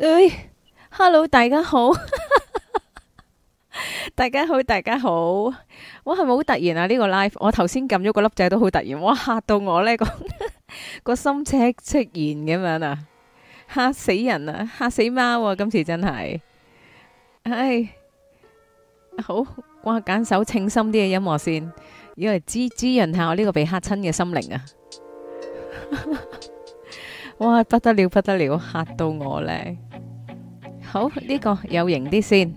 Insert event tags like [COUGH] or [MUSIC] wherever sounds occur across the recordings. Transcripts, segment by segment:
哎、hello 大， [LAUGHS] 大家好，大家好，大家好，我係咪好突然啊？呢、這個 live 我頭先撳咗個粒掣都好突然，哇吓到我呢個個心赤赤然咁樣啊，吓死人啊，吓死貓啊！今次真係，唉、哎，好，我揀首清心啲嘅音樂先，以為滋滋潤下我呢個被吓親嘅心靈啊。 [LAUGHS] 哇，不得了不得了，吓到我咧！好呢個有型啲先，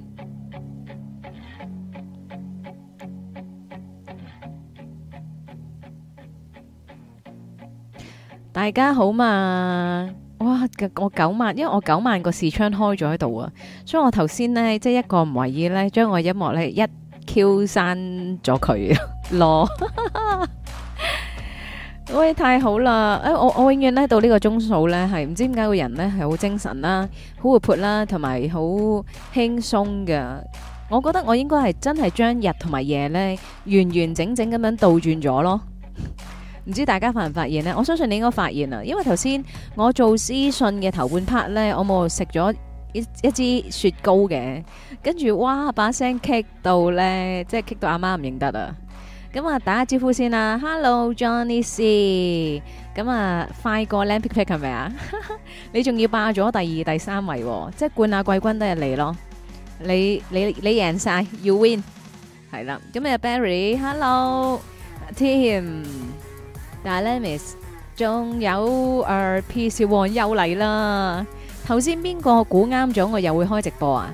大家好嘛？哇，個我九萬，因為我九萬個視窗開咗喺度啊，所以我頭先呢即係一個唔為意呢，將我音樂呢一 Q 刪咗佢咯。喂，太好啦！哎，我我永遠咧到呢個鐘數咧，係唔知點解個人咧係好精神啦，好活潑啦，同埋好輕鬆嘅。我覺得我應該係真係將日同埋夜咧，完完整整咁樣倒轉咗咯。唔知大家發唔發現咧？我相信你應該發現啦，因為頭先我做屍訊嘅頭半 part 咧，我冇食咗一一支雪糕嘅，跟住哇把聲 kick 到咧，即係 kick 到阿媽唔認得啊！咁啊，打下招呼先啦，Hello Johnny C，咁啊快過 Lampic Pack 係咪啊？你仲要霸咗第二、第三位，即係冠亞季軍都係你咯。你你你贏晒，You win，係啦。咁啊，Barry，Hello Tim，但係咧 Miss，仲有啊 P C One 又嚟啦。頭先邊個估啱咗我又會開直播啊？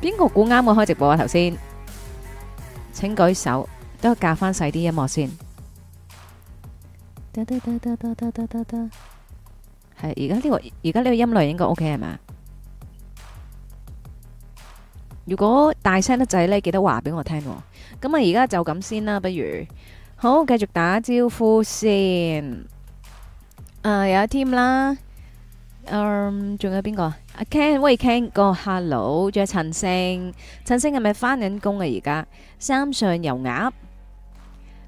邊個估啱我開直播啊？頭先，請舉手，都校翻細啲音樂先。係而家呢個而家呢個音量應該 OK 係嘛？如果大聲得滯呢，記得話俾我聽。咁啊，而家就咁先啦，不如好繼續打招呼先。誒，有一 team 啦。嗯，仲有邊個？阿 Ken，喂 Ken，個 Hello，仲有陳星，陳星係咪翻緊工啊？而家三上油鴨，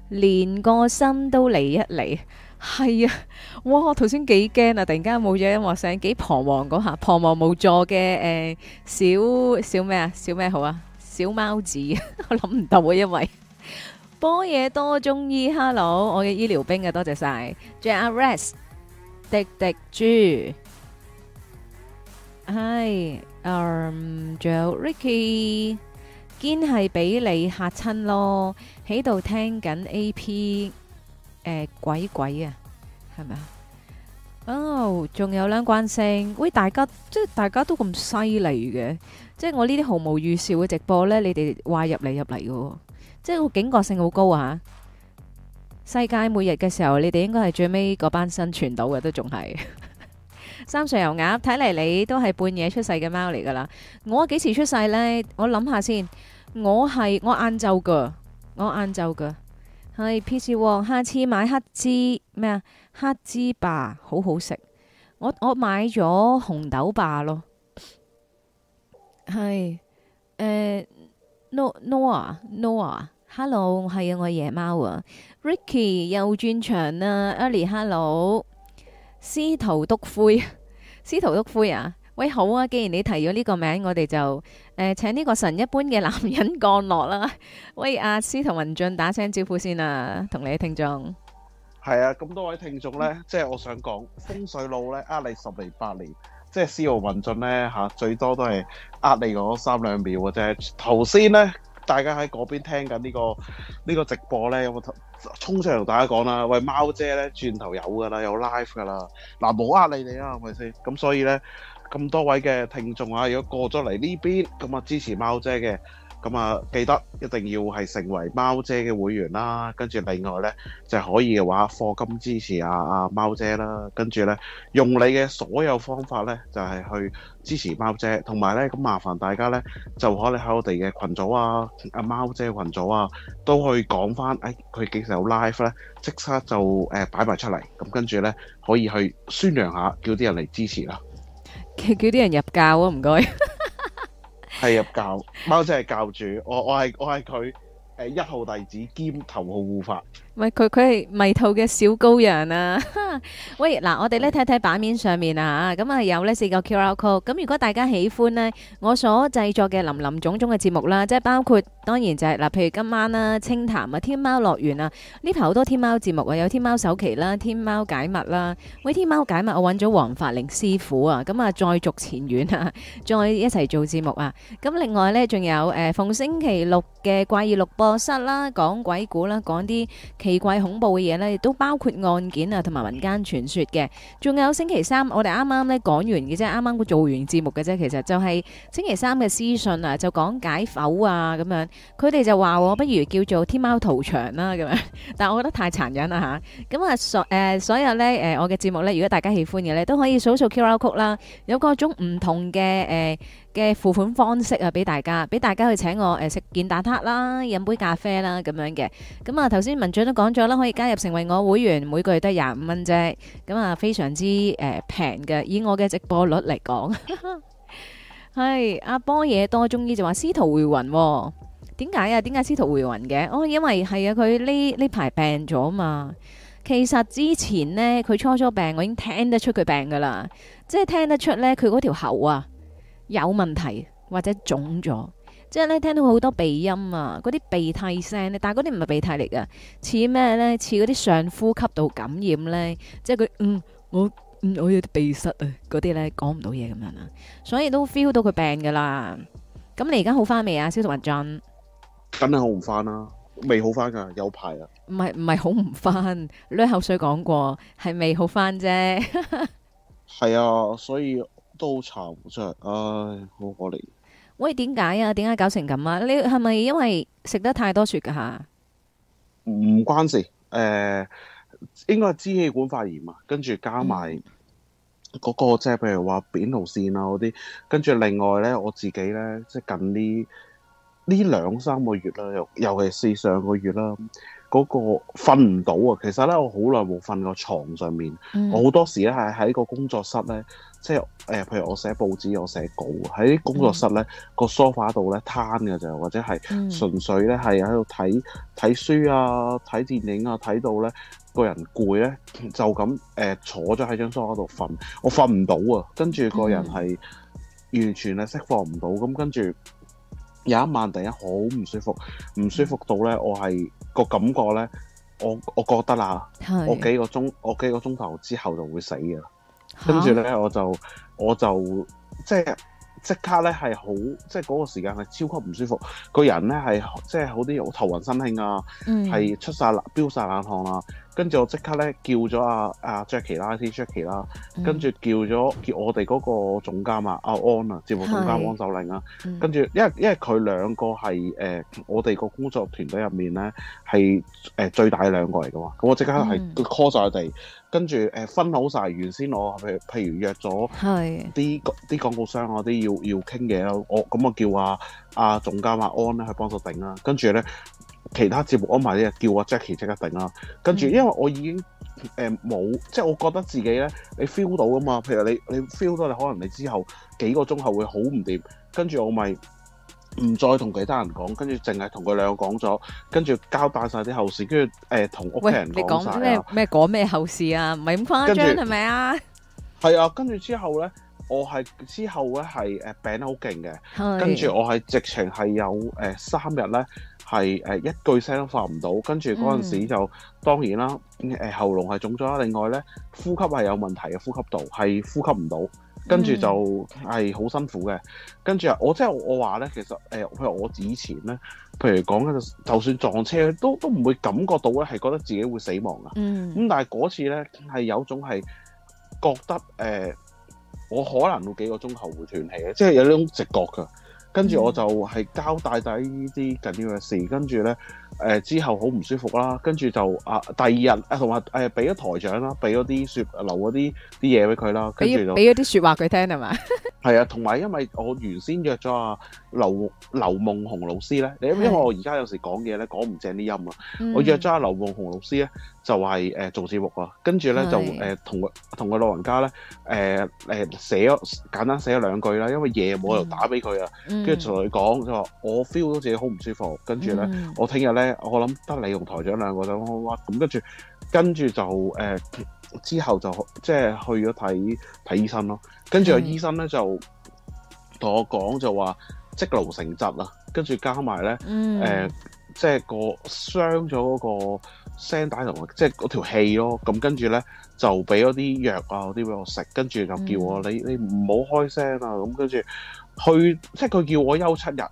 連個心都嚟一嚟，係啊！哇，頭先幾驚啊！突然間冇咗音樂聲，幾彷徨嗰下，彷徨無助嘅誒，小小咩啊？小咩好啊？小貓子，我諗唔到啊！因為波野多中醫，Hello，我嘅醫療兵啊，多謝晒，仲有阿 Rest，滴滴豬。係，嗯、um,，仲有 Ricky，堅係俾你嚇親咯，喺度聽緊 A P，誒、呃，鬼鬼啊，係咪啊？哦，仲有兩關聲，喂，大家即係大家都咁犀利嘅，即係我呢啲毫無預兆嘅直播呢，你哋話入嚟入嚟嘅，即係個警覺性好高啊！世界末日嘅時候，你哋應該係最尾嗰班生存到嘅都仲係。三水油鴨，睇嚟你都係半夜出世嘅貓嚟噶啦！我幾時出世呢？我諗下先。我係我晏晝噶，我晏晝噶。係 P.C. Walk，下次買黑芝咩啊？黑芝霸，很好好食。我我買咗紅豆霸咯。係誒、uh, No No 啊 No 啊，Hello 係啊我夜貓啊。Ricky 又轉場啦，Ali Hello。.司徒篤灰，司徒篤灰啊！喂，好啊！既然你提咗呢個名，我哋就誒，請呢個神一般嘅男人降落啦！喂，阿司徒文進打聲招呼先啊，同你聽眾。係啊，咁多位聽眾咧，即係我想講風水佬咧，呃你十年八年，即係司徒文進咧吓，最多都係呃你嗰三兩秒嘅啫。頭先咧。大家喺嗰邊聽緊呢個呢個直播咧，有冇衝出嚟同大家講啦？喂，貓姐咧轉頭有㗎啦，有 live 㗎啦。嗱，冇呃你哋啊，係咪先？咁所以咧咁多位嘅聽眾啊，如果過咗嚟呢邊，咁啊支持貓姐嘅。咁啊，記得一定要係成為貓姐嘅會員啦，跟住另外呢，就可以嘅話，課金支持啊，啊貓姐啦，跟住呢，用你嘅所有方法呢，就係、是、去支持貓姐，同埋呢，咁麻煩大家呢，就可以喺我哋嘅群組啊、阿、啊、貓姐群組啊，都去講翻，誒佢幾時有 live 呢，即刻就誒擺埋出嚟，咁跟住呢，可以去宣揚下，叫啲人嚟支持啦，叫啲人入教啊，唔該。係入教，貓姐係教主，我我係我係佢誒一號弟子兼頭號護法。咪佢佢係迷途嘅小羔羊啊！ [LAUGHS] 喂，嗱，我哋咧睇睇版面上面啊，咁啊有呢四個 QR Code 咁如果大家喜歡呢，我所製作嘅林林種種嘅節目啦，即係包括當然就係、是、嗱，譬如今晚啦，清談啊，天喵樂園啊，呢排好多天喵節目啊，有天喵首期啦，天喵解密啦。喂，天喵解密，我揾咗王法令師傅啊，咁啊再續前緣啊，再一齊做節目啊。咁、啊、另外呢，仲有誒逢、呃、星期六嘅怪異錄播室啦，講鬼故啦，講啲，奇怪恐怖嘅嘢呢，亦都包括案件啊，同埋民間傳說嘅。仲有星期三，我哋啱啱呢講完嘅啫，啱啱佢做完節目嘅啫。其實就係星期三嘅屍訊啊，就講解剖啊咁樣。佢哋就話我不如叫做天喵屠場啦咁樣，但係我覺得太殘忍啦吓。咁啊所誒所有呢，誒，我嘅節目呢，如果大家喜歡嘅呢，都可以掃一掃 Q R 曲啦，有各種唔同嘅誒。嘅付款方式啊，俾大家，俾大家去請我誒、呃、食件蛋撻啦，飲杯咖啡啦咁樣嘅。咁、嗯、啊，頭先文進都講咗啦，可以加入成為我會員，每個月得廿五蚊啫。咁、嗯、啊，非常之誒平嘅。以我嘅直播率嚟講，係阿波嘢多中醫就話司徒回魂點解啊？點解司徒回魂嘅？哦啊？哦，因為係啊，佢呢呢排病咗啊嘛。其實之前呢，佢初初病，我已經聽得出佢病噶啦，即係聽得出咧，佢嗰條喉啊。有問題或者腫咗，即係咧聽到好多鼻音啊，嗰啲鼻涕聲咧，但係嗰啲唔係鼻涕嚟噶，似咩咧？似嗰啲上呼吸道感染咧，即係佢，嗯，我，嗯，我有啲鼻塞啊，嗰啲咧講唔到嘢咁樣啊，所以都 feel 到佢病噶啦。咁你而家好翻未啊？消毒物針，肯定好唔翻啦，未好翻噶，有排啊，唔係唔係好唔翻，甩口水講過係未好翻啫。係 [LAUGHS] 啊，所以。都查唔出，唉，好可憐。喂，點解啊？點解搞成咁啊？你係咪因為食得太多雪噶吓？唔關事，誒、呃，應該係支氣管發炎啊，跟住加埋嗰、嗰個即係，嗯、譬如話扁桃腺啊嗰啲，跟住另外咧，我自己咧，即係近呢呢兩三個月啦，又尤其是上個月啦。嗯嗰、那個瞓唔到啊！其實咧，我好耐冇瞓過床上面，嗯、我好多時咧係喺個工作室咧，即係誒、呃，譬如我寫報紙，我寫稿喺工作室咧、嗯、個梳化度咧攤㗎咋，或者係純粹咧係喺度睇睇書啊、睇電影啊，睇到咧個人攰咧，就咁誒、呃、坐咗喺張梳化度瞓，我瞓唔到啊！跟住個人係完全係釋放唔到，咁、嗯、跟住有一晚第一好唔舒服，唔、嗯、舒服到咧，我係～個感覺咧，我我覺得啊的，我幾個鐘，我幾個鐘頭之後就會死㗎啦，跟住咧、oh. 我就我就即係即刻咧係好，即係嗰個時間係超級唔舒服，個人咧係即係好啲，頭暈身㷫啊，係、mm. 出晒冷，飆晒冷汗啊。跟住我即刻咧叫咗阿、啊、阿、啊、Jackie 啦，添 Jackie 啦，跟住叫咗叫我哋嗰個總監啊，阿、啊、安啊，節目總監安是秀玲啊，嗯、跟住因為因為佢兩個係誒、呃、我哋個工作團隊入面咧係誒最大嘅兩個嚟嘅喎，咁我即刻係 call 曬佢哋，嗯、跟住誒、呃、分好晒原先我譬，譬如譬如約咗啲啲廣告商嗰啲要要傾嘢啦，我咁我叫啊阿、啊、總監阿、啊、安咧、啊、去幫手頂啦，跟住咧。其他節目安排咧，我叫阿 Jackie 即刻定啦。跟住，因為我已經誒冇、呃，即係我覺得自己咧，你 feel 到㗎嘛？譬如你，你 feel 到你可能你之後幾個鐘後會好唔掂，跟住我咪唔再同其他人講，跟住淨係同佢兩個講咗，跟住交代晒啲後事，跟住誒同屋企人講喂，你講咩咩講咩後事啊？唔係咁誇張係咪著啊？係啊，跟住之後咧，我係之後咧係誒病得好勁嘅，是跟住我係直情係有誒、呃、三日咧。係誒，一句聲都發唔到，跟住嗰陣時就、嗯、當然啦，誒喉嚨係腫咗啦。另外咧，呼吸係有問題嘅，呼吸道係呼吸唔到，跟住就係好、嗯、辛苦嘅。跟住啊，我即係我話咧，其實誒、呃，譬如我以前咧，譬如講就算撞車都都唔會感覺到咧，係覺得自己會死亡啊。咁、嗯、但係嗰次咧，係有種係覺得誒、呃，我可能會幾個鐘後會斷氣嘅，即、就、係、是、有一種直覺噶。跟住我就係交代曬呢啲緊要嘅事，嗯、跟住咧誒之後好唔舒服啦，跟住就啊第二日啊同埋誒俾咗台長啦，俾咗啲説留嗰啲啲嘢俾佢啦，跟住俾咗啲説話俾佢聽係嘛？係 [LAUGHS] 啊，同埋因為我原先約咗啊。劉夢劉夢紅老師咧，你因為我而家有時呢是講嘢咧講唔正啲音啊，嗯、我約咗阿劉夢紅老師咧就係、是、誒、呃、做節目啊，跟住咧是就誒、呃、同個同個老人家咧誒誒寫咗簡單寫咗兩句啦，因為夜冇又打俾佢啊，嗯、跟住同佢講就話我 feel 到自己好唔舒服，跟住咧、嗯、我聽日咧我諗得你同台長兩個好哇，咁跟住跟住就誒、呃、之後就、呃、之後就即係去咗睇睇醫生咯，跟住個醫生咧是就同我講就話。積勞成疾啦，跟住加埋咧，誒、嗯呃，即係個傷咗嗰個聲帶同埋，即係嗰條氣咯。咁跟住咧就俾嗰啲藥啊，嗰啲俾我食，跟住就叫我、嗯、你你唔好開聲啊。咁跟住去，即係佢叫我休七日。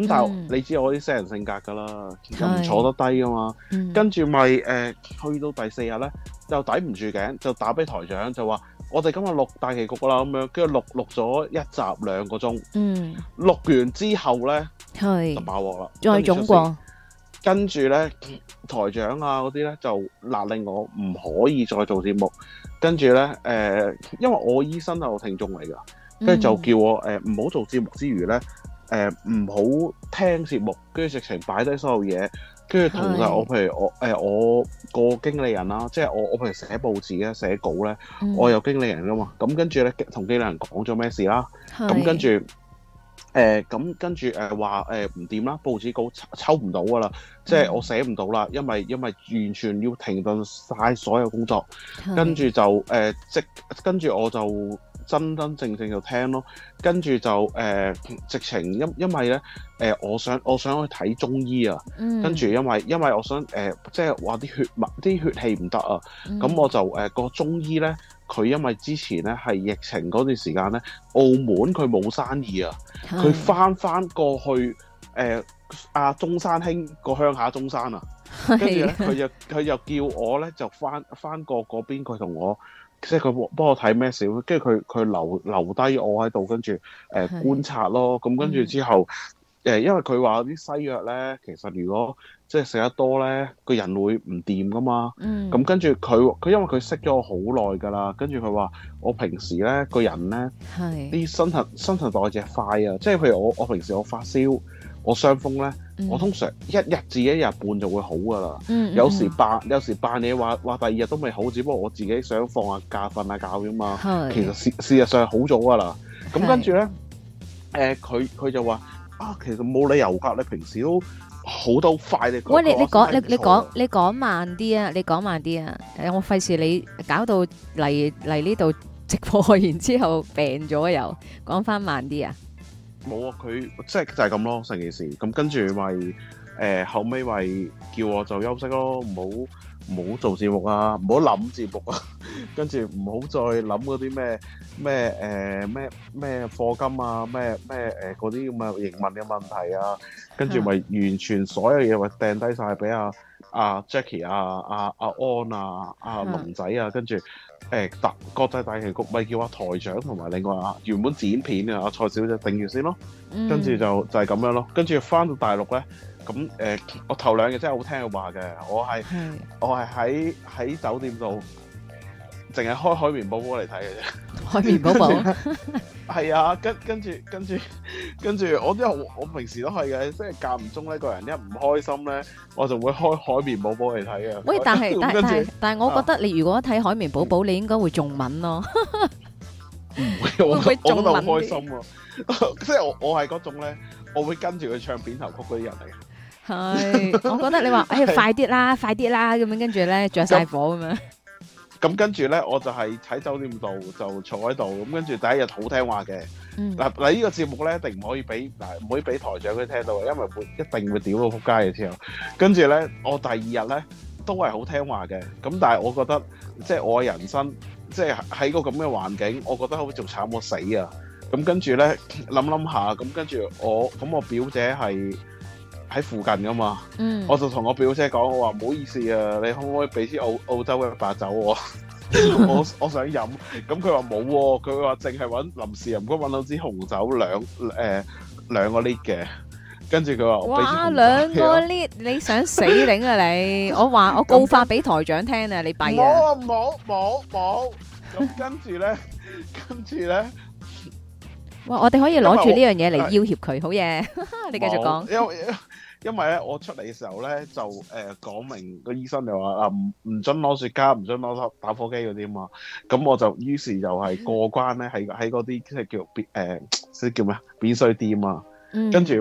咁但係、嗯、你知我啲聲人性格噶啦，又唔坐得低啊嘛。跟住咪誒去到第四日咧，就抵唔住頸，就打俾台長就話。我哋今日錄大旗局啦，咁樣，跟住錄咗一集兩個鐘，錄、嗯、完之後呢，是就爆鑊啦，再重播。跟住呢，台長啊嗰啲呢，就勒令我唔可以再做節目。跟住呢、呃，因為我醫生係我聽眾嚟㗎，跟住就叫我唔好、呃、做節目之餘呢，唔、呃、好聽節目，跟住直情擺低所有嘢。跟住同埋我，譬如我誒我個經理人啦，即係我我譬如寫報紙咧、寫稿咧，我有經理人噶嘛，咁跟住咧同經理人講咗咩事啦，咁跟住誒咁跟住誒話誒唔掂啦，報紙稿抽唔到噶啦，即係我寫唔到啦，因為因為完全要停頓曬所有工作，跟住就誒即跟住我就。真真正，正正就聽咯，跟住就誒、呃、直情因因為咧誒、呃，我想我想去睇中醫啊，嗯、跟住因為因為我想誒、呃，即係話啲血脈啲血氣唔得啊，咁、嗯、我就誒、呃嗰個中醫咧，佢因為之前咧係疫情嗰段時間咧，澳門佢冇生意啊，佢翻翻過去誒阿、呃啊、中山興個鄉下中山啊，的跟住咧佢就佢就叫我咧就翻翻過嗰邊佢同我。即係佢幫我睇咩事，跟住佢佢留留低我喺度，跟住誒、呃、觀察咯。咁的跟住之後，嗯、因為佢話啲西藥咧，其實如果即係食得多咧、嗯，個人會唔掂㗎嘛。咁跟住佢佢因為佢識咗我好耐㗎啦，跟住佢話我平時咧個人咧啲新陳新陳代謝快啊，即係譬如我我平時我發燒，我傷風咧，我通常一日至一日半就會好噶啦、嗯，有時扮有時扮嘢話話第二日都未好，只不過我自己想放下假瞓下覺啫嘛。其實事的事實上係好早噶啦。咁跟住咧，誒佢佢就話啊，其實冇理由㗎，你平時都好到快嘅。喂你你講你你講你講慢啲啊，你講慢啲啊，誒我費事你搞到嚟嚟呢度直播，然之後病咗又講翻慢啲啊！冇啊！佢即係就係咁咯，成件事。咁跟住咪誒後尾咪、呃、叫我就休息咯，唔好唔好做節目啊，唔好諗節目啊。跟住唔好再諗嗰啲咩咩誒咩咩課金啊，咩咩誒嗰啲咁嘅營運嘅問題啊。跟住咪完全所有嘢咪掟低晒俾阿阿 Jackie 啊、阿、啊、阿、啊啊啊、安啊、阿、啊、龍仔啊，跟住。誒大、欸、國際大劇局咪叫阿台長同埋另外阿原本剪片嘅阿蔡小姐定住先，先咯，嗯、跟住就就係、是、咁樣咯，跟住返到大陸咧，咁誒、欸、我頭兩日真係好聽佢話嘅，我係是我係喺喺酒店度。淨係開海綿寶寶嚟睇嘅啫，海綿寶寶？係啊，跟跟住跟住跟住，我都係我平時都係嘅，即係間唔中呢個人一唔開心咧，我就會開海綿寶寶嚟睇嘅。喂，但係但係但係，我覺得你如果睇海綿寶寶，你應該會仲敏咯。唔會，我我就好開心咯，即係我我係嗰種咧，我會跟住佢唱片頭曲嗰啲人嚟。係，我覺得你話誒，快啲啦，快啲啦，咁樣跟住咧着曬火咁樣。咁跟住呢，我就係喺酒店度就坐喺度，咁跟住第一日好聽話嘅。嗱嗱，呢個節目呢，一定唔可以俾嗱唔可以俾台長佢聽到，因為會一定會屌到撲街嘅。之後跟住呢，我第二日呢都係好聽話嘅。咁但係我覺得即係我人生即係喺個咁嘅環境，我覺得好似仲慘過死啊！咁跟住呢諗諗下，咁跟住我咁我表姐係，喺附近噶嘛，嗯，我就同我表姐講，我話唔好意思啊，你可唔可以俾支澳澳洲嘅白酒我？我我想飲，咁佢話冇，佢話淨係搵臨時人，唔該搵到支紅酒兩誒兩個 lit 嘅，跟住佢話哇兩個 lit，你想死頂啊你！我話我告發俾台長聽啊，你閉啊！冇冇冇冇，咁跟住咧，跟住咧，哇！我哋可以攞住呢樣嘢嚟要挾佢，好嘢！你繼續講。因為咧，我出嚟嘅時候咧，就誒講明個醫生就話啊，唔唔準攞雪茄，唔准攞打火機嗰啲嘛。咁我就於是就係過關咧，喺喺嗰啲即係叫誒啲叫咩免稅店嘛。跟住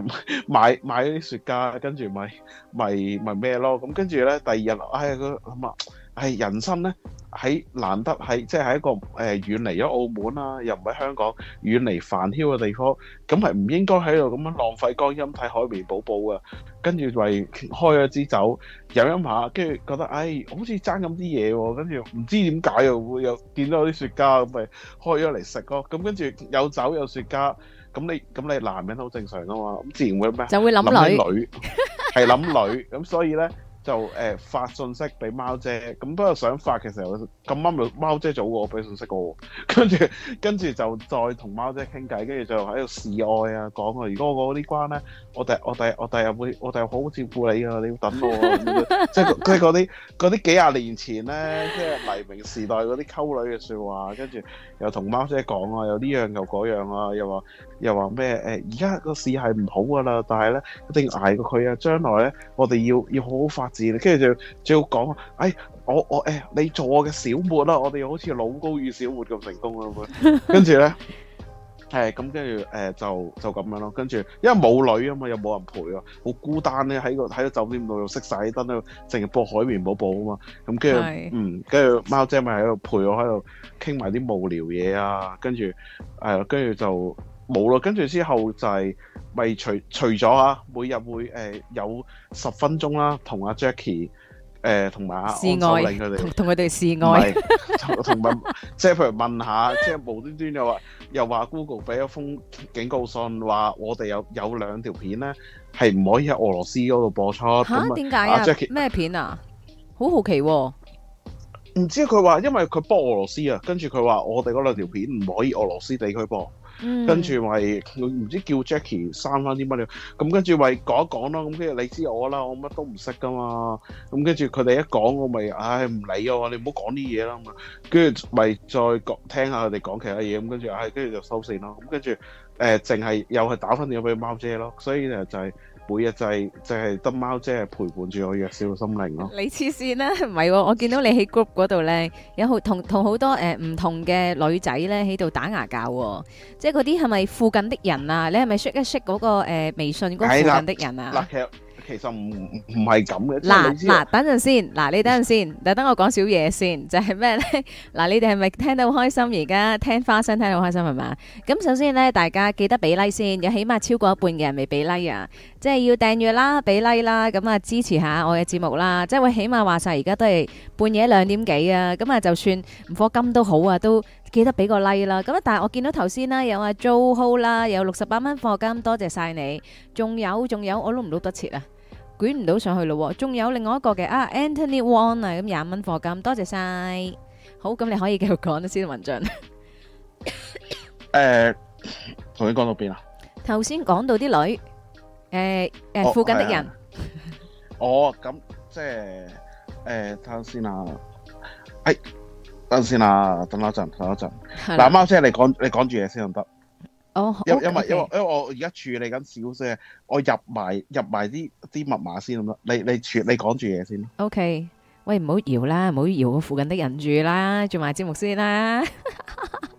買買啲雪茄，跟住咪咪咪咩咯。咁跟住咧，第二日唉，佢諗啊～係人生咧，喺難得喺即係喺一個誒、呃、遠離咗澳門啦、啊，又唔喺香港，遠離煩囂嘅地方，咁係唔應該喺度咁樣浪費光陰睇海綿寶寶的、哎、啊！跟住為開一支酒飲飲下，跟住覺得誒好似爭咁啲嘢喎，跟住唔知點解又會又見到啲雪茄咁，咪開咗嚟食咯。咁跟住有酒有雪茄，咁你咁你男人好正常啊嘛，咁自然會咩？就會諗女，諗起女， [LAUGHS] 女，係諗女，咁所以咧。就誒、呃、發信息俾貓姐，咁不過想發嘅時候咁啱，咪貓姐早過我俾信息過我，我我跟住跟住就再同貓姐傾偈，跟住就喺度示愛啊講啊，如果我過嗰啲關咧，我第我第我第日會我第日好好照顧你㗎、啊，你要等我、啊 [LAUGHS] 就是，即係即嗰啲啲幾廿年前咧，即係黎明時代嗰啲溝女嘅説話，跟住又同貓姐講啊，又呢樣又嗰樣啊，又話。又話咩？誒，而家個市係唔好噶啦，但係咧一定要捱過佢啊！將來咧，我哋要要好好發展。跟住仲仲要講，誒、哎、我我誒、哎、你做我嘅小沫啦、啊！我哋好似老高與小沫咁成功咁、 [LAUGHS] 哎哎哎、樣。跟住咧，係咁跟住誒就就咁樣咯。跟住因為冇女啊嘛，又冇人陪啊，好孤單咧、啊、喺個喺個酒店度又熄晒啲燈喺度成日播海綿寶寶啊嘛。咁跟住嗯，跟住、 [LAUGHS] 嗯、貓姐咪喺度陪我喺度傾埋啲無聊嘢啊。跟住係啊，跟、哎、住就。冇啦，跟住之後就係咪除除咗啊？每日會誒、呃、有十分鐘啦、啊呃啊， [LAUGHS] 同阿 Jackie 誒同埋阿視愛同佢哋示愛，同同埋 Jackie 問， [LAUGHS] 問下，即係無端端又話又話 Google 俾一封警告信，話我哋有有兩條片咧係唔可以喺俄羅斯嗰度播出，咁點解啊？Jackie？咩片啊？好好奇喎、啊，唔知佢話因為佢幫俄羅斯啊，跟住佢話我哋嗰兩條片唔可以俄羅斯地區播。嗯、跟住咪唔知叫 Jacky 生翻啲乜嘢，咁跟住咪講一講咯，咁跟住你知我啦，我乜都唔識㗎嘛，咁跟住佢哋一講我咪唉，唔理啊，你唔好講啲嘢啦嘛，跟住咪再講聽下佢哋講其他嘢，咁跟住唉、哎、跟住就收線咯，咁跟住誒淨係又係打翻電話俾貓姐咯，所以呢就係、是。每日就係、是、就係、是、得貓即係陪伴住我弱小嘅心靈咯、啊。你黐線啦，唔係、啊、我見到你喺 group 嗰度咧，有好、呃、同同好多誒唔同嘅女仔咧喺度打牙鉸、哦，即係嗰啲係咪附近的人啊？你係咪 shake 一 shake 嗰、那個誒、呃、微信嗰附近的人啊？哎其實唔唔係咁嘅。嗱嗱，等陣先，嗱你等陣先，等等我講少嘢先，就係咩呢？嗱，你哋係咪聽到好開心？而家聽花生聽到好開心係嘛？咁首先呢，大家記得俾 like 先，有起碼超過一半嘅人未俾 like 啊，即係要訂閱啦，俾 like 啦，咁啊支持下我嘅節目啦。即係我起碼話晒，而家都係半夜兩點幾啊，咁啊就算唔課金都好啊，都記得俾個 like 啦。咁啊，但係我見到頭先啦，有阿 JoHo 啦，有六十八蚊課金，多謝晒你。仲有仲有，我撈唔撈得切啊？捲唔到上去咯，仲有另外一個嘅啊，Anthony Wan 啊，咁廿蚊貨咁，多謝晒。好，咁你可以繼續講啦，先文進。誒，同你講到邊啊？頭先講到啲女，誒誒附近的人。哦咁即係誒等先啊，誒等先啊，等一陣，等一陣。嗱，貓姐你講你講住嘢先得。因因為因為因為我而家處理緊少少，我入埋入埋啲啲密碼先咁咯。你你處你講住嘢先。O、okay. K，喂，唔好搖啦，唔好搖我附近的人住啦，做埋節目先啦。 [LAUGHS]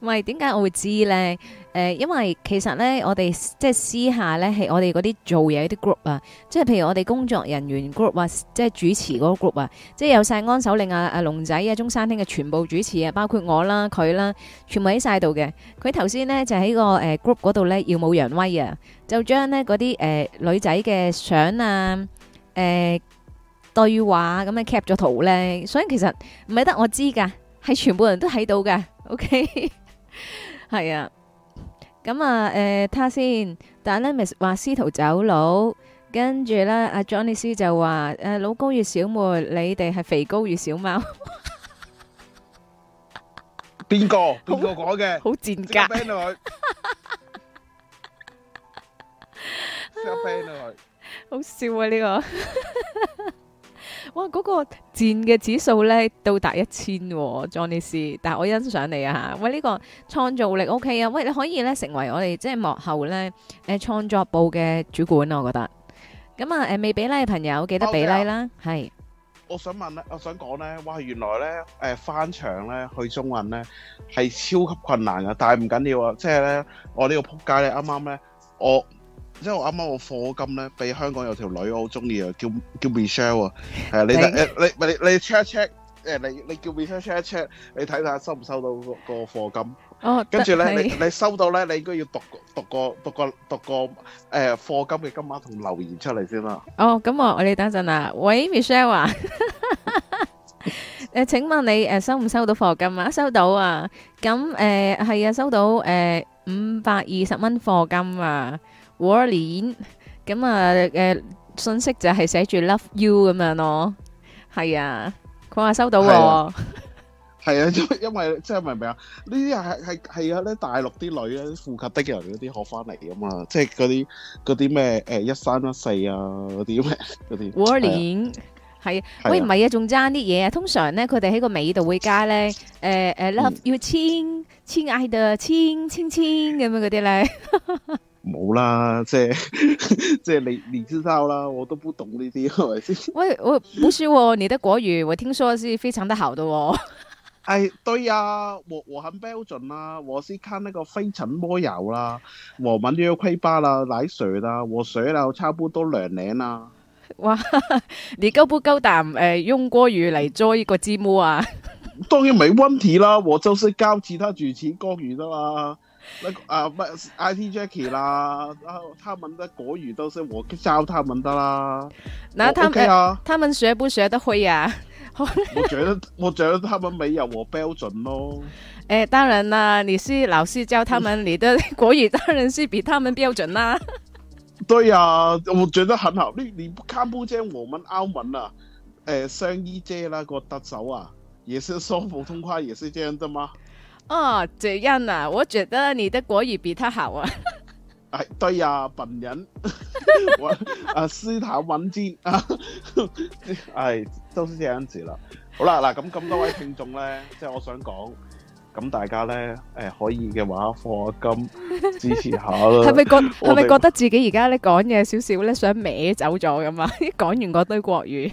唔係點解我會知道呢？誒、呃，因為其實呢，我哋即係私下呢，係我哋嗰啲做嘢啲 group 啊，即係譬如我哋工作人員 group 啊，即係主持嗰個 group 啊，即係有晒安守令啊、阿龍仔啊、中山廳嘅全部主持啊，包括我啦、佢啦，全部喺晒度嘅。佢頭先呢，就喺個誒 group 嗰度呢，耀武揚威、呃、啊，就將呢嗰啲誒女仔嘅相啊、誒對話咁樣 cap 咗圖呢。所以其實唔係得我知㗎，係全部人都睇到㗎。OK。係 [MUSIC] 啊，咁、嗯、啊，誒、嗯，睇下先，但係咧，Miss 話司徒走佬，跟住咧，阿 Johnny Sir 就話，誒，老高與小妹，你哋係肥高與小貓，邊個邊個講嘅？好賤格，好笑啊，呢個。 [LAUGHS] 哇！嗰個賤嘅指數咧，達到一千，Johnny C。但係我欣賞你啊嚇！喂，呢個創造力 OK 啊！喂，你可以咧成為我哋即係幕後咧誒創作部嘅主管啊！我覺得咁啊誒，未俾 like 嘅朋友記得俾 like 啦。係。我想問咧，我想講咧，哇！原來咧誒翻牆咧去中運咧係超級困難嘅，但係唔緊要啊！即係咧我呢個撲街咧啱啱咧我。即係我啱啱我課金咧，俾香港有條女我好中意啊，叫叫 Michelle 啊，係啊，你你你咪你你 check 一 check，誒，你你叫 Michelle check 一 check，你睇下收唔收到個個課金？哦，跟住咧，你你收到咧，你應該要讀讀個讀個讀個誒課金嘅金額同留言出嚟先啦。哦，咁我我哋等陣啊，喂 Michelle 啊，誒，請問你誒收唔收到課金啊？收到啊，咁誒係啊，收到誒五百二十蚊課金啊。掛鏈咁啊！誒、呃，信息就係寫住 love you 咁樣咯，係啊，佢話收到喎、啊，係 [LAUGHS] 啊，因因為即係明唔明啊？呢啲係係係有啲大陸啲女啊，附近的人嗰啲學翻嚟噶嘛，即係嗰啲嗰啲咩誒一三一四啊嗰啲咁嘅嗰啲。掛鏈係，喂唔係啊，仲爭啲嘢啊，是啊，通常咧佢哋喺個尾度會加咧，誒、呃、誒 love you 親，親愛的親，親親咁樣嗰啲咧。 [LAUGHS] 冇啦，即係即係你你知道啦，我都不懂呢啲係咪先？ [LAUGHS] 喂，我不是、哦、你的國語我聽說是非常的好的喎、哦。係、 [LAUGHS] 哎，對呀、啊，我我很標準啦、啊，我是看呢個《非誠勿擾》啦，《我吻你》《虧巴》啦，《奶水啦，《我水》啦，我差不多兩年啦。哇，你夠不夠膽誒、呃、用國語嚟做一個節目啊？ [LAUGHS] 當然沒問題啦，我就是教其他主持國，國語的啦。那個啊，不，IT Jackie 啦，然後他們的國語都是我教他們的啦。那他們、okay 啊呃、他們學不學得會呀、啊？ [LAUGHS] 我覺得，我覺得他們沒有我標準咯。哎、欸，當然啦，你是老師教他們，你的國語當然是比他們標準啦。 [LAUGHS] 對呀、啊，我覺得很好。你你看不見我們澳門啊？誒、呃，上一屆那個特首啊，也是說普通話，也是這樣的嗎？哦，這樣啊，我覺得你的國語比他好啊。 [LAUGHS] 哎，對呀，本人我啊思考敏捷啊，係、 [LAUGHS] 哎、都係這樣子啦。好啦，嗱咁咁多位聽眾咧， [LAUGHS] 即係我想講，咁大家咧誒、哎、可以嘅話課下金支持下啦。係咪 [LAUGHS] 覺係咪我們 覺得自己而家咧講嘢少少咧想歪走咗咁啊？一 [LAUGHS] 講完嗰堆國語。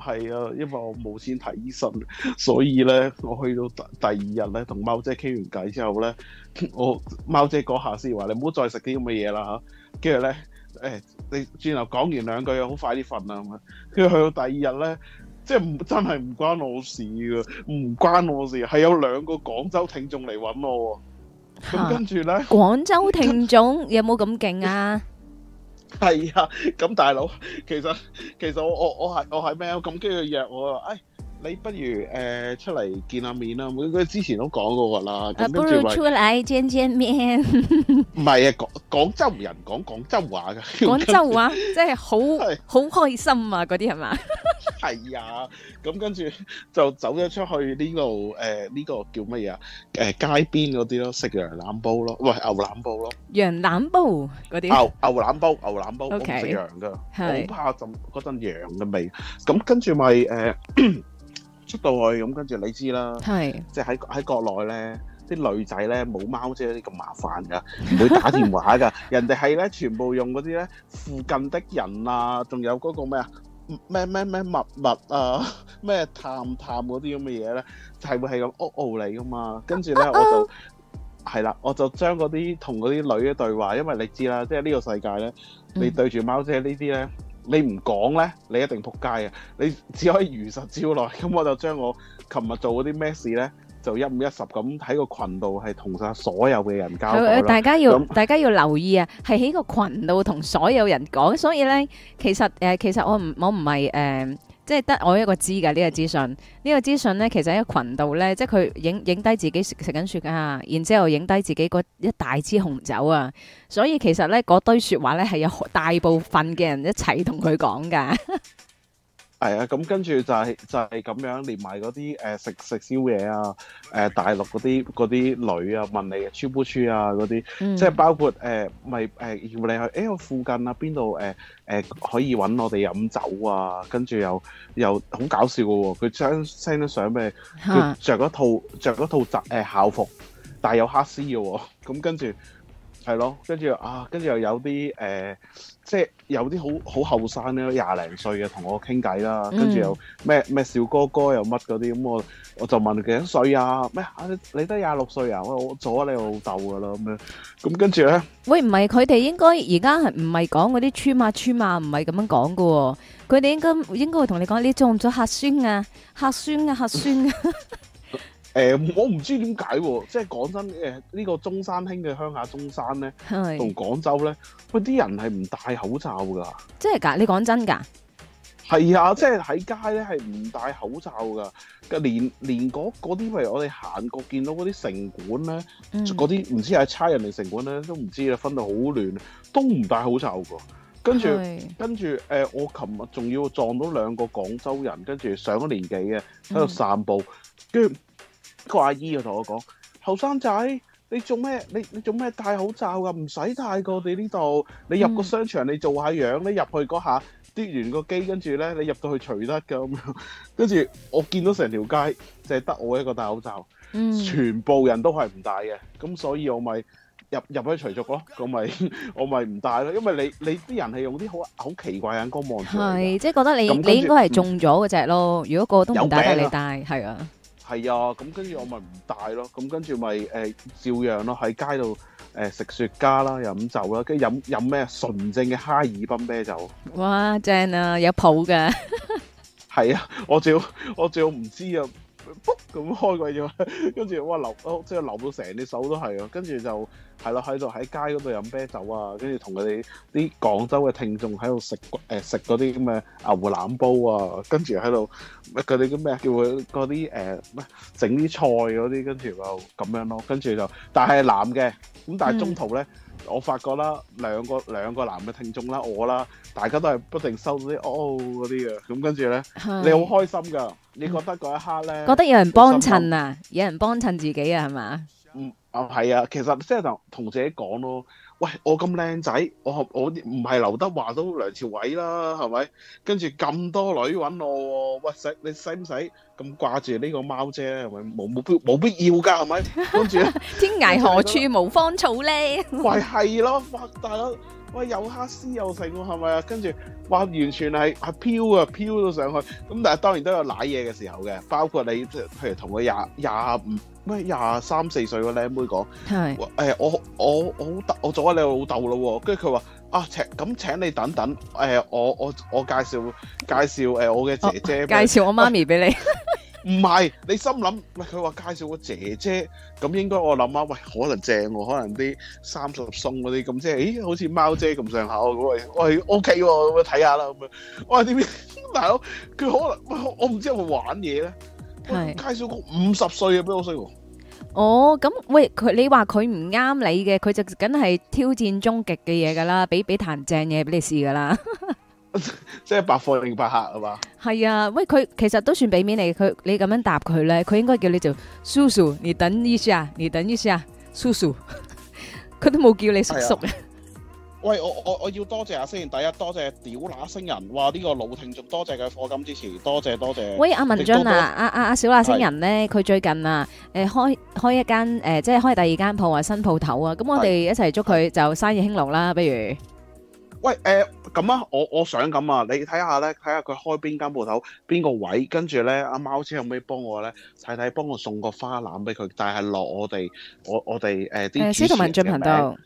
係啊，因為我冇錢睇醫生，所以咧我去到第第二日咧，同貓姐傾完偈之後咧，我貓姐講下先話，你唔好再食啲咁嘅嘢啦吓。跟住咧，誒，你轉頭講完兩句，好快啲瞓啦咁啊。跟住去到第二日咧，即係唔真係唔關我事噶，唔關我事，係有兩個廣州聽眾嚟揾我。咁跟住咧，廣州聽眾有冇咁勁啊？ [LAUGHS] [LAUGHS] 係啊，咁、哎、大佬，其實其實我我我係我係咩啊？咁跟住約我話，哎。你不如誒、呃、出嚟見下面啦。每個之前都講過啦，啊就是、不如出嚟見見面。唔 [LAUGHS] 係啊，廣廣州人講廣州話噶。廣州話即係好是好開心啊！嗰啲係嘛？係、 [LAUGHS] 哎這個呃這個、啊，咁跟住就走咗出去呢度誒，呢個叫乜嘢啊？誒街邊嗰啲咯，食羊腩煲咯，喂，牛腩煲咯。羊腩煲嗰啲牛牛腩煲，牛腩煲唔 Okay 食羊㗎，好是怕浸嗰陣羊嘅味。咁跟住咪誒。呃出到去咁，跟住你知啦，即係喺喺國內咧，啲女仔咧冇貓姐啲咁麻煩噶，唔會打電話噶。人哋係咧全部用嗰啲咧附近的人啊，仲有嗰個咩啊咩咩咩陌陌啊咩探探嗰啲咁嘅嘢咧，就係會係咁惡傲嚟噶嘛。跟住咧我就係啦，我就將嗰啲同嗰啲女嘅對話，因為你知啦，即係呢個世界咧，你對住貓姐呢啲咧。你唔講呢，你一定仆街啊！你只可以如實招來，咁、嗯、我就將我琴日做嗰啲咩事呢，就一五一十咁喺個群度係同晒所有嘅人交流。大家要那大家要留意啊，係喺個群度同所有人講，所以呢，其實、呃、其實我唔我唔係即係得我一個知噶，呢個資訊，呢個資訊呢，其實喺群度呢，即係佢影影低自己食食緊雪啊，然之後影低自己嗰一大支紅酒啊，所以其實呢，嗰堆說話呢，係有大部分嘅人一齊同佢講噶。 [LAUGHS] 係啊，咁、嗯、跟住就係、是、就係、是、咁樣，連埋嗰啲食食宵夜啊，呃、大陸嗰啲嗰啲女啊問你去不去啊，不唔啊嗰啲，嗯、即係包括誒咪誒要你去、欸、我附近啊邊度誒可以搵我哋飲酒啊，跟住又又好搞笑嘅喎、啊，佢將 send 啲相俾，着一套着一套集誒、呃、校服，但係有黑絲嘅喎、啊，咁跟住係咯，跟住啊，跟住、啊、又有啲誒。呃即係有啲好好後生咧，廿零歲嘅同我傾偈啦，跟住又咩咩小哥哥又乜嗰啲，咁我我就問你幾多歲啊？咩？你得廿六歲啊？我做啊你老豆噶啦咁樣，咁跟住咧，喂，唔係佢哋應該而家係唔係講嗰啲穿馬穿馬唔係咁樣講嘅喎？佢哋應該應該會同你講你做唔做核酸啊？核酸啊？核酸啊？ [LAUGHS] 誒、呃，我唔知點解，即係講真，誒、這、呢個中山興嘅鄉下中山咧，同廣的州咧，佢啲人係唔戴口罩噶，即係噶？你講真噶？係啊，即係喺街咧係唔戴口罩噶，連連嗰啲譬如我哋行過見到嗰啲城管咧，嗰啲唔知係差人定城管咧都唔知啦，分到好亂，都唔戴口罩噶。跟住，的跟住，誒、呃，我琴日仲要撞到兩個廣州人，跟住上咗年紀嘅喺度散步，跟、嗯。個阿姨就，同我講：後生仔，你做咩？你你做咩戴口罩㗎？唔使戴過，你呢度你入個商場，你做下樣。你入去嗰下篤完個機，跟住咧，你入到去除得咁樣。跟住我見到成條街淨係得我一個戴口罩，全部人都係唔戴嘅。咁所以，我咪入入去除咗咯。咁咪我咪唔戴咯，因為你你啲人係用啲好好奇怪眼光望你，係即係覺得你你應該係中咗嗰隻咯。如果個都唔戴，你戴係啊。係啊，咁跟住我咪唔帶咯，咁跟住咪誒照樣咯，喺街度誒食雪茄啦，又飲酒啦，跟住飲飲咩純正嘅哈爾濱啤酒。哇，正啊，有譜㗎。係 [LAUGHS] 啊，我仲要我仲要唔知道啊。咁開貴咗，跟住哇流，即係流到成隻手都係咯，跟住就係咯喺度喺街嗰度飲啤酒啊，跟住同佢哋啲廣州嘅聽眾喺度食誒食嗰啲咁嘅牛腩煲啊，跟住喺度佢哋叫咩啊？叫佢嗰啲誒咩整啲菜嗰啲，跟住就咁樣咯，跟住就但係男嘅咁，但係中途咧，我發覺啦，兩個兩個男嘅聽眾啦、我啦，大家都係不定收到啲哦嗰啲嘅，咁跟住咧，你好開心㗎。你覺得嗰一刻咧？覺得有人幫襯啊，有人幫襯自己啊，係嘛？嗯，啊係啊，其實即係同同自己講咯。喂，我咁靚仔，我我唔係劉德華都梁朝偉啦，係咪？跟住咁多女搵我，喂，使你使唔使咁掛住呢個貓啫？係咪？冇，冇必，冇必要噶，係咪？跟住天涯何處無芳草咧？喂，係咯，大家。喂，有黑絲又成喎，係咪啊？跟住哇，完全係係飄啊，飄到上去。咁但係當然都有賴嘢嘅時候嘅，包括你譬如同個廿廿五咩廿三四歲個僆妹講，係誒的、欸、我我我好得我做咗你老竇咯。跟住佢話啊請咁請你等等，誒、呃、我我我介紹介紹誒我嘅姐姐，哦、介紹我媽咪俾你。哦 [LAUGHS] 唔係，你心諗，喂佢話介紹個姐姐，咁應該我諗下喂，可能正喎、啊，可能啲三十六鬆嗰啲咁，即係，咦好似貓姐咁上下，喂，喂 O K 喎，我睇下啦咁樣。我話點點，大佬佢可能我唔知有冇玩嘢咧，介紹個五十歲嘅俾我識喎。哦，咁喂佢你話佢唔啱你嘅，佢就梗係挑戰終極嘅嘢噶啦，俾俾彈正嘢俾你試噶啦。 [LAUGHS] 即係百貨迎百客係嘛？係啊，喂佢其實都算俾面你這，佢你咁樣答佢咧，佢應該叫你做叔叔，你等意思啊，你等意思啊，叔叔，佢 [LAUGHS] 都冇叫你叔叔，啊。喂，我我我要多謝阿、啊、星人，第一，這個，多謝屌乸星人，話呢個老聽眾多謝嘅課金支持，多謝多謝。多謝喂，阿文進啊，阿阿阿小乸星人咧，佢是最近啊，誒、呃、開開一間誒、呃，即係開第二間鋪啊，是新鋪頭啊，咁我哋一齊祝佢就生意興隆啦，不如？喂，誒、呃、咁啊，我我想咁啊，你睇下咧，睇下佢開邊間鋪頭，邊個位，跟住咧，阿貓車有咩幫我咧，睇睇幫我送個花籃俾佢，但係落我哋，我我哋誒啲。誒、呃，司徒文進頻道。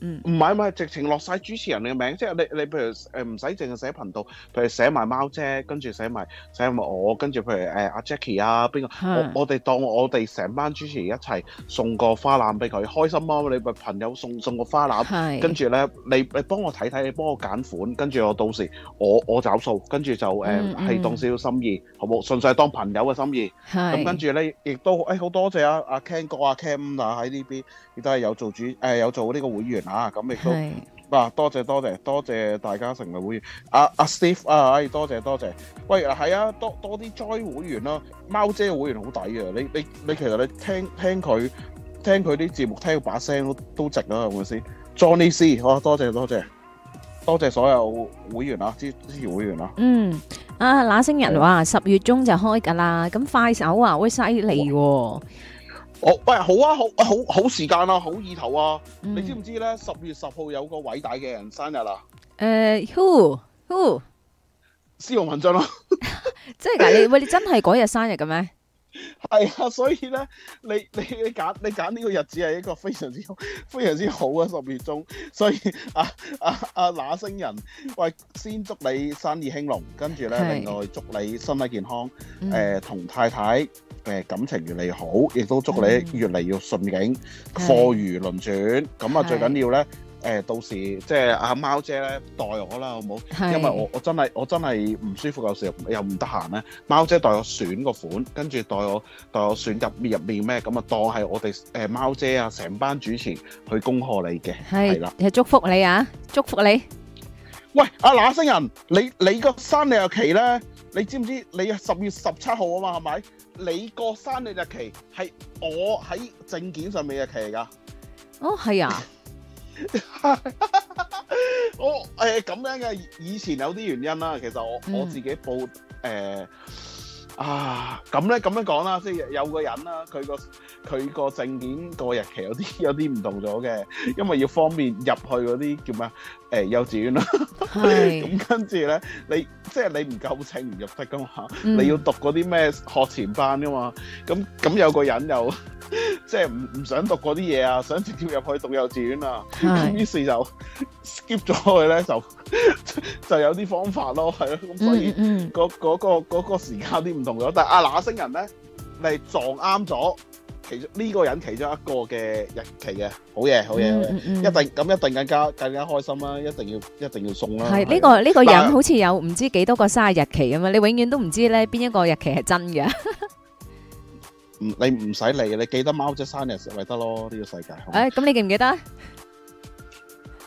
唔唔係唔係，直情落曬主持人嘅名，即係你你譬如誒唔使淨係寫頻道，譬如寫埋貓姐，跟住寫埋寫埋我，跟住譬如誒阿 Jacky 啊邊個，我我哋當我哋成班主持人一齊送個花籃俾佢，開心啊！你咪朋友送送個花籃，跟住咧你你幫我睇睇，你幫我揀款，跟住我到時我我找數，跟住就誒係當少少心意，好冇？純粹係當朋友嘅心意，咁跟住咧亦都誒好多謝啊阿 Ken 哥啊 Ken 啊喺呢邊，亦都係有做主誒有做呢個會員。啊，咁亦都嗱是、啊，多謝多謝多謝大家成為會員，阿、啊、阿、啊、Steve 啊，哎，多謝多謝，喂，係啊，多多啲 join 會員啦、啊，貓姐會員好抵啊。你你你其實你聽聽佢聽佢啲節目，聽佢把聲都都值啊，係咪先？Johnny C，哇、啊，多謝多謝，多謝所有會員啊，支支持會員啊，嗯，啊，那星人話十、嗯、月中就開噶啦，咁快手啊，會犀利喎。好、哦、喂，好啊，好，好好時間啊，好意頭啊！嗯、你知唔知咧？十月十號有個偉大嘅人生日啊！誒，who who？司徒文進咯、啊， [LAUGHS] [LAUGHS] 真係噶？你喂，你真係嗰日生日嘅咩？係 [LAUGHS] 啊，所以咧，你你你揀你揀呢個日子係一個非常之好非常之好嘅十月中，所以啊啊啊那星人，喂，先祝你生意興隆，跟住咧，是另外祝你身體健康，誒、嗯，同、呃、太太。誒，感情越嚟越好，亦都祝你越嚟越順景，貨如輪轉。咁啊，最緊要咧，誒，到時即係阿貓姐咧代我啦，好唔好？係。因為我我真係我真係唔舒服有時候又唔得閒咧，貓姐代我選個款，跟住代我代我選擇入入面咩，咁啊當係我哋誒貓姐啊，成班主持去恭賀你嘅係啦，係祝福你啊，祝福你。喂，阿那星人，你你個生日日期咧？你知唔知道你十月十七號啊嘛，係咪？你個生日日期係我喺證件上面日期嚟噶？哦，係啊。 [LAUGHS] [LAUGHS] 我誒咁、呃、樣嘅，以前有啲原因啦、啊。其實我我自己報誒、呃、啊咁咧，咁樣講啦，即係、就是、有個人啦、啊，佢個佢個證件個日期有啲有啲唔同咗嘅，因為要方便入去嗰啲叫咩？誒幼稚園咯，咁 [LAUGHS] 是跟住咧，你即係你唔夠秤唔入得噶嘛，嗯、你要讀嗰啲咩學前班噶嘛，咁咁有個人又即係唔唔想讀嗰啲嘢啊，想直接入去讀幼稚園啊，咁是於是就 skip 咗佢咧，就就，就有啲方法咯，係咯，咁所以嗰、嗯嗯嗰個、嗰個嗰時間啲唔同咗，但阿啊那、啊啊、星人咧你撞啱咗。其中呢、這個人其中一個嘅日期嘅好嘢好嘢，嗯、一定咁、嗯、一定更加更加開心啦、啊！一定要一定要送啦、啊！係呢個呢個人好似有唔知幾多個生日日期咁啊！但你永遠都唔知咧邊一個日期係真嘅。唔 [LAUGHS] 你唔使理，你記得貓只生日食咪得咯？呢、這個世界。誒咁、哎、你記唔記得？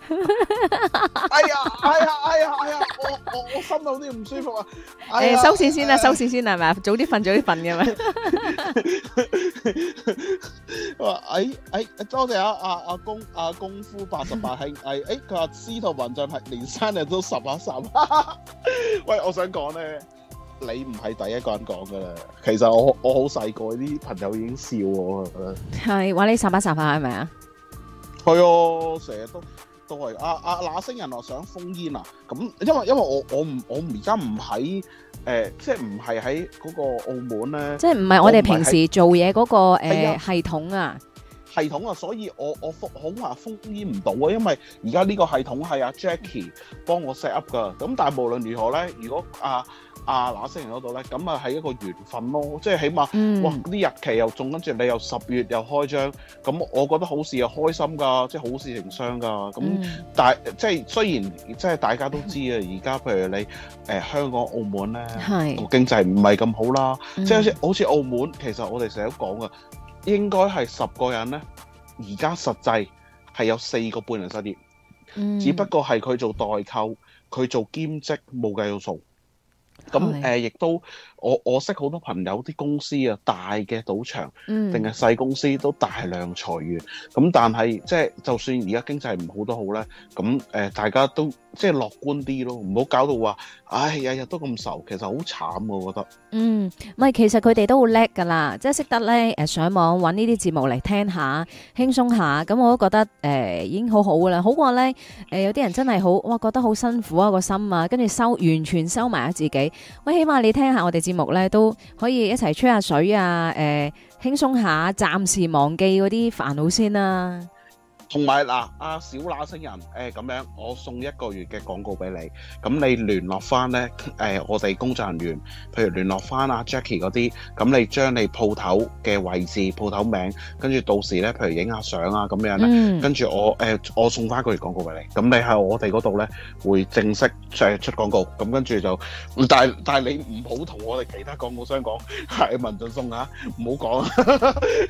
哎呀，哎呀，哎呀，哎呀，我我我心有啲唔舒服啊！誒，收線先啦，收線先啦，係咪啊？早啲瞓，早啲瞓嘅咪。話誒誒，多謝阿阿阿公阿功夫八十八兄，係誒佢話司徒文進係連生日都十八十八。喂，我想講咧，你唔係第一個人講噶啦，其實我我好細個啲朋友已經笑我啦。係，話你十八十八係咪啊？係哦，成日都。都係阿阿那星人啊，想封煙啊！咁因為因為我我唔我唔而家唔喺誒，即係唔係喺嗰個澳門咧，即係唔係我哋平時做嘢嗰個、呃、系統啊，系統啊！所以我我封好話封煙唔到啊，因為而家呢個系統係阿 Jacky 幫我 set up 㗎。咁但係無論如何咧，如果阿、啊啊！嗱星人嗰度咧？咁啊，係一個緣分咯。即係起碼，嗯、哇！啲日期又中，跟住你又十月又開張，咁我覺得好事又開心噶，即係好事成雙噶。咁但係、嗯、即係雖然即係大家都知啊。而家譬如你誒、呃、香港、澳門咧，個是經濟唔係咁好啦。嗯、即係好似好似澳門，其實我哋成日都講噶，應該係十個人咧，而家實際係有四個半人失業，嗯、只不過係佢做代購，佢做兼職冇計到數。沒咁誒，亦都。我我識好多朋友，啲公司啊，大嘅賭場，嗯，定係細公司都大量裁員。咁但係即係就算而家經濟唔好都好咧。咁誒，大家都即係樂觀啲咯，唔好搞到話，唉，日日都咁愁，其實好慘嘅，我覺得。嗯，唔係其實佢哋都好叻㗎啦，即係識得咧誒，上網揾呢啲節目嚟聽下，輕鬆下。咁我都覺得誒已經好好㗎啦。好過咧誒，有啲人真係好哇，覺得好辛苦啊個心啊，跟住收完全收埋咗自己。喂，起碼你聽下我哋節目咧都可以一齊吹下水啊！誒、呃，輕鬆下，暫時忘記嗰啲煩惱先啦、啊。同埋嗱，阿小那星人，誒咁樣，我送一個月嘅廣告俾你，咁你聯絡翻咧，誒我哋工作人員，譬如聯絡翻阿 Jackie 嗰啲，咁你將你鋪頭嘅位置、鋪頭名，跟住到時咧，譬如影下相啊咁樣咧，跟住我誒我送翻一個月廣告俾你，咁你喺我哋嗰度咧會正式誒出廣告，咁跟住就，但係但係你唔好同我哋其他廣告商講係文進送嚇，唔好講，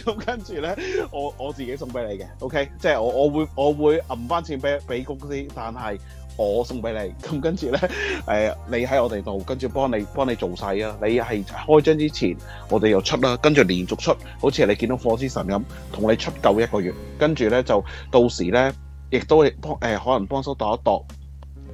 咁跟住咧我我自己送俾你嘅，OK，即係我。我會我會揞翻錢俾俾公司，但係我送俾你，咁跟住咧誒，你喺我哋度跟住幫你幫你做晒啊！你係開張之前，我哋又出啦，跟住連續出，好似你見到《貨之神》咁，同你出夠一個月，跟住咧就到時咧，亦都會幫誒可能幫手度一度。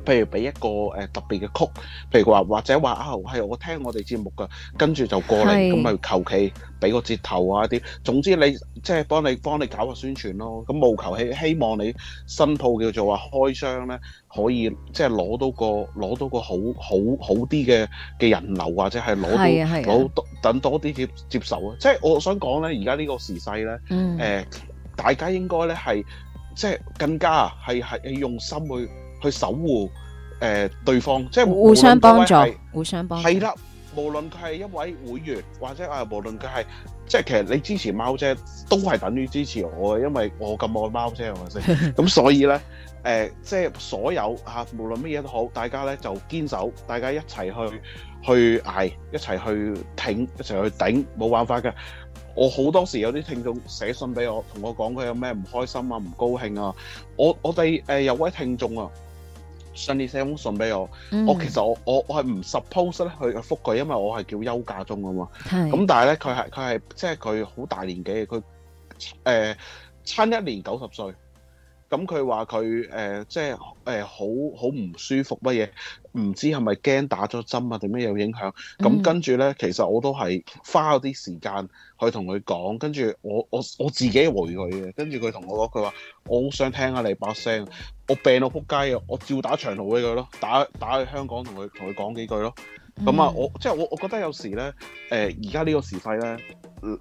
譬如俾一個誒特別嘅曲，譬如話或者話啊，係、哦、我聽我哋節目嘅，跟住就過嚟咁咪求其俾個折頭啊啲。總之你即係、就是、幫你幫你搞個宣傳咯。咁務求係希望你新鋪叫做話開箱咧，可以即係攞到個攞到個好好好啲嘅嘅人流，或者係攞到攞多等多啲接接受啊。即係我想講咧，而家呢個時勢咧，誒、嗯、大家應該咧係即係更加係係用心去。去守護誒對方，即係互相幫助，互相幫助。係啦，無論佢係一位會員，或者啊，無論佢係即係其實你支持貓姐，都係等於支持我嘅，因為我咁愛貓姐，係咪先？咁所以咧，誒即係所有嚇，無論乜嘢都好，大家咧就堅守，大家一齊去去捱，一齊去挺，一齊去頂，冇辦法㗎。我好多時有啲聽眾寫信俾我，同我講佢有咩唔開心啊、唔高興啊。我我哋誒有位聽眾啊。Send 想你寫封信俾我，嗯、我其實我我我係唔 suppose 咧去覆佢，因為我係叫休假中啊嘛。咁是但係咧，佢係佢係即係佢好大年紀，佢誒差一年九十歲。咁佢話佢即係、呃、好好唔舒服乜嘢，唔知係咪驚打咗針啊定咩有影響？咁跟住咧，其實我都係花咗啲時間去同佢講，跟住我我我自己回佢嘅，跟住佢同我講佢話：我好想聽下你把聲，我病到撲街啊！我照打長途俾佢咯，打打去香港同佢同佢講幾句咯。咁、嗯、啊，我即係我我覺得有時咧、呃、而家呢個時勢咧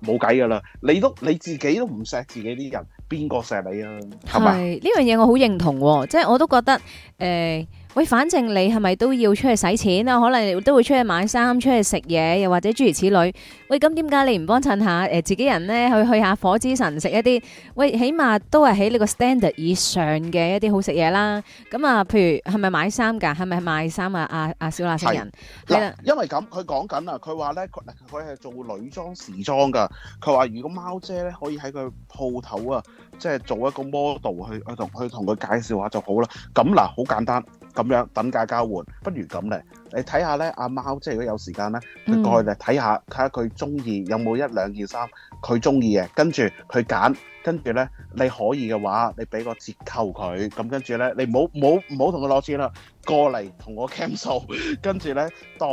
冇計㗎啦，你都你自己都唔錫自己啲人。邊個錫你啊？係咪？呢樣嘢，吧我好認同、哦，即、就、係、是、我都覺得誒。呃喂，反正你係咪都要出去使錢啊？可能你都會出去買衫、出去食嘢，又或者諸如此類。喂，咁點解你唔幫襯下？誒、呃，自己人咧去去下火之神食一啲，喂，起碼都係喺呢個 standard 以上嘅一啲好食嘢啦。咁啊，譬如係咪買衫噶？係咪買衫啊？阿、啊、阿、啊、小辣椒人。係嗱是行了，因為咁佢講緊啊，佢話咧佢佢係做女裝時裝噶。佢話如果貓姐咧可以喺佢鋪頭啊，即係做一個 model 去去同去同佢介紹下就好啦。咁嗱，好簡單。咁樣等價交換，不如咁咧，你睇下咧，阿貓，即係如果有時間咧，去過去嚟睇下，睇下佢中意有冇一兩件衫佢中意嘅，跟住佢揀，跟住咧你可以嘅話，你俾個折扣佢，咁跟住咧，你唔好唔好唔好同佢攞錢啦，過嚟同我 cancel，跟住咧當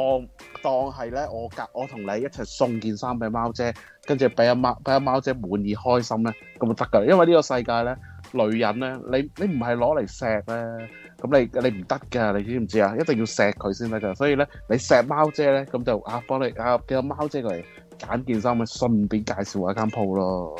當係咧我夾我同你一齊送件衫俾貓姐，跟住俾阿貓俾阿貓姐滿意開心咧，咁就得㗎，因為呢個世界咧。女人咧，你你唔係攞嚟錫咧，咁你你唔得噶，你知唔知啊？一定要錫佢先得噶，所以咧，你錫貓姐咧，咁就啊幫你啊叫個貓姐過嚟揀件衫，咪順便介紹我間鋪咯。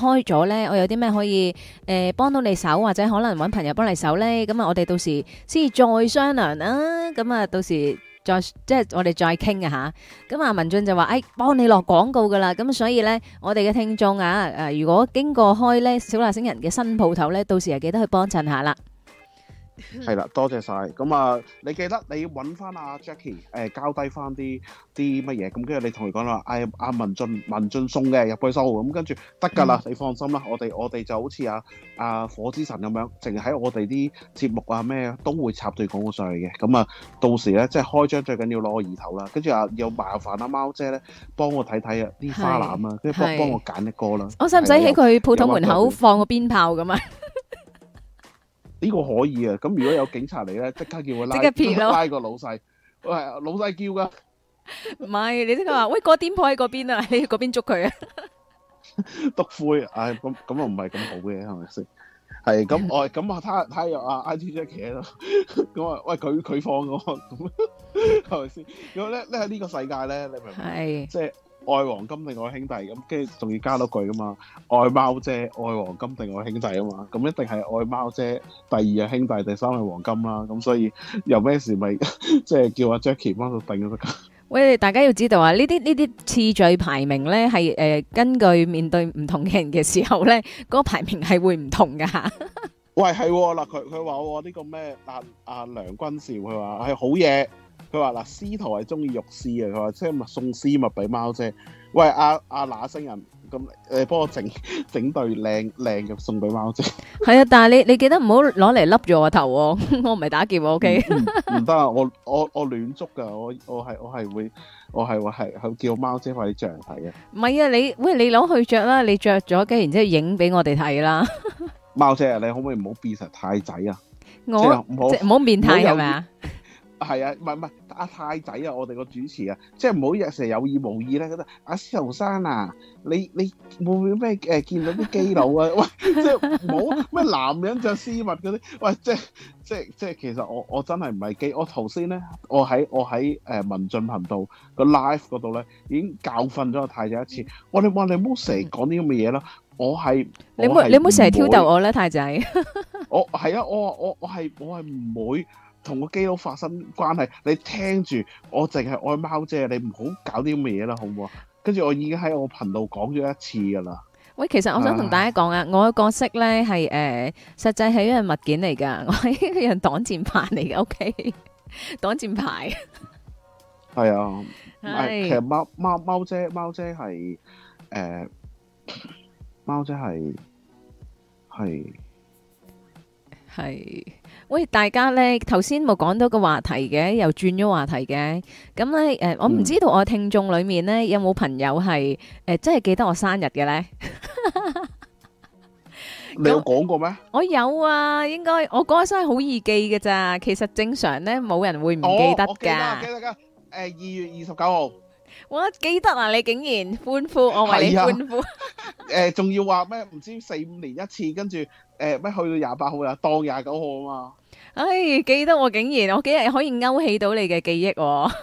開咗呢，我有啲咩可以誒幫、呃、到你手，或者可能揾朋友幫你手呢？咁啊我哋到時先再商量啦。咁啊，到時再即係我哋再傾啊吓。咁啊，文進就話誒幫你落廣告噶啦。咁所以呢，我哋嘅聽眾啊誒、呃，如果經過開呢小辣星人嘅新鋪頭呢，到時又記得去幫襯下啦。係啦， [LAUGHS] 多謝晒。咁啊，你記得你揾翻阿、啊、Jackie，誒、呃、交低翻啲啲乜嘢。咁、嗯、跟住你同佢講啦，哎阿、啊、文進，文進送嘅入櫃收。咁跟住得噶啦，你放心啦。我哋我哋就好似阿阿火之神咁樣，淨係喺我哋啲節目啊咩都會插對廣告上去嘅。咁、嗯、啊，到時咧即係開張最緊要攞個意頭啦。跟住啊，又麻煩啊貓姐咧幫我睇睇啊啲花籃啊，跟住幫幫我揀啲歌啦。我使唔使喺佢鋪頭門口放個鞭炮咁啊？ [LAUGHS] 呢個可以啊！咁如果有警察嚟咧，即刻叫佢拉，即刻撇咯，拉個老細。喂，老細叫噶，唔係你即刻話，喂，個店鋪喺嗰邊啊，你去嗰邊捉佢啊。督灰，唉，咁咁又唔係咁好嘅，係咪先？係咁，我咁我睇下睇下啊，ITJack 企喺度，咁啊，喂，佢佢放我，咁係咪先？因為咧，咧喺呢個世界咧，你明唔明？係即。愛黃金定愛兄弟咁，跟住仲要加多句噶嘛，愛貓姐，愛黃金定愛兄弟啊嘛，咁一定係愛貓姐，第二係兄弟，第三係黃金啦，咁所以有咩事咪即係叫阿 Jackie 幫佢定咗得。喂，大家要知道啊，呢啲呢啲次序排名咧，係誒根據面對唔同嘅人嘅時候咧，嗰個排名係會唔同噶吓。喂，係嗱，佢佢話喎呢個咩？阿阿梁君兆佢話係好嘢。佢話嗱，司徒係中意肉絲啊！佢話，即係咪送絲襪俾貓姐？喂，阿阿那星人咁，誒幫我整整對靚靚嘅送俾貓姐。係啊，但係你你記得唔好攞嚟笠住我頭，我唔係打劫，我 OK。唔得啊！我我我亂捉噶，我我係我係會我係我係叫貓姐快啲着嚟睇嘅。唔係啊，你喂，你攞去着啦，你着咗跟住然之後影俾我哋睇啦。貓姐，你可唔可以唔好變實太仔啊？我唔好唔好變態係咪啊？係啊，唔係唔係，阿太仔啊，我哋個主持啊，即係唔好日成日有意無意咧。覺得阿司徒生啊，你你會唔會咩誒、呃、見到啲基佬啊？喂，即係好，咩男人着絲襪嗰啲，喂，即係即係即係，其實我我真係唔係基。我頭先咧，我喺我喺誒文進頻道個 live 嗰度咧，已經教訓咗阿太仔一次。我哋話你唔好成日講啲咁嘅嘢啦。我係你冇不你唔好成日挑逗我啦，太仔。 [LAUGHS] 我係啊，我我我係我係唔會同個基佬發生關係，你聽住我淨係愛貓姐，你唔好搞啲咁嘅嘢啦，好唔好啊？跟住我已經喺我頻道講咗一次噶啦。喂，其實我想同大家講啊，我嘅角色咧係誒，實際係一樣物件嚟噶，我係一個人擋箭牌嚟嘅，OK？擋箭牌。係啊，係其實貓貓貓姐貓姐係誒，貓姐係係係。喂，大家咧，頭先冇講到個話題嘅，又轉咗話題嘅。咁咧，誒，我唔知道我聽眾裏面咧有冇朋友係誒真係記得我生日嘅咧？你有講過咩？我有啊，應該我嗰個生日好易記嘅咋，其實正常咧冇人會唔記得噶。記得，記得噶。誒，二月二十九號，我記得啊！你竟然歡呼，我為你歡呼。誒，仲要話咩？唔知四五年一次，跟住誒咩去到廿八號啦當廿九號啊嘛～哎，記得我竟然，我幾日可以勾起到你嘅記憶喎？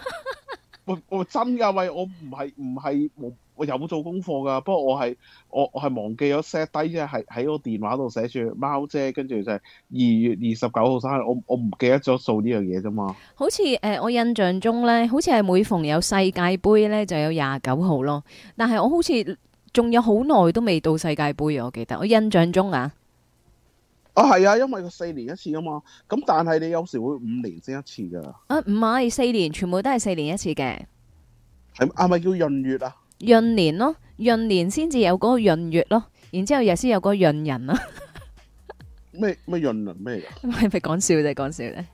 我我真噶喂，我唔係唔係我有做功課噶，不過我係我我係忘記咗 set 低啫，係喺個電話度寫住「貓姐」」，跟住就係二月二十九號生日，我我唔記得咗數呢樣嘢啫嘛。好似誒、呃，我印象中咧，好似係每逢有世界杯咧，就有廿九號咯。但係我好似仲有好耐都未到世界杯啊！我記得我印象中啊。啊，係、哦、啊，因為佢四年一次啊嘛，咁但係你有時會五年先一次噶。啊，唔係四年，全部都係四年一次嘅。係啊，咪叫閏月啊？閏年咯，閏年先至有嗰個閏月咯，然之後又先有個閏人啊。咩咩閏人咩？係咪講笑啫，講笑啫！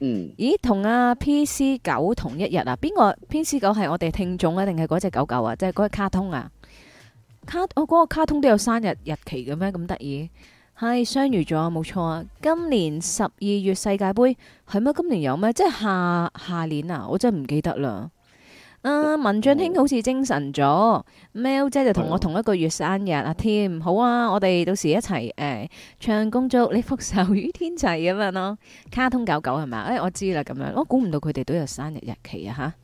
嗯。咦，同阿 P C 九同一日啊？邊個 P C 九係我哋聽眾啊，定係嗰隻狗狗啊？即係嗰隻卡通啊？卡，我、哦、嗰、那個卡通都有生日日期嘅咩？咁得意？係相遇咗，冇錯啊！今年十二月世界盃係咩？今年有咩？即係下下年啊！我真係唔記得啦。啊，文進兄好似精神咗、嗯、，Mel 姐就同我同一個月生日、嗯、啊，添好啊！我哋到時一齊誒、啊、唱恭祝你福壽與天齊啊嘛咯！卡通狗狗係咪？誒、哎，我知啦，咁樣我估唔到佢哋都有生日日期啊吓。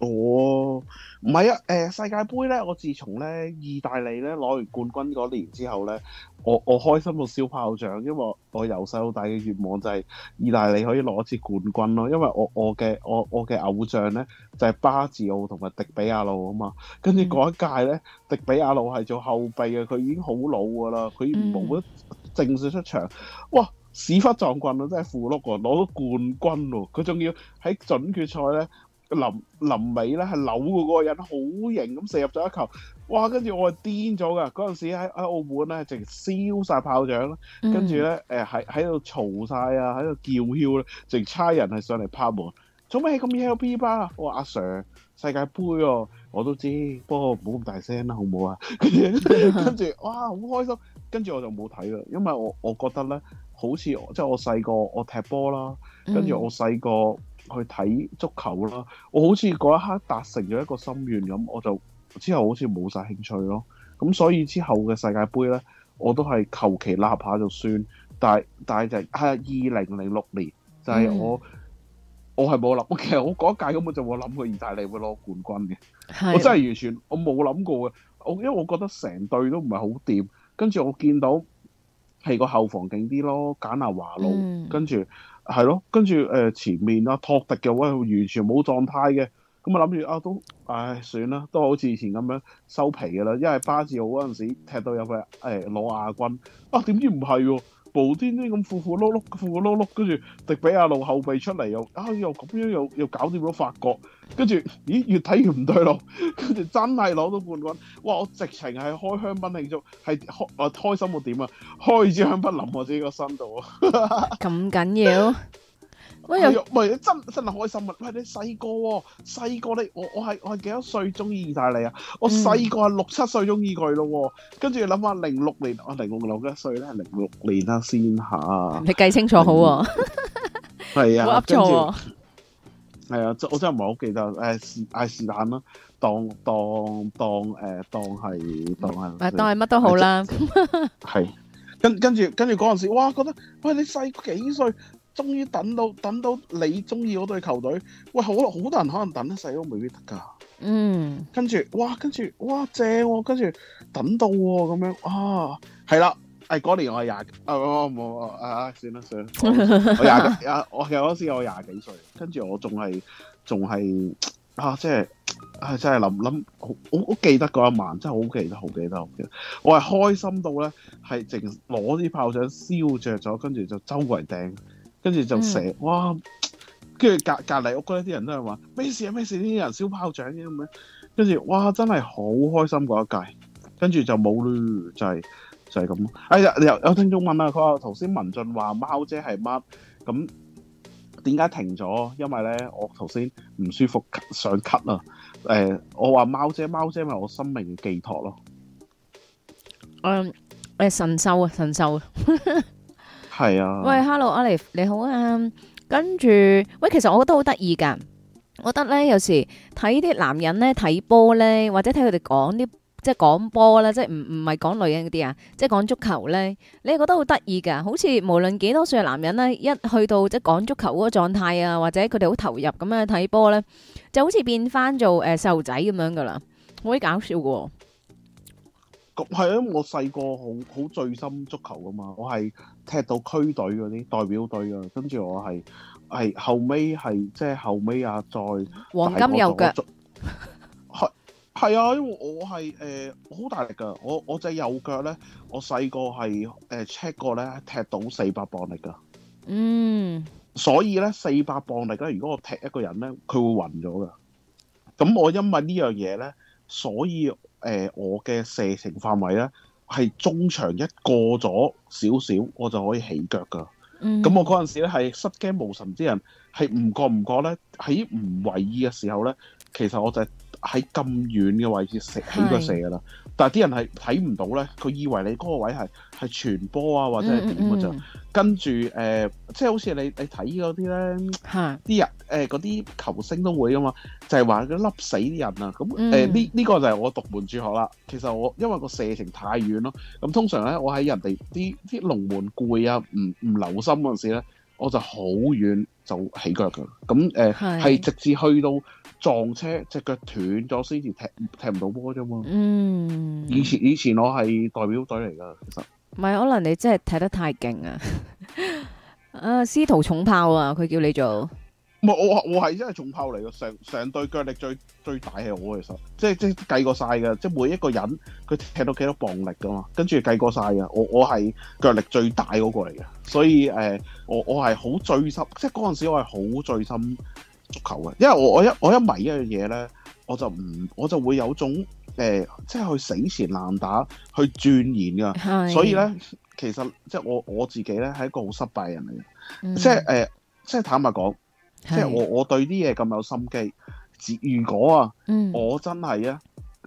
哦，唔係啊，誒、欸、世界盃咧，我自從咧意大利咧攞完冠軍嗰年之後咧，我我開心到燒炮仗，因為我由細到大嘅願望就係意大利可以攞一次冠軍咯，因為我我嘅我我嘅偶像咧就係、是、巴治奧同埋迪比亞路啊嘛，跟住嗰一屆咧，嗯、迪比亞路係做後備嘅，佢已經好老㗎喇，佢冇得正式出場，嗯、哇屎忽撞棍啊，真係負碌喎，攞咗冠軍喎，佢仲要喺準決賽咧。林林尾咧係扭嘅嗰個人好型咁射入咗一球，哇！跟住我係癲咗噶，嗰陣時喺喺澳門咧，直燒晒炮仗啦，跟住咧喺喺度嘈晒啊，喺度、嗯呃、叫喎咧，直差人係上嚟拍門，做咩咁 happy 吧？我話阿 Sir 世界盃哦、啊，我都知，不過唔好咁大聲啦，好唔好啊？ [LAUGHS] 跟住跟住哇，好開心，跟住我就冇睇啦，因為我我覺得咧，好似即係我細個我踢波啦，跟住我細個。去睇足球啦，我好似嗰一刻達成咗一個心願咁，我就之後好似冇晒興趣咯。咁所以之後嘅世界盃咧，我都係求其立下就算。但係但係就係二零零六年，就係、是、我、嗯、我係冇諗，其實我嗰一屆根本就冇諗過意大利會攞冠軍嘅的。我真係完全我冇諗過嘅。我因為我覺得成隊都唔係好掂，跟住我見到係個後防勁啲咯，簡拿華路。跟住、嗯。係咯，跟住誒、呃、前面啦，托特嘅話，完全冇狀態嘅，咁啊諗住啊都，唉算啦，都好似以前咁樣收皮嘅啦，因為巴治奧嗰陣時候踢到有個誒攞亞軍，啊點知唔係喎？無端端咁符符碌碌，符符碌碌，跟住迪比亞路後備出嚟又啊又咁樣又又搞掂咗法國，跟住咦越睇越唔對路，跟住真係攞到冠軍，哇！我直情係開香檳慶祝，係開啊開心到點啊，開支香檳淋我自己個身度啊！咁緊要？ [LAUGHS] 喂，唔你、哎、真真係開心啊！喂，你細個喎，細個你我我係我係幾多歲中意意大利啊？嗯、我細個係六七歲中意佢咯，跟住諗下零六年，我零六六幾歲咧？零六年啦，先、啊、下！你計清楚好喎。係啊，我噏、 [LAUGHS] [LAUGHS] 啊、錯。啊、哎，我真係唔係好記得誒是但啦，當當當誒、呃、當係當係，誒當係乜都好啦。係， [LAUGHS] 跟跟住跟住嗰陣時，哇覺得喂你細幾歲？終於等到等到你中意嗰隊球隊，喂，好好多人可能等得死都未必得㗎。嗯，跟住哇，跟住哇，正喎、哦，跟住等到喎、哦，咁樣啊，係啦，誒嗰年我係廿，啊冇啊，啊，啊算啦算啦，我廿， [LAUGHS] 啊我其實嗰時我廿幾歲，跟住我仲係仲係啊，即係啊真係諗諗，好我好記得嗰一晚，真係好記得好記，記得，我係開心到咧，係淨攞啲炮仗燒着咗，跟住就周圍掟。跟住就成，哇！跟住隔隔籬屋咧，啲人都係話咩事啊咩事？啲人燒炮仗嘅，咁，跟住哇，真係好開心嗰一屆。跟住就冇咯，就係就係咁。哎呀，有有聽眾問啊，佢話頭先文進話貓姐係乜？咁點解停咗？因為咧，我頭先唔舒服想咳啊。誒，我話貓姐，貓姐係我生命嘅寄託咯。誒誒，神獸啊，神獸。係啊，喂，Hello Alif，你好啊。跟住，喂，其實我覺得好得意噶，我覺得咧有時睇啲男人咧睇波咧，或者睇佢哋講啲即係講波啦，即係唔唔係講女人嗰啲啊，即係講足球咧，你係覺得好得意噶？好似無論幾多歲嘅男人咧，一去到即係講足球嗰個狀態啊，或者佢哋好投入咁啊睇波咧，就好似變翻做誒細路仔咁樣噶啦，好鬼搞笑噶，哦。咁係啊，我細個好好醉心足球噶嘛，我係。踢到區隊嗰啲代表隊啊，跟住我係係後尾係即係後尾啊再黃金右腳，係係啊，因為我係誒好大力噶，我我隻右腳咧，我細個係誒 check 過咧，踢到四百磅力噶，嗯，所以咧四百磅力噶，如果我踢一個人咧，佢會暈咗噶，咁我因為呢樣嘢咧，所以誒、呃、我嘅射程範圍咧。係中場一過咗少少，我就可以起腳噶。咁、mm hmm. 我嗰陣時咧係失驚無神之人，係唔覺唔覺咧，喺唔為意嘅時候咧，其實我就係喺咁遠嘅位置起腳射噶啦。但係啲人係睇唔到咧，佢以為你嗰個位係係傳波啊，或者點啊就、嗯嗯、跟住誒、呃，即係好似你你睇嗰啲咧，啲、嗯、人誒嗰啲球星都會噶嘛，就係話佢笠死啲人啊！咁誒呢呢個就係我獨門絕學啦。其實我因為個射程太遠咯，咁通常咧我喺人哋啲啲龍門攰啊，唔唔留心嗰陣時咧，我就好遠就起腳㗎。咁誒係直至去到。撞車隻腳斷咗，先至踢踢唔到波啫嘛。嗯以，以前以前我係代表隊嚟噶，其實唔係。可能你真係踢得太勁啊！ [LAUGHS] 啊，司徒重炮啊，佢叫你做唔係，我我係真係重炮嚟嘅，成成隊腳力最最大係我，其實即即計過晒嘅，即每一個人佢踢到幾多磅力噶嘛，跟住計過晒嘅，我我係腳力最大嗰個嚟嘅，所以誒、呃，我我係好醉心，即嗰陣時我係好醉心。足球啊，因為我我一我一迷一樣嘢咧，我就唔我就會有種誒、呃，即係去死纏爛打去鑽研噶。的所以咧，其實即係我我自己咧係一個好失敗嘅人嚟嘅、嗯。即係誒，即係坦白講，即係我我對啲嘢咁有心機。如果啊，嗯、我真係啊，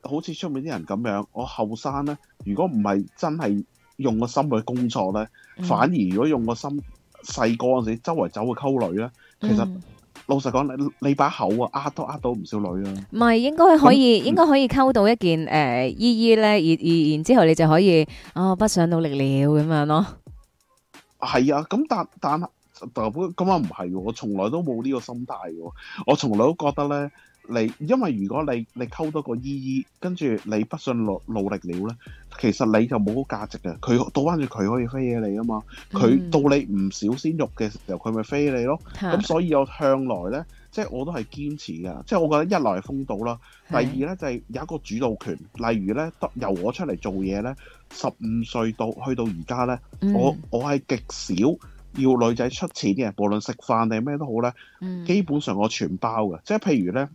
好似出面啲人咁樣，我後生咧，如果唔係真係用個心去工作咧，嗯、反而如果用個心細個嗰陣時周圍走去溝女咧，其實、嗯。老實講，你你把口啊，呃都呃到唔少女啦，啊。唔係，應該可以，那應該可以溝到一件誒、呃、衣衣咧，而而然之後你就可以，哦，不想努力了咁樣咯。係啊，咁、啊、但但但咁啊唔係，我從來都冇呢個心態嘅，我從來都覺得咧。你因為如果你你溝多個姨姨，跟住你不信努努力了呢，其實你就冇個價值嘅。佢倒翻住，佢可以飛你啊嘛。佢、mm. 到你唔少鮮肉嘅時候，佢咪飛你咯。咁的所以我向來呢，即係我都係堅持嘅。即係我覺得一來係風度啦，第二呢就係、是、有一個主導權。的例如呢，由我出嚟做嘢呢，十五歲到去到而家呢，mm. 我我係極少要女仔出錢嘅，無論食飯定咩都好呢，mm. 基本上我全包嘅，即係譬如呢。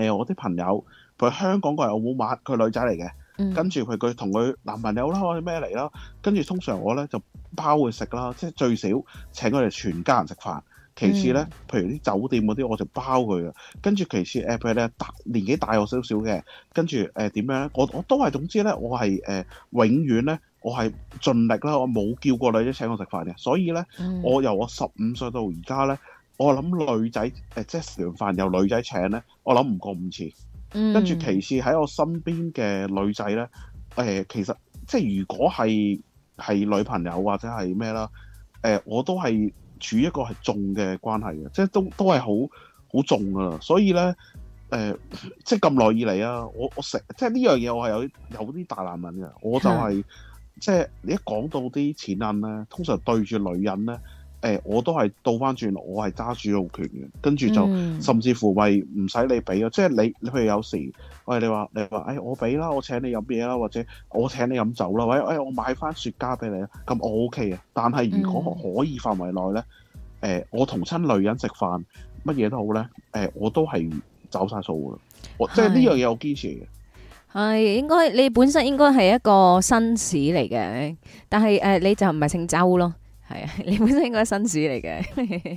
呃、我啲朋友佢香港過嚟澳門玩，佢女仔嚟嘅，嗯、跟住佢佢同佢男朋友啦，咩嚟啦？跟住通常我咧就包佢食啦，即係最少請佢哋全家人食飯。其次咧，嗯、譬如啲酒店嗰啲，我就包佢嘅。跟住其次，誒譬如咧大年紀大我少少嘅，跟住誒點樣？我我都係總之咧，我係、呃、永遠咧，我係盡力啦，我冇叫過女仔請我食飯嘅。所以咧，嗯、我由我十五歲到而家咧。我諗女仔誒，即係食完飯有女仔請咧，我諗唔過五次。嗯、跟住其次喺我身邊嘅女仔咧，誒、呃、其實即係如果係係女朋友或者係咩啦，誒、呃、我都係處一個係重嘅關係嘅，即係都都係好好重㗎喇。所以咧，誒、呃、即係咁耐以嚟啊，我我成即係呢樣嘢，我係有有啲大男人嘅。我就係、是、的即係你一講到啲錢銀咧，通常對住女人咧。誒、哎，我都係倒翻轉，我係揸主動權嘅，跟住就甚至乎咪唔使你俾、嗯、即係你，你譬如有時，喂、哎，你話你話，誒、哎，我俾啦，我請你飲嘢啦，或者我請你飲酒啦，或者誒，我買翻雪茄俾你啦，咁我 OK 啊。但係如果可以範圍內咧，誒、嗯哎，我同親女人食飯，乜嘢都好咧，誒、哎，我都係走晒數噶，是即係呢樣嘢我堅持嘅。係應該你本身應該係一個紳士嚟嘅，但係誒、呃、你就唔係姓周咯。係啊， [LAUGHS] 你本身應該紳士嚟嘅，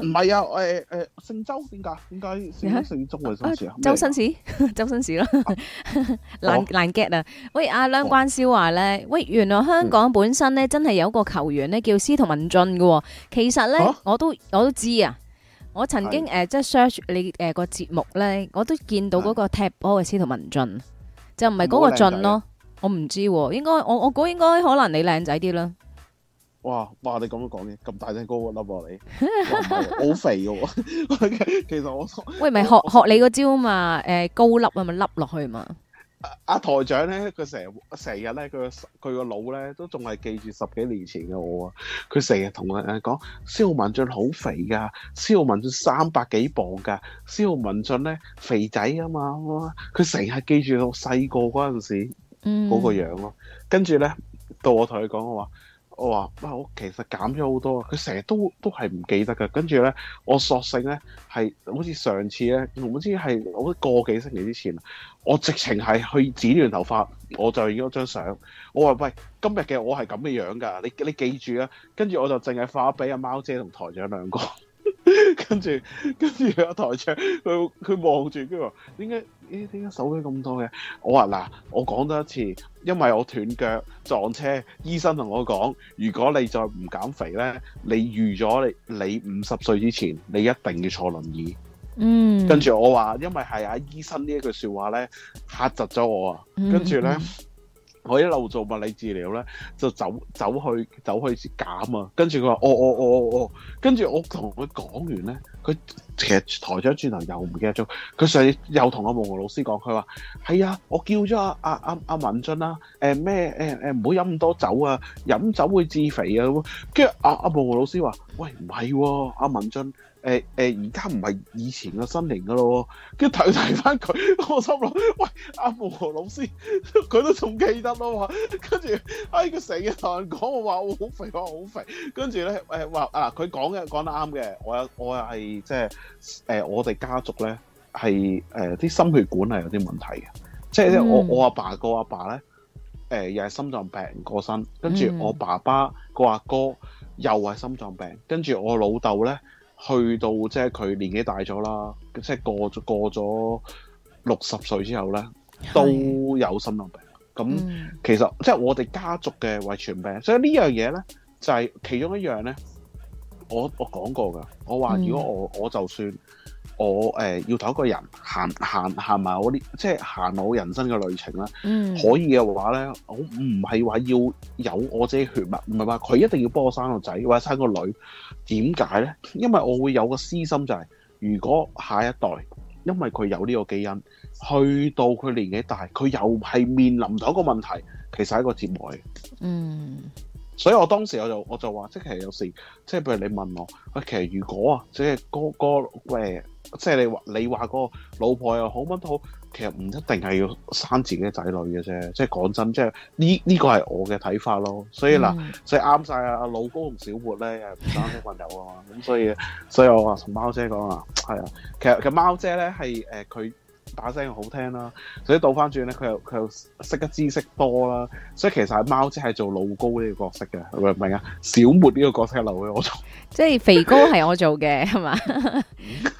唔係啊，誒、呃、誒，姓周點解？點解姓周嘅紳士啊？周紳士，周紳士啦， [LAUGHS] 周紳士 [LAUGHS] 難、啊、難 get 啊！喂，阿、啊、梁、啊、關少華咧，喂，原來香港本身咧、嗯、真係有一個球員咧叫司徒文俊嘅、哦，其實咧、啊、我都我都知啊，我曾經誒即係 search 你誒個節目咧，我都見到嗰個踢波嘅司徒文俊，就唔係嗰個，個俊咯、啊，我唔知，應該我我估應該可能你靚仔啲啦。哇哇！你咁樣講嘢，咁大隻高個粒哦，你好肥嘅。其實我喂，咪學學你個招嘛？誒，高粒啊，咪粒落去嘛。阿台長咧，佢成成日咧，佢佢個腦咧都仲係記住十幾年前嘅我啊。佢成日同我講，司徒文進好肥噶，司徒文進三百幾磅噶，司徒文進咧肥仔啊嘛。佢成日記住我細個嗰陣時嗰個樣咯。跟住咧，到我同佢講我話。我話我其實減咗好多，佢成日都都係唔記得㗎。跟住咧，我索性咧係好似上次咧，唔知係我過幾星期之前，我直情係去剪完頭髮，我就影咗張相。我話，喂，今日嘅我係咁嘅樣㗎，你你記住啊。跟住我就淨係發咗俾阿貓姐同台長兩個。 [LAUGHS] 跟住，跟住有台車，佢佢望住，佢話：點解？咦、欸？點解手機咁多嘅？我話嗱，我講多一次，因為我斷腳撞車，醫生同我講：如果你再唔減肥咧，你預咗你你五十歲之前，你一定要坐輪椅。嗯。跟住我話，因為係啊，醫生這呢一句說話咧，吓窒咗我啊。跟住咧。嗯嗯我一路做物理治療咧，就走走去走去減啊！跟住佢話：哦哦哦哦哦！跟住我同佢講完咧，佢其實抬咗轉頭又唔記得咗。佢上次又同阿毛毛老師講，佢話：係啊，我叫咗阿阿阿阿文俊啊，呃，誒咩誒誒，唔好飲咁多酒啊，飲酒會致肥啊，跟住阿阿毛毛老師話：喂，唔係喎，阿、阿、文俊。誒誒，而家唔係以前嘅身形噶咯，跟住睇睇翻佢，我心諗，喂，阿毛何老師佢都仲記得啊，跟住哎，佢成日同人講，我話我好肥，我好肥。跟住咧誒話啊，佢講嘅講得啱嘅，我我又係即係誒，我哋、就是呃、家族咧係誒啲心血管係有啲問題嘅，即係咧我、嗯、我阿爸個阿爸咧誒、呃、又係心臟病過身，跟住我爸爸個阿哥，哥又係心臟病，跟住我老豆咧。去到即係佢年紀大咗啦，即係過咗過咗六十歲之後咧，都有心臟病。咁其實即係我哋家族嘅遺傳病，所以呢樣嘢咧就係其中一樣咧。我我講過噶，我話如果我我就算。嗯我誒、呃、要睇一個人行行行埋我啲，即係行埋我人生嘅旅程啦。嗯、可以嘅話咧，我唔係話要有我自己的血脈，唔係話佢一定要幫我生個仔或者生個女。點解咧？因為我會有個私心就係、是，如果下一代因為佢有呢個基因，去到佢年紀大，佢又係面臨到一個問題，其實係一個折磨嚟。嗯。所以我當時我就我就話，即係有時，即係譬如你問我，其實如果啊，即係哥哥，誒，即係你話你話個老婆又好乜都好，其實唔一定係要生自己嘅仔女嘅啫，即係講真，即係呢呢個係我嘅睇法咯。所以嗱、嗯啊，所以啱晒啊，老高同小沫咧，誒，唔生小朋友啊嘛。咁所以所以我話同貓姐講啊，係啊，其實嘅貓姐咧係誒佢。打聲又好聽啦，所以倒翻轉咧，佢又佢又識得知識多啦，所以其實係貓姐係做老高呢個角色嘅，明唔明啊？小沫呢個角色係留俾我做，即係肥高係我做嘅，係嘛？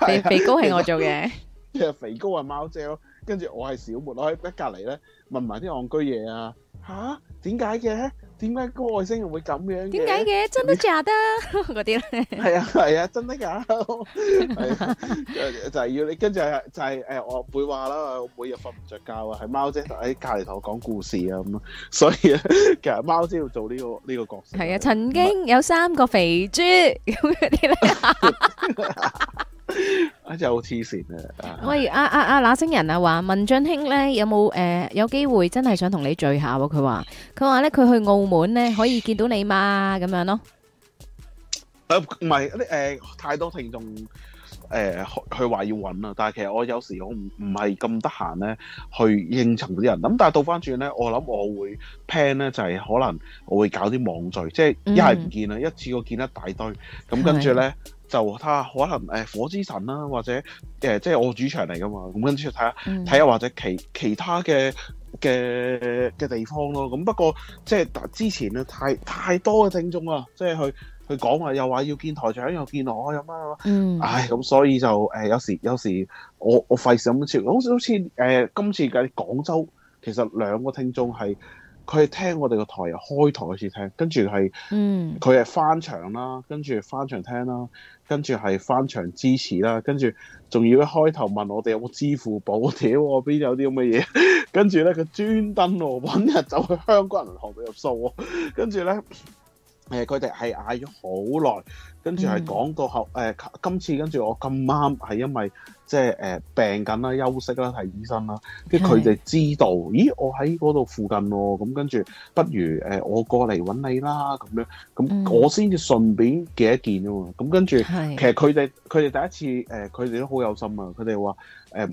肥肥高係我做嘅，即係肥高係貓姐咯，跟住我係小沫，我喺隔隔離咧問埋啲戇居嘢啊，吓，點解嘅？點解個外星人會咁樣嘅？點解嘅？真得假得嗰啲咧？係啊係啊，真得噶就係要你跟住係，就係誒，我會話啦，我每日瞓唔着覺啊，係貓姐喺隔籬同我講故事啊咁咯，所以咧，其實貓姐要做呢個呢個角色。係啊，曾經有三個肥豬咁嗰啲咧。 [LAUGHS] 啊！真係好黐線啊！喂、啊，阿阿那星人啊，話文進兄咧有冇誒有機、呃、會真係想同你聚一下？佢話佢話咧，佢去澳門咧可以見到你嘛？咁樣咯。誒、啊，唔係誒太多聽眾誒佢話要搵啦，但係其實我有時候我唔唔係咁得閒咧去應酬啲人。咁但係倒翻轉咧，我諗我會 plan 咧就係、是、可能我會搞啲網聚，即係一係唔見啦，嗯、一次過見一大堆，咁跟住咧。嗯嗯就睇下可能誒、呃、火之神啦、啊，或者誒、呃、即係我主場嚟噶嘛，咁跟住睇下睇下或者其其他嘅嘅嘅地方咯。咁不過即係之前啊，太太多嘅聽眾啊，即係去去講話，又話要見台長，又見我，咁樣唉咁所以就誒、呃、有時有時,有時我我費事咁超，好似好似誒今次嘅廣州，其實兩個聽眾係佢係聽我哋個台，又開台開始聽，跟住係，嗯、mm，佢、hmm. 係翻牆啦、啊，跟住翻牆聽啦、啊。跟住係翻牆支持啦，跟住仲要一開頭問我哋有冇支付寶？屌，邊有啲咁嘅嘢？跟住咧，佢專登我揾日走去香港銀行入數喎。跟住咧，誒、呃，佢哋係嗌咗好耐。跟住係講到後、嗯呃、今次跟住我咁啱係因為即係、呃、病緊啦休息啦睇醫生啦，跟住佢哋知道，是咦我喺嗰度附近喎、哦，咁跟住不如、呃、我過嚟揾你啦咁樣，咁、嗯、我先至順便寄一件啊咁跟住其實佢哋佢哋第一次佢哋、呃、都好有心、呃、啊，佢哋話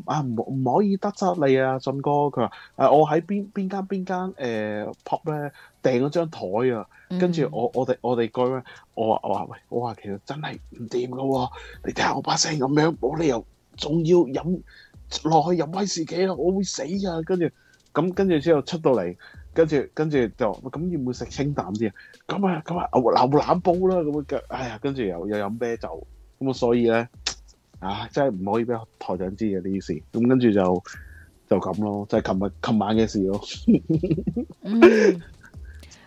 啊唔唔可以得罪你啊俊哥，佢話、呃、我喺邊邊間邊間誒 pop 咧。訂咗張台啊，跟住我我哋我哋居咧，我話話喂，我話其實真係唔掂噶，你睇下我把聲咁樣，冇理由仲要飲落去飲威士忌啦，我會死啊！跟住咁跟住之後出到嚟，跟住跟住就咁要唔要食清淡啲啊？咁啊咁啊牛腩煲啦，咁啊，哎呀，跟住又又飲啤酒，咁啊，所以咧啊，真係唔可以俾台長知嘅呢啲事。咁跟住就就咁咯，就係琴日琴晚嘅事咯。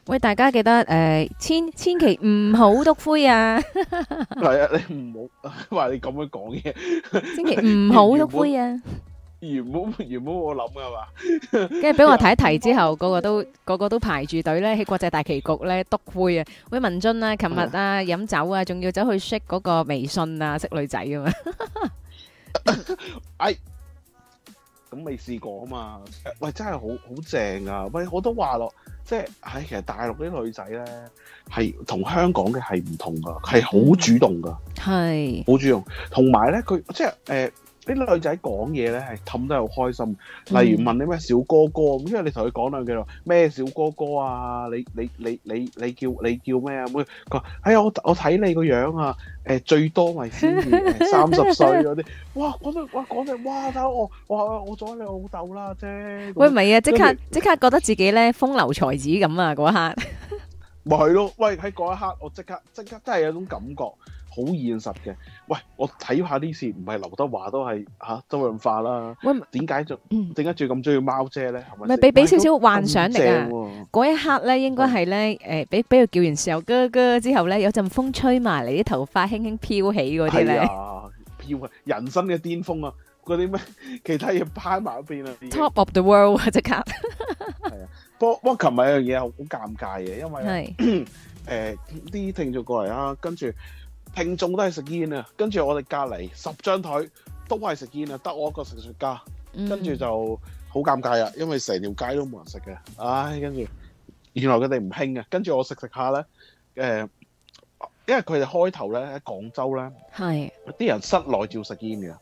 喂，大家記得誒，千千祈唔好篤灰啊！係啊，你唔好話你咁樣講嘢，千祈唔好篤灰啊！原本原本，我諗噶嘛，跟住俾我睇一睇之後，個個都個個都排住隊咧喺國際大棋局咧篤灰啊！喂，文進啊，琴日啊飲酒啊，仲要走去 shake 嗰個微信啊識女仔啊嘛！咁未試過啊嘛？喂，真係好好正啊！喂，我都話囉，即係喺、哎、其實大陸啲女仔咧，係同香港嘅係唔同㗎，係好主動㗎，係好是主動，同埋咧佢即係、呃啲女仔講嘢咧係氹得好開心，例如問你咩小哥哥咁，因為你同佢講兩句話咩小哥哥啊，你你你你你叫你叫咩啊？佢話，哎呀，我我睇你個樣啊，誒最多咪先至三十歲嗰啲，哇！講到哇講到哇，但係我我我阻你老豆啦啫，喂唔係啊，即刻即刻覺得自己咧風流才子咁啊嗰一刻，咪係咯，喂喺嗰一刻我即刻即刻真係有種感覺。好現實嘅，喂！我睇下呢事，唔係劉德華都係嚇周潤發啦。啊、喂，點解仲點解最咁中意貓姐咧？唔係俾俾少少幻想嚟噶。嗰、啊、一刻咧，應該係咧，誒、啊，俾俾佢叫完時候，哥哥之後咧，有陣風吹埋嚟，啲頭髮輕輕飄起嘅啫。係啊、哎，飄，人生嘅巔峰啊！嗰啲咩其他嘢擺埋一邊啊！Top of the world，即刻係 [LAUGHS] 啊！不過不過琴日有樣嘢好尷尬嘅，因為係誒啲聽眾過嚟啦、啊，跟住。聽眾都係食煙啊，跟住我哋隔離十張台都係食煙啊，得我一個食雪茄，跟住、嗯、就好尷尬啊，因為成條街都冇人食嘅，唉，跟住原來佢哋唔興啊，跟住我食食下咧，誒、呃，因為佢哋開頭咧喺廣州咧，啲是人室內照食煙嘅，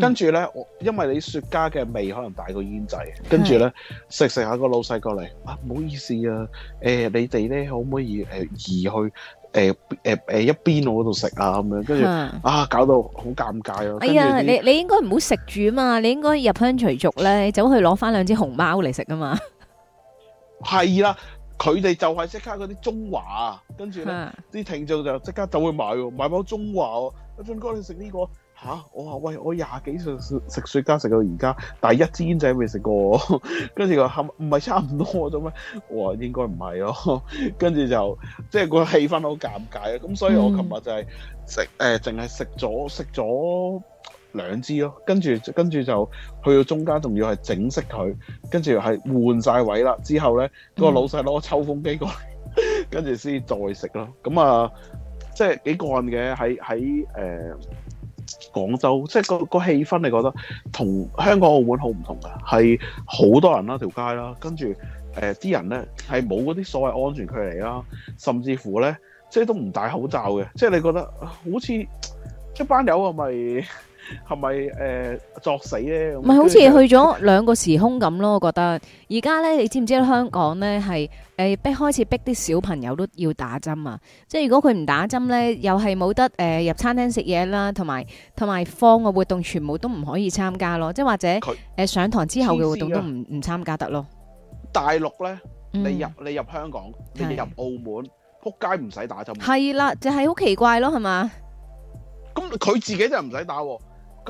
跟住咧我因為你雪茄嘅味可能大過煙仔，跟住咧食食下、個老細過嚟，啊唔好意思啊，誒、呃、你哋咧可唔可以誒、呃、移去？誒誒誒，一邊我度食啊咁樣，跟住啊，啊搞到好尷尬啊哎呀，你你應該唔好食住嘛，你應該入鄉隨俗咧，走去攞翻兩隻熊貓嚟食啊嘛。係啦，啊，佢哋就係即刻嗰啲中華，跟住咧啲聽眾就即刻就會買，買包中華哦，啊。阿進哥你食呢、這個？嚇、啊！我話喂，我廿幾歲食雪茄食到而家，但係一支煙仔未食過。跟住佢話，唔係差唔多啫咩？我話應該唔係咯。跟 [LAUGHS] 住就即係個氣氛好尷尬啊！咁所以我琴日就係食誒，淨係食咗食咗兩支咯。跟住跟住就去到中間是，仲要係整熄佢。跟住又係換晒位啦。之後咧，那個老細攞個抽風機過嚟，跟住先再食咯。咁啊，即係幾幹嘅喺喺誒。在在呃廣州即係個個氣氛，你覺得同香港澳門好唔同噶，係好多人啦、啊、條街啦、啊，跟住誒啲人咧係冇嗰啲所謂安全距離啦、啊，甚至乎咧即係都唔戴口罩嘅，即係你覺得好似一班友係咪？係咪誒作死咧？唔係好似去咗兩個時空咁咯？我覺得而家咧，你知唔知香港咧係誒逼開始逼啲小朋友都要打針啊！即係如果佢唔打針咧，又係冇得誒、呃、入餐廳食嘢啦，同埋同埋方嘅活動全部都唔可以參加咯。即係或者誒他、呃、上堂之後嘅活動都唔唔參加得咯。大陸咧，你入你入香港，嗯、你入澳門扑的街唔使打針。係啦，就係、是、好奇怪咯，係嘛？咁佢自己就唔使打、啊。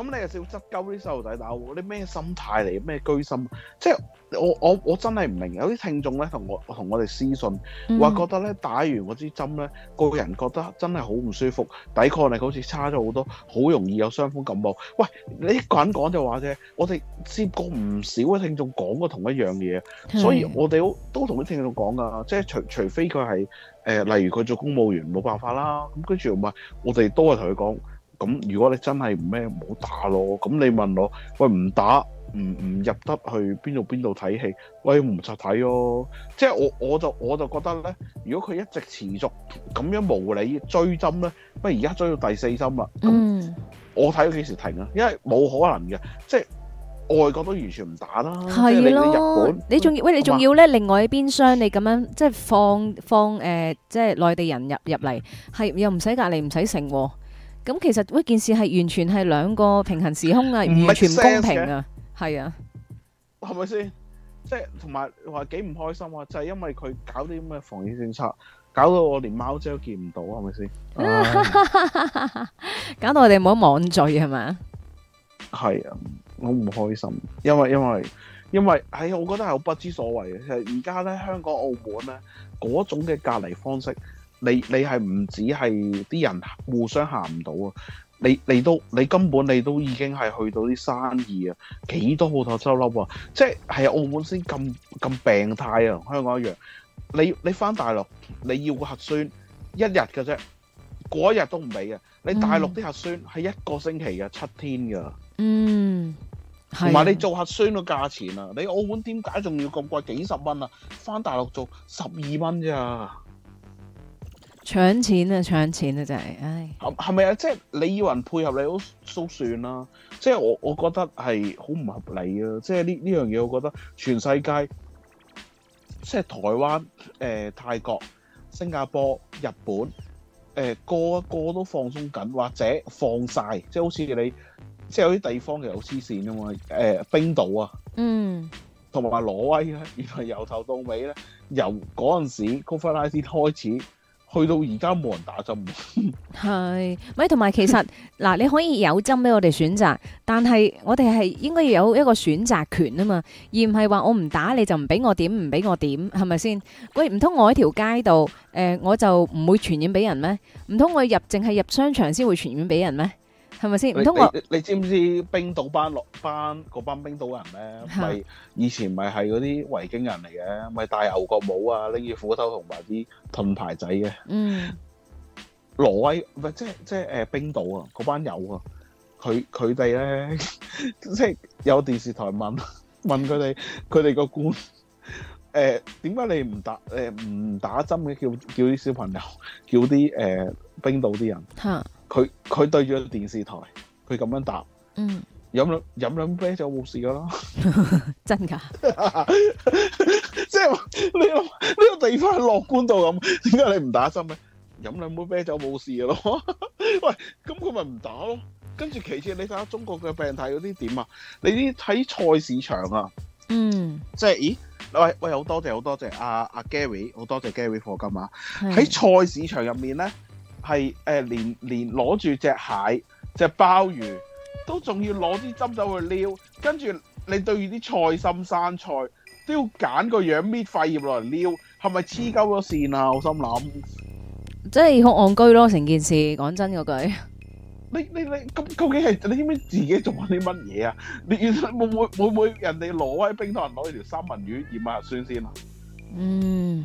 咁你又少質究啲細路仔打嗰啲咩心態嚟，咩居心？即係我我我真係唔明白，有啲聽眾咧同我同我哋私信話覺得咧打完嗰支針咧，個人覺得真係好唔舒服，抵抗力好似差咗好多，好容易有傷風感冒。喂，你一個人講就話啫，我哋接過唔少嘅聽眾講過同一樣嘢，的所以我哋都同啲聽眾講㗎，即係除除非佢係誒，例如佢做公務員冇辦法啦，咁跟住唔係，我哋都係同佢講。咁如果你真係唔咩，唔好打咯。咁你問我，喂唔打，唔唔入得去邊度邊度睇戲？喂唔實睇咯。即係我我就我就覺得咧，如果佢一直持續咁樣無理追針咧，咪而家追到第四針啦。咁、嗯、我睇咗幾時停啊？因為冇可能嘅，即係外國都完全唔打啦。係咯的，日本你仲要喂你仲要咧？吧另外一邊箱你咁樣即係放放誒，即係、呃、內地人入入嚟，係又唔使隔離，唔使喎。咁其實嗰件事係完全係兩個平行時空啊，完全唔公平啊，係啊，係咪先？即係同埋話幾唔開心啊，就係因為佢搞啲咁嘅防疫政策，搞到我連貓姐都見唔到，係咪先？搞到我哋冇得網聚係咪？係啊，好唔開心，因為因為因為係我覺得係好不知所謂嘅。其實而家咧香港澳門咧嗰種嘅隔離方式。你你係唔止係啲人互相行唔到啊！你你都你根本你都已經係去到啲生意啊！幾多鋪頭收笠啊。即係係澳門先咁咁病態啊，同香港一樣。你你翻大陸你要個核酸一日嘅啫，過一日都唔俾啊！你大陸啲核酸係一個星期嘅七天噶。嗯，係。同埋你做核酸個價錢啊！你澳門點解仲要咁貴幾十蚊啊？翻大陸做十二蚊咋？搶錢啊！搶錢啊！真、就、係、是，係係咪啊？即係你要人配合你好都算啦。即、就、係、是、我我覺得係好唔合理啊！即係呢呢樣嘢，這件事我覺得全世界，即、就、係、是、台灣、誒、呃、泰國、新加坡、日本，誒、呃、個個都放鬆緊，或者放晒。即、就、係、是、好似你，即、就、係、是、有啲地方其實好黐線噶嘛。誒、呃，冰島啊，嗯，同埋話挪威咧，原來由頭到尾咧，由嗰陣時 COVID 開始。去到而家冇人打針。 [LAUGHS] 是，係咪？同埋其實嗱，你可以有針俾我哋選擇， [LAUGHS] 但係我哋係應該要有一個選擇權啊嘛，而唔係話我唔打你就唔俾我點，唔俾我點，係咪先？喂，唔通我喺條街度，誒我就唔會傳染俾人咩？唔通我入淨係入商場先會傳染俾人咩？係咪先？唔通你知唔知冰島班落班嗰班冰島人咧，咪的以前咪係嗰啲維京人嚟嘅，咪戴牛角帽啊，拎住斧頭同埋啲盾牌仔嘅。嗯，挪威唔係即係即係誒冰島啊，嗰班有啊，佢佢哋咧，即係 [LAUGHS] 有電視台問問佢哋，佢哋個官誒，點、欸、解你唔打誒唔打針嘅？叫叫啲小朋友，叫啲誒、呃、冰島啲人吓。佢佢對住電視台，佢咁樣答，嗯、飲兩飲兩杯酒冇事噶咯，真噶，即係你諗呢個地方係樂觀到咁，點解你唔打針咧？飲兩杯啤酒冇事噶咯，的、 [LAUGHS] 就是、咯，喂，咁佢咪唔打咯？跟住其次，你睇下中國嘅病態嗰啲點啊？你啲睇菜市場啊，嗯，即係、就是，咦？喂喂，好多謝好多謝阿阿、啊啊、Gary，好多謝 Gary 貨金啊！喺菜市場入面咧。係誒、呃，連連攞住隻蟹、隻鮑魚，都仲要攞啲針走去撩，跟住你對住啲菜心、生菜，都要揀個樣搣塊葉落嚟撩，係咪黐鳩咗線啊？我心諗，即係好戇居咯，成件事講真嗰句。你你你咁究竟係你知唔知自己做緊啲乜嘢啊？你原來會會會會，會人哋攞喺冰糖入攞條三文魚醃下酸先啊？嗯。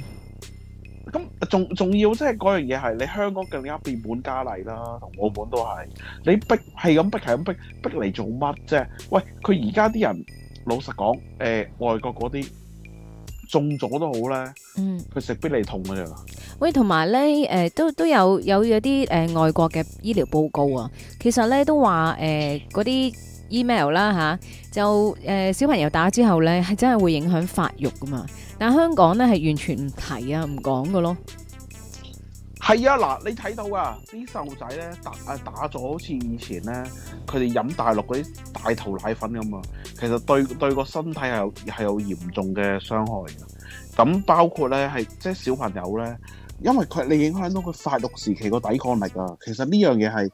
咁仲仲要即係嗰樣嘢係你香港更加變本加厲啦，同澳門都係你逼係咁逼係咁逼逼嚟做乜啫？喂，佢而家啲人老實講，誒、呃、外國嗰啲中咗都好啦，嗯，佢食必理痛㗎咋。喂，同埋咧誒都都有有有啲誒外國嘅醫療報告啊，其實咧都話誒嗰、呃、啲 email 啦吓、啊，就誒、呃、小朋友打之後咧係真係會影響發育噶嘛。但香港咧係完全唔提啊，唔講嘅咯。係啊，嗱，你睇到啊，啲細路仔咧打啊打咗，好似以前咧，佢哋飲大陸嗰啲大頭奶粉咁啊，其實對對個身體係係有嚴重嘅傷害嘅。咁包括咧係即係小朋友咧，因為佢你影響到佢發育時期個抵抗力啊。其實呢樣嘢係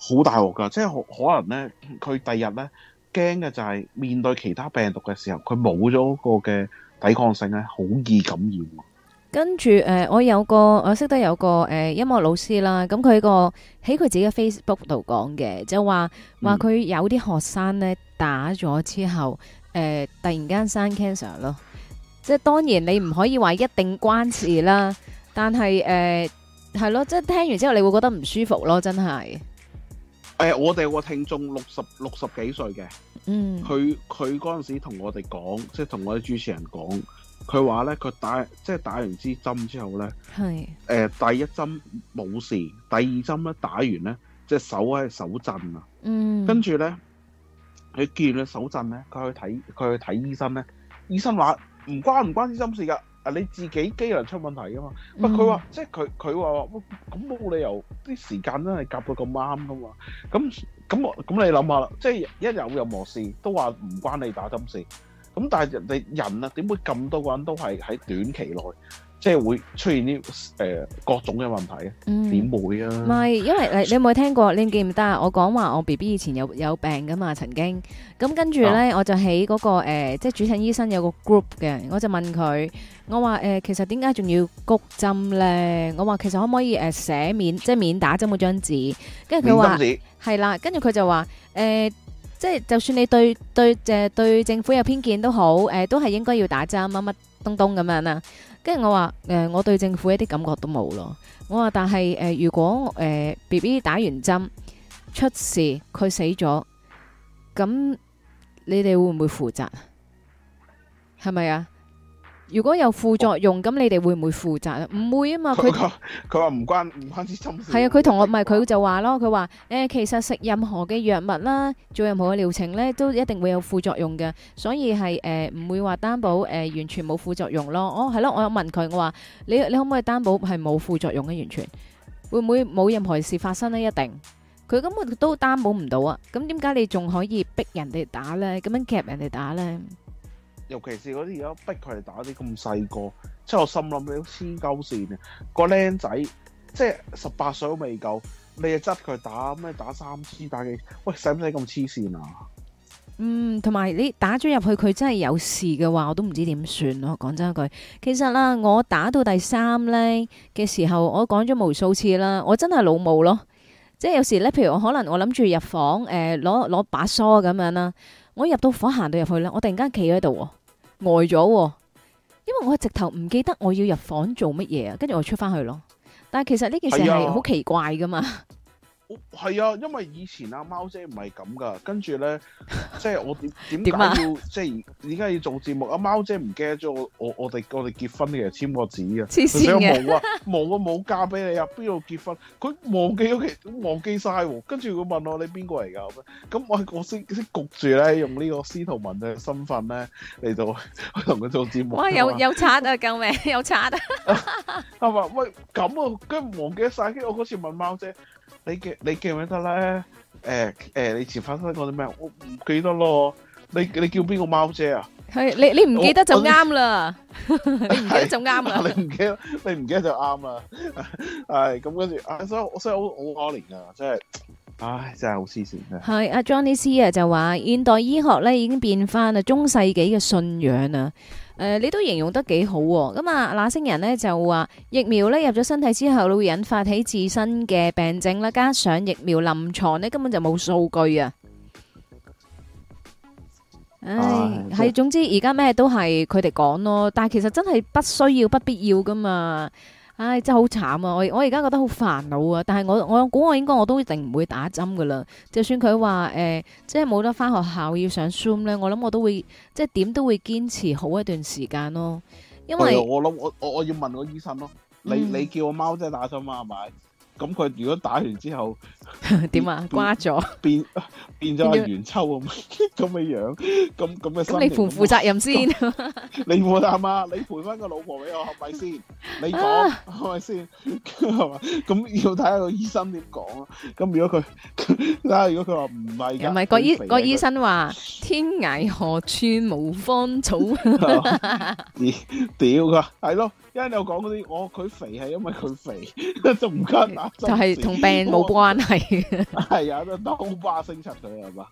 好大鑊噶，即係可能咧，佢第日咧驚嘅就係面對其他病毒嘅時候，佢冇咗個嘅。抵抗性咧好易感染，啊，跟住誒、呃，我有個，我識得有個誒、呃、音樂老師啦，咁佢個喺佢自己嘅 Facebook 度講嘅，就話話佢有啲學生咧打咗之後，誒、呃、突然間生 cancer 咯，即係當然你唔可以話一定關事啦， [LAUGHS] 但係誒係咯，即係聽完之後你會覺得唔舒服咯，真係。誒、哎，我哋個聽眾六十六十幾歲嘅。佢佢嗰陣時同我哋講，即係同我哋主持人講，佢話咧佢打即係、就是、打完支針之後咧，係誒是、呃、第一針冇事，第二針咧打完咧即係、就是、手喺手震啊，嗯，跟住咧佢見完佢手震咧，佢去睇佢去睇醫生咧，醫生話唔關唔關啲針事噶，啊你自己機能出問題噶嘛，不佢話、嗯、即係佢佢話咁冇理由啲時間真係夾到咁啱噶嘛，咁。咁我咁你諗下啦，即係一有任何事都話唔關你打針事。咁但係人哋人啊，點會咁多個人都係喺短期內，即係會出現啲誒各種嘅問題咧？點會啊？唔係，因為你你有冇聽過？你記唔得啊？我講話我 BB 以前有有病噶嘛，曾經。咁跟住咧，我就喺嗰個誒，即係主診醫生有個 group 嘅，我就問佢。我話誒、呃，其實點解仲要谷針咧？我話其實可唔可以誒寫免，即係免打針嗰張紙。跟住佢話係啦，跟住佢就話誒、呃，即係就算你對對誒對，對政府有偏見都好，誒、呃、都係應該要打針乜乜東東咁樣啊。跟住我話誒、呃，我對政府一啲感覺都冇咯。我話但係誒、呃，如果誒、呃、B B 打完針出事，佢死咗，咁你哋會唔會負責？係咪啊？如果有副作用，咁你哋會唔會負責啊？唔會啊嘛，佢佢話唔關唔關之身事。係啊，佢同我，唔係，佢就話咯，佢話誒，其實食任何嘅藥物啦，做任何嘅療程咧，都一定會有副作用嘅，所以係誒唔會話擔保誒完全冇副作用咯。哦，係咯，我有問佢，我話你你可唔可以擔保係冇副作用嘅完全？會唔會冇任何事發生咧？一定，佢根本都擔保唔到啊。咁點解你仲可以逼人哋打咧？咁樣夾人哋打咧？尤其是嗰啲而家逼佢哋打啲咁細個，即係我心諗你黐鳩線啊！個僆仔即係十八歲都未夠，你又執佢打咩打，打三次打幾次？喂，使唔使咁黐線啊？嗯，同埋你打咗入去，佢真係有事嘅話，我都唔知點算咯。講真一句，其實啦，我打到第三咧嘅時候，我講咗無數次啦，我真係老母咯，即係有時咧，譬如我可能我諗住入房誒攞攞把梳咁樣啦，我入到房行到入去啦，我突然間企喺度。呆咗，因為我直頭唔記得我要入房做乜嘢啊，跟住我出翻去咯。但係其實呢件事係好奇怪噶嘛。係啊，因為以前阿貓姐唔係咁噶，跟住咧，即係我點點解要即係而而家要做節目啊？貓姐唔記得咗我，我我哋我哋結婚嘅簽過紙啊，黐線嘅，冇啊，冇啊，冇嫁俾你啊，邊度結婚？佢忘記咗嘅，忘記晒。跟住佢問我，你邊個嚟噶？咁，咁我我先先焗住咧，用呢個司徒文嘅身份咧嚟到同佢做節目。哇，有有賊啊，救命，有賊啊！係咪喂咁啊，跟住忘記晒，跟住我嗰次問貓姐。你記你記唔記得咧？誒誒，以前發生過啲咩？我唔記得咯。你你叫邊個貓姐啊？係你你唔記得就啱啦。你唔記得就啱啊！你唔記得你唔記得就啱啊！係咁跟住，所以我所以好好可憐啊！真係，唉，真係好黐線啊！係阿 Johnny C 啊，就話現代醫學咧已經變翻啊中世紀嘅信仰啊！誒、呃，你都形容得幾好喎！咁啊，那些人呢就話疫苗呢入咗身體之後，會引發起自身嘅病症啦，加上疫苗臨床呢，你根本就冇數據啊！唉，係、啊、總之而家咩都係佢哋講咯，但係其實真係不需要、不必要噶嘛。唉、哎，真係好慘啊！我我而家覺得好煩惱啊！但係我我估我，我應該我都一定唔會打針㗎喇。就算佢話誒，即係冇得返學校要上 Zoom 咧，我諗我都會即係點都會堅持好一段時間咯。因為我諗我我我要問個醫生咯。你、嗯、你叫我貓即係打針嗎？係咪？咁佢如果打完之後點啊？瓜咗變變咗阿元秋咁咁嘅樣，咁咁嘅心。咁你負唔負責任先，你負責啊，你賠翻個老婆俾我係咪先？你講係咪先？係嘛？咁要睇下個醫生點講咯。咁如果佢，如果佢話唔係㗎，唔係個醫個醫生話天涯何處無芳草。咦？屌啊！係咯。因為你有講嗰啲，我佢肥係因為佢肥，都唔跟啊，就係同病冇關係。係啊，都刀疤星出佢係嘛？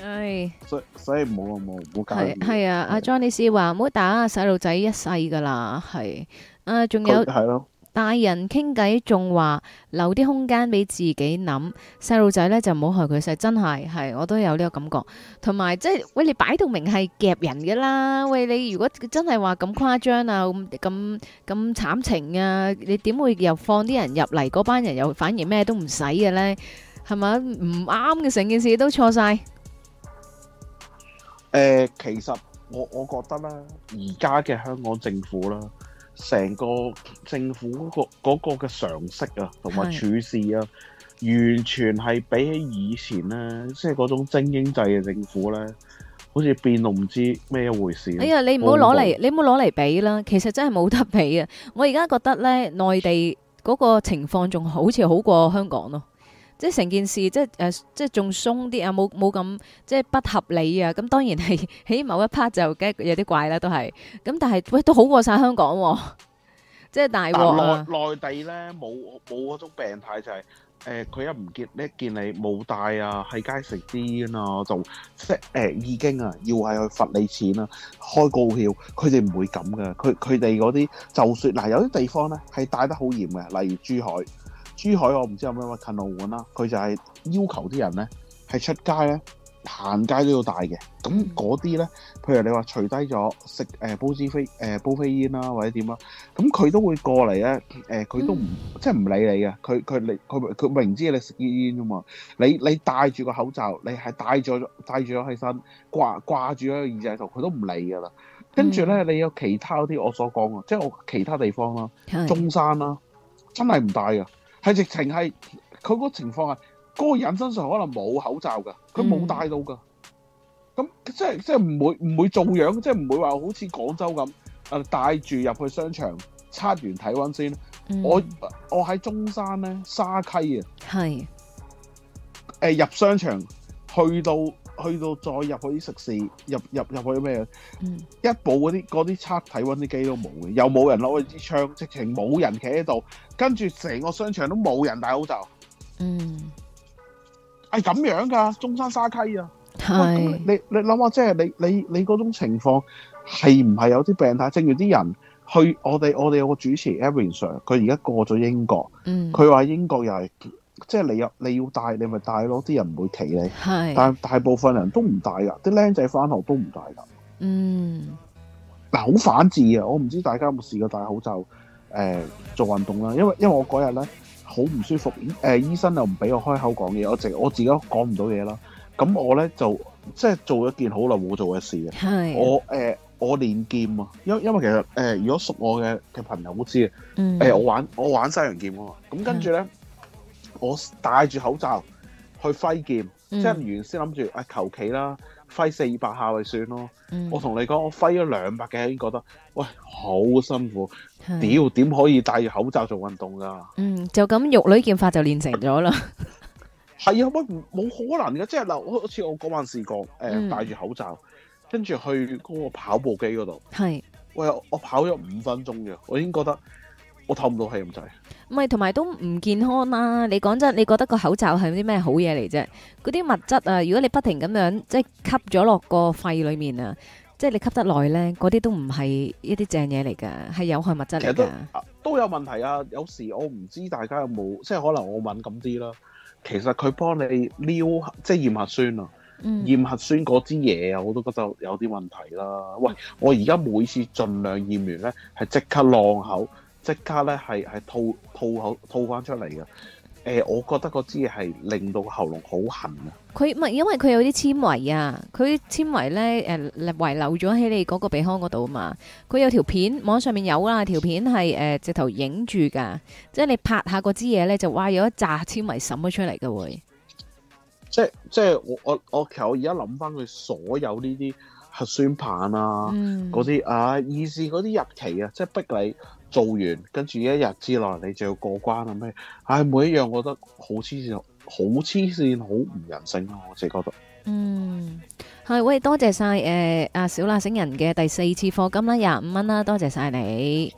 係。所所以冇冇冇介意。係係啊，阿 Johnny Sir 話唔好打細路仔一世噶啦，係。誒，仲有。係咯。大人傾偈仲話留啲空間俾自己諗，細路仔呢就唔好害佢細，真係係我都有呢個感覺。同埋即係喂你擺到明係夾人㗎啦，喂你如果真係話咁誇張啊咁咁咁慘情啊，你點會又放啲人入嚟？嗰班人又反而咩都唔使嘅呢，係咪唔啱嘅成件事都錯晒？誒，其實我我覺得啦，而家嘅香港政府啦。成個政府嗰個嗰個嘅常識啊，同埋處事啊，是的 完全係比起以前呢，即係嗰種精英制嘅政府呢，好似變到唔知咩一回事啊。哎呀，你唔好攞嚟，港你唔好攞嚟比啦。其實真係冇得比啊！我而家覺得呢，內地嗰個情況仲好似好過香港咯。即係成件事，即係誒、呃，即係仲鬆啲啊，冇冇咁即係不合理啊。咁當然係喺某一 part 就驚有啲怪啦，都係。咁但係喂，都好過晒香港、啊，即係大鑊啊！內內地咧冇冇嗰種病態、就是，就係誒，佢一唔見一見你冇戴啊，喺街食煙啊，就即誒、呃、已經啊，要係去罰你錢啦、啊，開告票。佢哋唔會咁噶，佢佢哋嗰啲就算嗱、呃，有啲地方咧係戴得好嚴嘅，例如珠海。珠海我唔知有咩咩近路換啦，佢就係要求啲人咧係出街咧行街都要戴嘅，咁嗰啲咧，譬如你話除低咗食誒煲支飛誒煲飛煙啦、啊、或者點啊，咁佢都會過嚟咧誒，佢、呃、都唔、嗯、即係唔理你嘅，佢佢你佢佢明知你食煙煙啫嘛，你你戴住個口罩，你係戴咗戴住咗起身掛掛住喺個耳仔度，佢都唔理噶啦。跟住咧，你有其他啲我所講嘅，即係我其他地方啦、啊，中山啦、啊，的真係唔戴嘅。係直情係佢嗰情況係，嗰、嗰個人身上可能冇口罩㗎，佢冇戴到㗎。咁、嗯、即係即係唔會唔會做樣，即係唔會話好似廣州咁誒帶住入去商場測完體温先。嗯、我我喺中山咧沙溪啊，係誒是、呃、入商場去到。去到再入去啲食肆，入入入去咩？嗯、一部嗰啲嗰啲測體温啲機都冇嘅，又冇人攞支槍，直情冇人企喺度，跟住成個商場都冇人戴口罩。嗯，係咁樣㗎，中山沙溪啊，係是你你諗下，即係你你你嗰種情況係唔係有啲病態？正如啲人去我哋我哋有個主持 Aaron Sir，佢而家過咗英國，嗯，佢話英國又係。即係你有你要戴，你咪戴咯，啲人唔會企你。係是，但係大部分人都唔戴噶，啲僆仔翻學都唔戴噶。嗯，嗱、啊，好反智啊！我唔知大家有冇試過戴口罩誒、呃、做運動啦，因為因為我嗰日咧好唔舒服，誒、呃、醫生又唔俾我開口講嘢，我直我自己講唔到嘢啦。咁我咧就即係做咗件好耐冇做嘅事啊！係是、呃，我誒我練劍啊，因為因為其實誒、呃、如果熟我嘅嘅朋友都知啊，誒、呃、我玩我玩西洋劍啊嘛，咁跟住咧。嗯我戴住口罩去揮劍，嗯、即係原先諗住啊求其啦，揮四百下咪算咯、嗯。我同你講，我揮咗兩百幾已經覺得，喂好辛苦，是屌點可以戴住口罩做運動噶？嗯，就咁玉女劍法就練成咗啦。係啊，喂，冇可能噶，即係嗱，好似我嗰晚試過，誒、呃嗯、戴住口罩，跟住去嗰個跑步機嗰度，係是喂我，我跑咗五分鐘嘅，我已經覺得。我透唔到氣咁滯，唔係同埋都唔健康啦、啊。你講真，你覺得個口罩係啲咩好嘢嚟啫？嗰啲物質啊，如果你不停咁樣即係吸咗落個肺裡面啊，即係你吸得耐咧，嗰啲都唔係一啲正嘢嚟㗎，係有害物質嚟㗎。其實都都有問題啊！有時我唔知大家有冇，即係可能我敏感啲啦。其實佢幫你撩即係驗核酸啊，嗯、驗核酸嗰支嘢啊，我都覺得有啲問題啦。喂，我而家每次盡量驗完咧，係即刻晾口。即刻咧，係係吐吐口吐翻出嚟嘅。誒、呃，我覺得嗰支嘢係令到喉嚨好痕啊！佢咪因為佢有啲纖維啊，佢纖維咧，誒，遺留咗喺你嗰個鼻腔嗰度啊嘛。佢有條片，網上面有啦，條片係誒、呃、直頭影住㗎，即係你拍下嗰支嘢咧，就哇有一紮纖維滲咗出嚟嘅喎。即係即係我我我其實我而家諗翻佢所有呢啲核酸棒啊，嗰啲、嗯、啊意思係嗰啲日期啊，即係逼你。做完跟住一日之內你就要過關啦咩？唉、哎，每一樣我覺得好黐線，好黐線，好唔人性啊，我自己覺得。嗯，係喂，多謝晒誒阿小辣星人嘅第四次課金啦，廿五蚊啦，多謝晒你。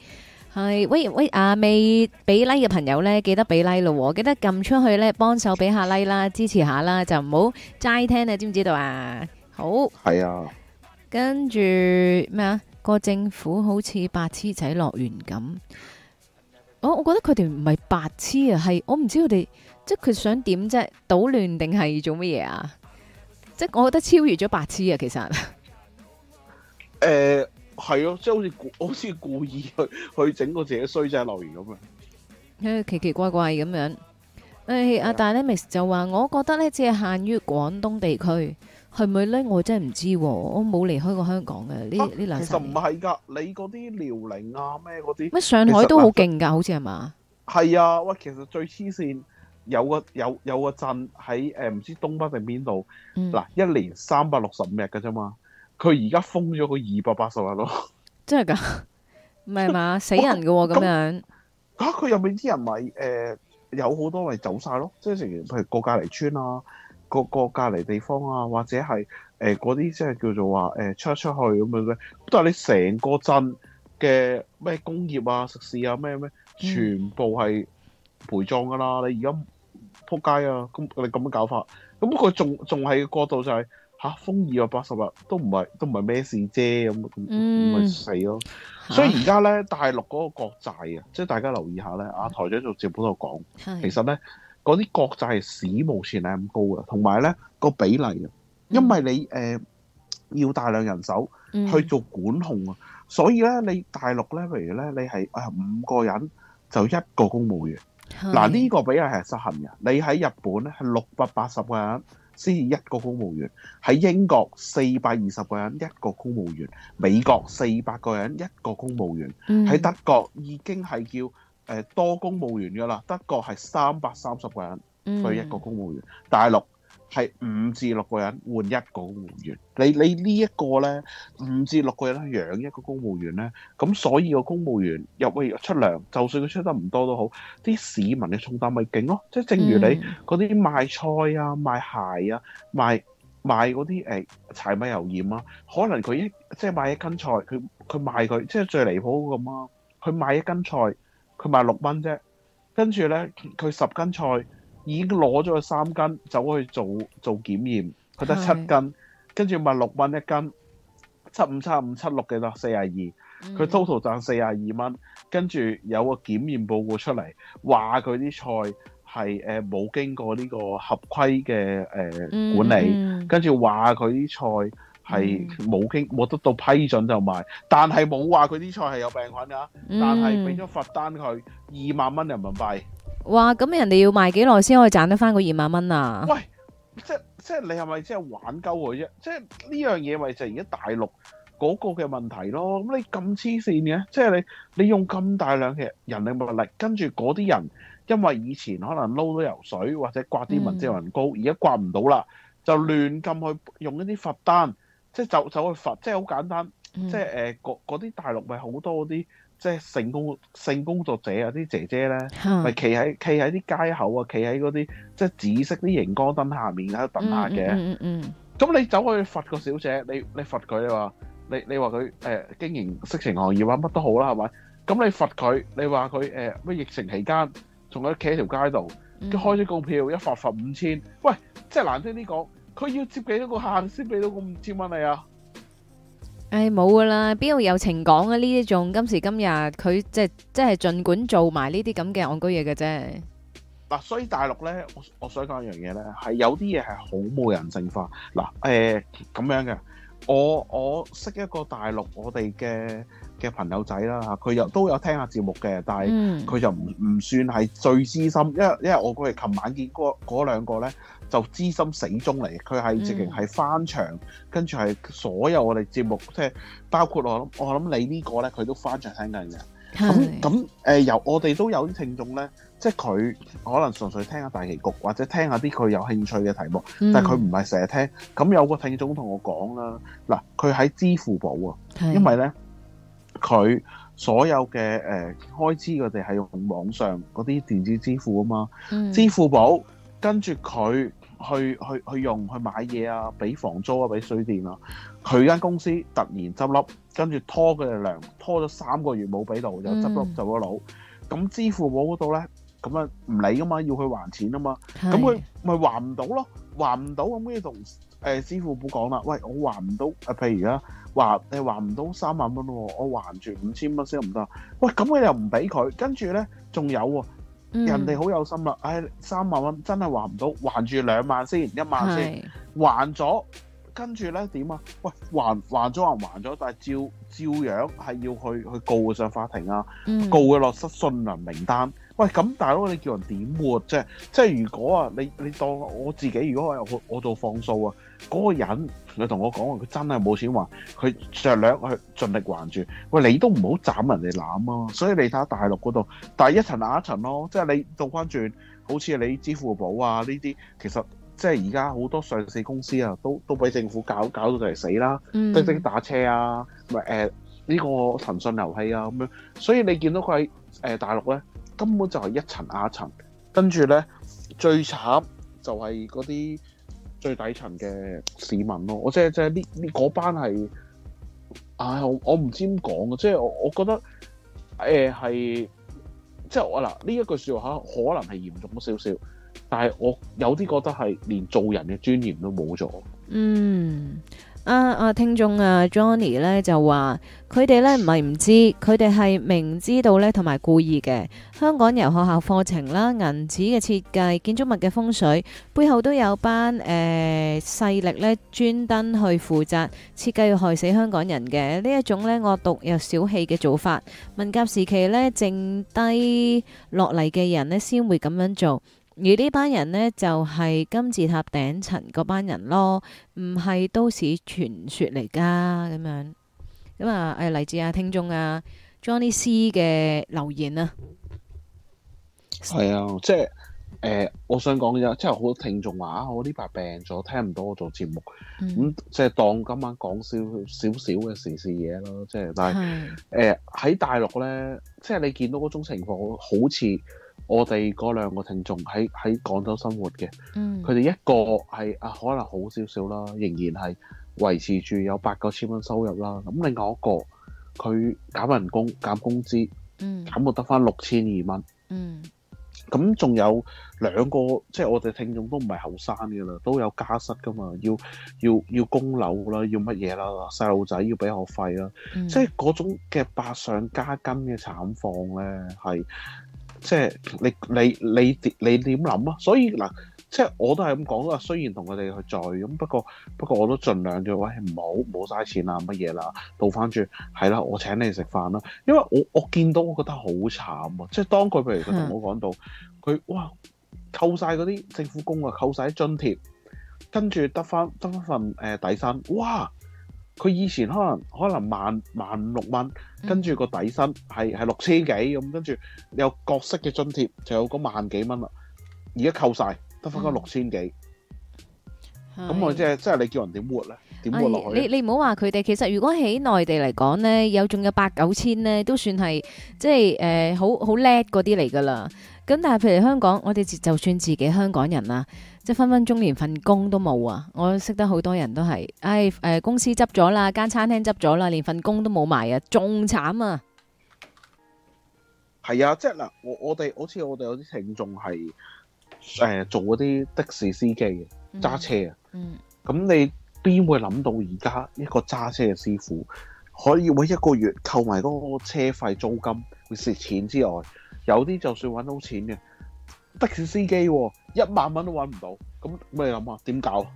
係喂喂，啊未俾 like 嘅朋友呢，記得俾 like 咯，記得撳出去呢，幫手俾下 like 啦，支持下啦，就唔好齋聽啊，知唔知道啊？好。係啊。跟住咩啊？個政府好似白痴仔樂園咁，我、哦、我覺得佢哋唔係白痴啊，係我唔知佢哋即係佢想點啫，搗亂定係做乜嘢啊？即係我覺得超越咗白痴啊，其實。誒、呃，係咯、啊，即係好似好似故意去去整個自己衰仔樂園咁樣！奇奇怪怪咁樣。誒、哎，阿大咧 miss 就話，我覺得咧只係限於廣東地區。係咪咧？我真係唔知，我冇離開過香港嘅呢呢兩。其實唔係噶，你嗰啲遼寧啊咩嗰啲乜上海都好勁噶，好似係嘛？係啊，喂，其實最黐線，有個有有個鎮喺誒唔知東北定邊度嗱，嗯、一年三百六十五日嘅啫嘛，佢而家封咗佢二百八十日咯。真係噶？唔係嘛？哇死人噶咁、啊、樣？嚇、啊！佢入面啲人咪誒、呃、有好多咪走晒咯，即係譬如譬如過隔離村啊。個個隔離地方啊，或者係誒嗰啲即係叫做話誒出一出去咁樣嘅，但係你成個鎮嘅咩工業啊、食肆啊、咩咩，全部係陪葬噶啦！你而家撲街啊，咁你咁樣搞法，咁佢仲仲係個度就係嚇封二百八十日都唔係都唔係咩事啫，咁咪死咯。所以而家咧大陸嗰個國債啊，即係大家留意下咧啊，台長從字本度講，其實咧。嗰啲國債係史無前例咁高嘅，同埋呢個比例啊，因為你誒、嗯呃、要大量人手去做管控啊，嗯、所以咧你大陸咧，譬如咧你係啊五個人就一個公務員，嗱呢是、啊呢個比例係失衡嘅。你喺日本咧係六百八十個人先至一個公務員，喺英國四百二十個人一個公務員，美國四百個人一個公務員，喺、嗯、德國已經係叫，誒多公務員㗎啦，德國係三百三十個人對一個公務員，嗯、大陸係五至六個人換一個公務員。你你呢個呢一個咧，五至六個人去養一個公務員咧，咁所以個公務員入去出糧，就算佢出得唔多都好，啲市民嘅重擔咪勁咯。即係正如你嗰啲賣菜啊、賣鞋啊、賣賣嗰啲誒柴米油鹽啊，可能佢一即係賣一斤菜，佢佢賣佢即係最離譜咁咯。佢賣一斤菜。佢賣六蚊啫，跟住咧佢十斤菜已經攞咗三斤走去做做檢驗，佢得七斤，跟住的賣六蚊一斤，七五七五七六嘅啦，四廿二，佢 total 賺四廿二蚊，跟住、嗯、有個檢驗報告出嚟，話佢啲菜係冇、呃、經過呢個合規嘅、呃、管理，跟住話佢啲菜。係冇經冇得到批准就賣，但係冇話佢啲菜係有病菌㗎！嗯、但係俾咗罰單佢二萬蚊人民幣。哇！咁人哋要賣幾耐先可以賺得返個二萬蚊啊？喂！即係即係你係咪即係玩鳩佢啫？即係呢樣嘢咪就係而家大陸嗰個嘅問題咯？咁你咁黐線嘅，即係你你用咁大量嘅人力物力，跟住嗰啲人因為以前可能撈到油水或者刮啲文青雲高，而家、嗯、刮唔到啦，就亂咁去用一啲罰單。即係走走去罰，即係好簡單。即係誒，嗰、呃、啲大陸咪好多嗰啲即係性工性工作者啊，啲姐姐咧，咪企喺企喺啲街口啊，企喺嗰啲即係紫色啲熒光燈下面啊等下嘅。咁、嗯嗯嗯嗯、你走去罰個小姐，你你罰佢你話，你你話佢誒經營色情行業啊乜都好啦係咪？咁你罰佢，你話佢誒咩疫情期間仲喺企喺條街度，都開咗告票一罰罰五千。喂，即係難聽啲講。佢要接幾多個客先俾到咁五千蚊你、哎、啊？誒，冇噶啦，邊度有情講啊？呢一種今時今日，佢即係即係盡管做埋呢啲咁嘅戇居嘢嘅啫。嗱，所以大陸咧，我我想講一樣嘢咧，係有啲嘢係好冇人性化。嗱，誒、呃、咁樣嘅，我我識一個大陸我哋嘅嘅朋友仔啦，佢又都有聽一下節目嘅，但係佢就唔唔算係最知心，因為因為我佢哋琴晚見嗰嗰兩個咧。就知心死忠嚟，佢係直情係翻牆，嗯、跟住係所有我哋節目，即係包括我諗，我諗你呢個咧，佢都翻牆聽緊嘅。咁咁由我哋都有啲聽眾咧，即係佢可能純粹聽下大旗局，或者聽下啲佢有興趣嘅題目，嗯、但佢唔係成日聽。咁有個聽眾同我講啦，嗱，佢喺支付寶啊，的因為咧佢所有嘅誒、呃、開支，佢哋係用網上嗰啲電子支付啊嘛，嗯、支付寶跟住佢。去去去用去買嘢啊，俾房租啊，俾水電啊。佢間公司突然執笠，跟住拖佢哋糧，拖咗三個月冇俾到，就執笠走咗佬。咁支付寶嗰度咧，咁啊唔理噶嘛，要去還錢啊嘛。咁佢咪還唔到咯？還唔到咁，佢同誒支付寶講啦，喂，我還唔到啊。譬如啊，還誒還唔到三萬蚊喎，我還住五千蚊先得唔得？喂，咁佢又唔俾佢，跟住咧仲有喎。人哋好有心啦，唉、嗯，哎、三萬蚊真係還唔到，還住兩萬先，一萬先，是還咗，跟住咧點啊？喂，還還咗還還咗，但係照照樣係要去去告上法庭啊，告佢落失信人名單。嗯、喂，咁大佬你叫人點活？即係即係如果啊，你你當我自己如果我我做放數啊？嗰個人你同我講話，佢真係冇錢還，佢著力去盡力還住。喂，你都唔好斬人哋攬啊！所以你睇下大陸嗰度，但係一層壓一層咯。即係你倒翻轉，好似你支付寶啊呢啲，其實即係而家好多上市公司啊，都都俾政府搞搞到就嚟死啦。嗯、滴滴打車啊，咪誒呢個騰訊遊戲啊咁樣。所以你見到佢喺誒大陸咧，根本就係一層壓一層。跟住咧，最慘就係嗰啲。最底層嘅市民咯，我即係即係呢呢班係，唉、哎，我唔知點講嘅，即係我我覺得，誒、呃、係，即係我嗱呢一句説話可能係嚴重咗少少，但係我有啲覺得係連做人嘅尊嚴都冇咗。嗯。啊啊！聽眾啊，Johnny 咧就話佢哋咧唔係唔知，佢哋係明知道咧同埋故意嘅。香港由學校課程啦、銀紙嘅設計、建築物嘅風水背後都有班誒勢力咧專登去負責設計要害死香港人嘅呢一種咧惡毒又小氣嘅做法。文革時期咧剩低落嚟嘅人呢先會咁樣做。而呢班人呢，就係金字塔頂層嗰班人咯，唔係都市傳說嚟，噶咁樣。咁啊，誒，嚟自阿聽眾啊，Johnny C 嘅留言啊，係啊，即係誒，我想講嘅即係好多聽眾話我呢排病咗，聽唔到我做節目，咁即係當今晚講少少少嘅時事嘢咯，即係但係誒喺大陸呢，即係你見到嗰種情況好似。我哋嗰兩個聽眾喺喺廣州生活嘅，佢哋、嗯、一個係啊，可能好少少啦，仍然係維持住有八個千蚊收入啦。咁另外一個佢減人工、減工資，嗯、減到得翻六千二蚊。咁仲、嗯、有兩個，即、就、係、是、我哋聽眾都唔係後生嘅啦，都有家室噶嘛，要要要供樓啦，要乜嘢啦，細路仔要俾學費啦，即係嗰種嘅百上加金嘅慘況咧，係。即係你你你點你點諗啊？所以嗱，即係我都係咁講啦。雖然同佢哋去聚咁，不過不過我都盡量嘅話，唔好冇嘥錢啊，乜嘢啦，倒翻轉係啦，我請你食飯啦。因為我我見到我覺得好慘啊！即係當佢譬如佢同我講到佢的哇扣晒嗰啲政府工啊，扣晒啲津貼，跟住得翻得翻份誒底薪，哇！佢以前可能可能萬萬五六蚊，跟住個底薪係係六千幾咁，跟住有角色嘅津貼，就有個萬幾蚊啦。而家扣曬，得返個六千幾，咁我即係即係你叫人點活咧？點活落去？你你唔好話佢哋，其實如果喺內地嚟講咧，有仲有八九千咧，都算係即係誒好好叻嗰啲嚟㗎啦。咁但係譬如香港，我哋就算自己香港人啊。即係分分鐘連份工都冇啊！我識得好多人都係，唉、哎，誒、呃，公司執咗啦，間餐廳執咗啦，連份工都冇埋啊，仲慘啊！係啊、嗯，即係嗱，我我哋好似我哋有啲聽眾係誒做嗰啲的士司機，揸車啊，咁你邊會諗到而家一個揸車嘅師傅可以喺一個月扣埋嗰個車費租金會蝕錢之外，有啲就算搵到錢嘅的，的士司機、哦。一萬蚊都揾唔到，咁你諗下點搞啊？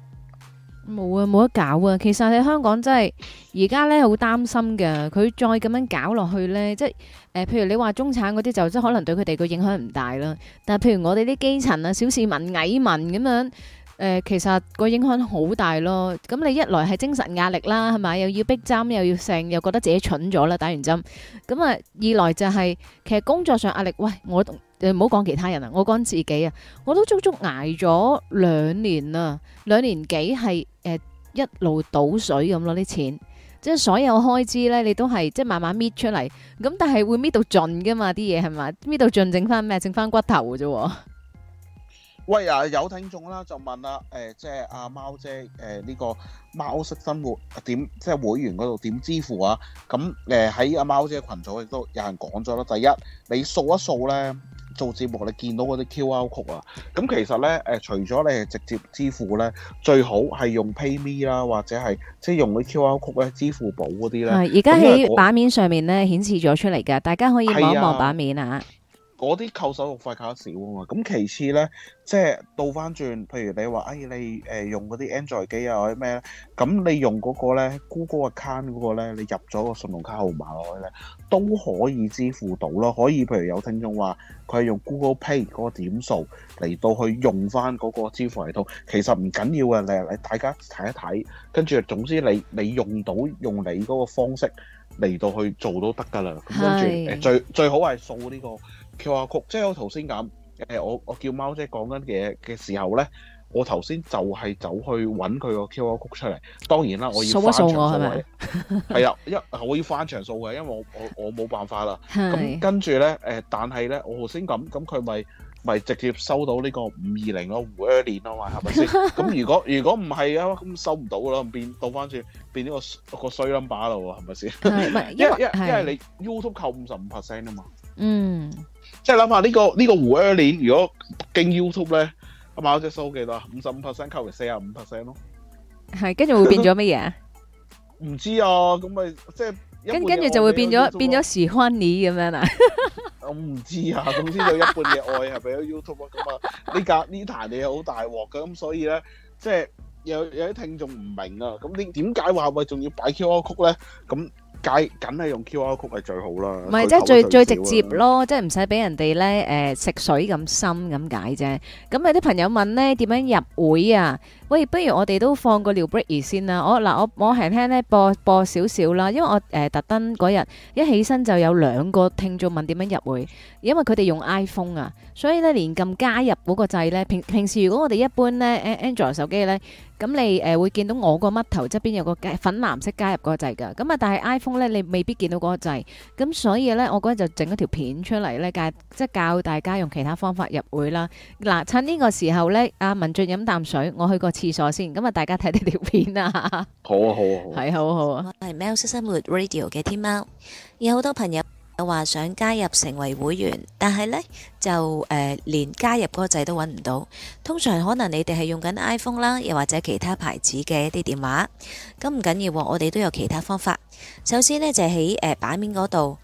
冇啊，冇得搞啊！其實喺香港真係，而家咧好擔心嘅，佢再咁樣搞落去咧，即係誒、呃，譬如你話中產嗰啲就即係可能對佢哋個影響唔大啦，但係譬如我哋啲基層啊、小市民、蟻民咁樣。誒、呃，其實個影響好大咯。咁你一來係精神壓力啦，係咪？又要逼針，又要剩，又覺得自己蠢咗啦。打完針，咁啊，二來就係、是、其實工作上壓力。喂，我誒唔好講其他人啊，我講自己啊，我都足足捱咗兩年啦，兩年幾係誒一路倒水咁攞啲錢，即、就、係、是、所有開支呢，你都係即係慢慢搣出嚟。咁但係會搣到盡㗎嘛？啲嘢係咪？搣到盡，整翻咩？整翻骨頭嘅啫。喂啊！有聽眾啦，就問啊，誒、欸，即係阿貓姐，誒、欸、呢、這個貓式生活點，即係會員嗰度點支付啊？咁誒喺阿貓姐群組亦都有人講咗啦。第一，你掃一掃咧，做節目你見到嗰啲 QR Code 啊，咁其實咧誒、呃，除咗你係直接支付咧，最好係用 PayMe 啦，或者係即係用啲 QR Code 咧，支付寶嗰啲咧。而家喺版面上面咧顯示咗出嚟㗎，大家可以望一望版面啊。嗰啲扣手續費扣得少啊嘛。咁其次咧，即係倒翻轉，譬如你話，哎，你誒、呃、用嗰啲 Android 機啊，或者咩咧，咁你用嗰個咧 Google Account 嗰個咧，你入咗個信用卡號碼落去咧，都可以支付到咯。可以，譬如有聽眾話佢係用 Google Pay 嗰個點數嚟到去用翻嗰個支付系統，其實唔緊要嘅。你你大家睇一睇，跟住總之你你用到用你嗰個方式嚟到去做都得㗎啦。咁跟住是最最好係掃呢、呢個。QR code，即係我頭先咁，誒，我我叫貓姐講緊嘅嘢嘅時候咧，我頭先就係走去搵佢個 QR code 出嚟。當然啦，我要數一數我係咪？係啊，一我要翻場數嘅，因為我我我冇辦法啦。咁跟住咧，誒，但係咧，我頭先咁，咁佢咪咪直接收到呢個五二零咯，warning 咯嘛，係咪先？咁如果如果唔係啊，咁收唔到啦，變倒翻轉，變呢個個衰 number 啦，係咪先？係，因為因為因為你 YouTube 扣五十五 percent 啊嘛。嗯。即係諗下呢個呢個胡阿年，如果經 YouTube 咧，咁啊我即係收幾多？五十五 percent，扣除四啊五 percent 咯。係，跟住會變咗乜嘢？唔知啊，咁咪即係。跟跟住就會變咗變咗 Shirani 咁樣啊？我唔知啊，咁先有一半嘅愛係俾咗 YouTube 啊。咁啊，呢架呢壇嘢好大鑊噶，咁所以咧，即係有有啲聽眾唔明啊。咁點點解話喂仲要擺 QI 歌曲咧？咁梗係用 QR code 係最好啦，唔係即係最最直接咯，即係唔使俾人哋咧、呃、食水咁深咁解啫。咁有啲朋友問咧點樣入會啊？喂，不如我哋都放個尿 break 先啦。我嗱，我我係聽咧播播少少啦，因為我誒、呃、特登嗰日一起身就有兩個聽眾問點樣入會，因為佢哋用 iPhone 啊，所以咧連撳加入嗰個掣咧，平平時如果我哋一般咧 Android 手機咧，咁你誒、呃、會見到我個乜頭側邊有個粉藍色加入嗰個掣噶，咁啊但係 iPhone 咧你未必見到嗰個掣，咁、嗯、所以咧我嗰日就整一條片出嚟咧，介、即係、就是、教大家用其他方法入會啦。嗱、啊，趁呢個時候咧，阿、啊、文進飲啖水，我去過，廁所先，咁啊，大家睇睇條片啦。好啊，好啊，好啊，係好好啊。係喵式生活 Radio 嘅天喵，有好多朋友又話想加入成為會員，但係呢，就誒、呃、連加入嗰個掣都揾唔到。通常可能你哋係用緊 iPhone 啦，又或者其他牌子嘅一啲電話。咁唔緊要、啊，我哋都有其他方法。首先呢，就喺、是、誒、呃、版面嗰度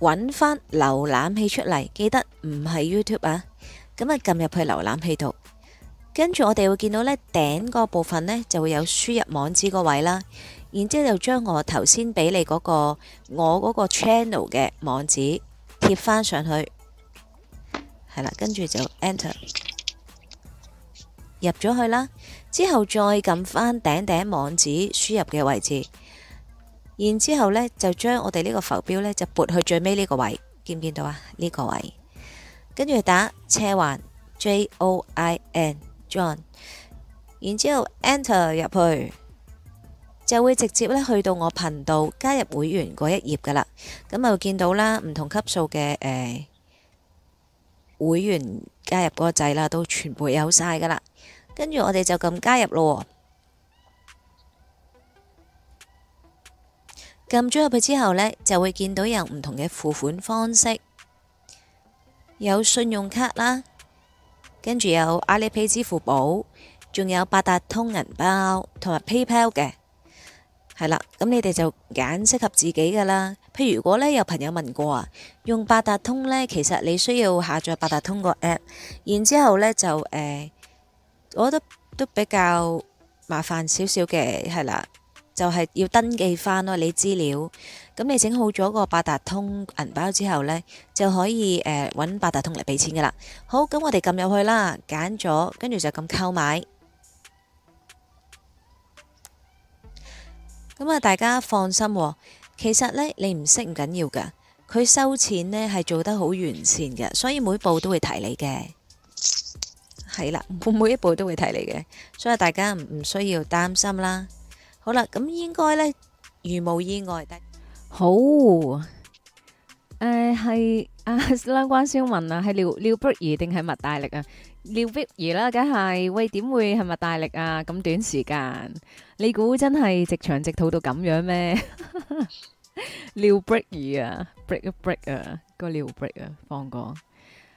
揾翻瀏覽器出嚟，記得唔係 YouTube 啊。咁啊，撳入去瀏覽器度。跟住我哋會見到呢頂嗰部分呢，就會有輸入網址嗰位啦，然之後就將我頭先俾你嗰、嗰個我嗰個 channel 嘅網址貼翻上去，係啦，跟住就 enter 入咗去啦。之後再撳翻頂頂網址輸入嘅位置，然之後呢就將我哋呢個浮標呢，就撥去最尾呢個位。見唔見到啊？呢、呢個位跟住打車環 j o i n。John，然之後 Enter 入去，就會直接咧去到我頻道加入會員嗰一頁噶啦。咁就會見到啦，唔同級數嘅誒、呃、會員加入嗰個掣啦，都全部有晒噶啦。跟住我哋就咁加入咯。撳咗入去之後呢，就會見到有唔同嘅付款方式，有信用卡啦。跟住有阿里 pay、支付寶，仲有八達通銀包同埋 PayPal 嘅係啦。咁你哋就揀適合自己㗎啦。譬如如果咧有朋友問過啊，用八達通咧，其實你需要下載八達通個 app，然之後咧就誒、呃，我覺得都比較麻煩少少嘅係啦，就係、是、要登記翻咯你資料。咁你整好咗個八達通銀包之後呢，就可以揾、呃、八達通嚟俾錢噶啦。好，咁我哋撳入去啦，揀咗，跟住就咁購買。咁啊，大家放心，哦，其實呢，你唔識唔緊要噶，佢收錢呢係做得好完善嘅，所以每步都會提你嘅。係啦，每每一步都會提你嘅，所以大家唔需要擔心啦。好啦，咁應該呢，如無意外。好誒，係啊，相關新聞啊，係尿尿 break 定係麥大力啊？尿 break 啦，梗係喂，點會係麥大力啊？咁短時間，你估真係直腸直肚到咁樣咩？尿 break 啊，break break 啊，個尿 break 啊，放過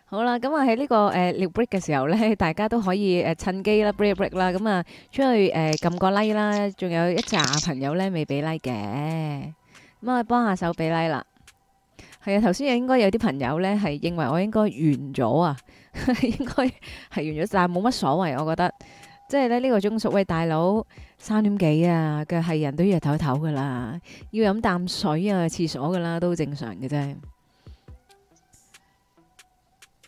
好啦。咁啊，喺呢個誒尿 break 嘅時候咧，大家都可以誒趁機啦，break break 啦，咁啊出去誒撳個 like 啦，仲有一紮朋友咧未俾 like 嘅。咁、like、啊，幫下手俾拉啦，係啊，頭先應該有啲朋友呢，係認為我應該完咗啊， [LAUGHS] 應該係完咗，但係冇乜所謂，我覺得，即係咧呢、這個鐘數，喂，大佬三點幾啊，佢係人都要日唞唞噶啦，要飲啖水啊，廁所噶啦，都正常嘅啫。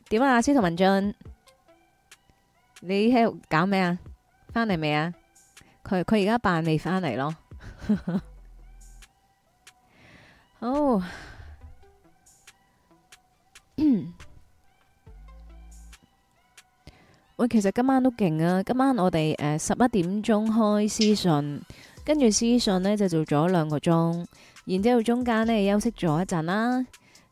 點啊，司徒文進，你喺度搞咩啊？返嚟未啊？佢佢而家扮未返嚟咯。 [LAUGHS] 好，喂， [COUGHS] 其實今晚都勁啊！今晚我哋誒十一點鐘開私信，跟住私信呢就做咗兩個鐘，然之後中間呢休息咗一陣啦，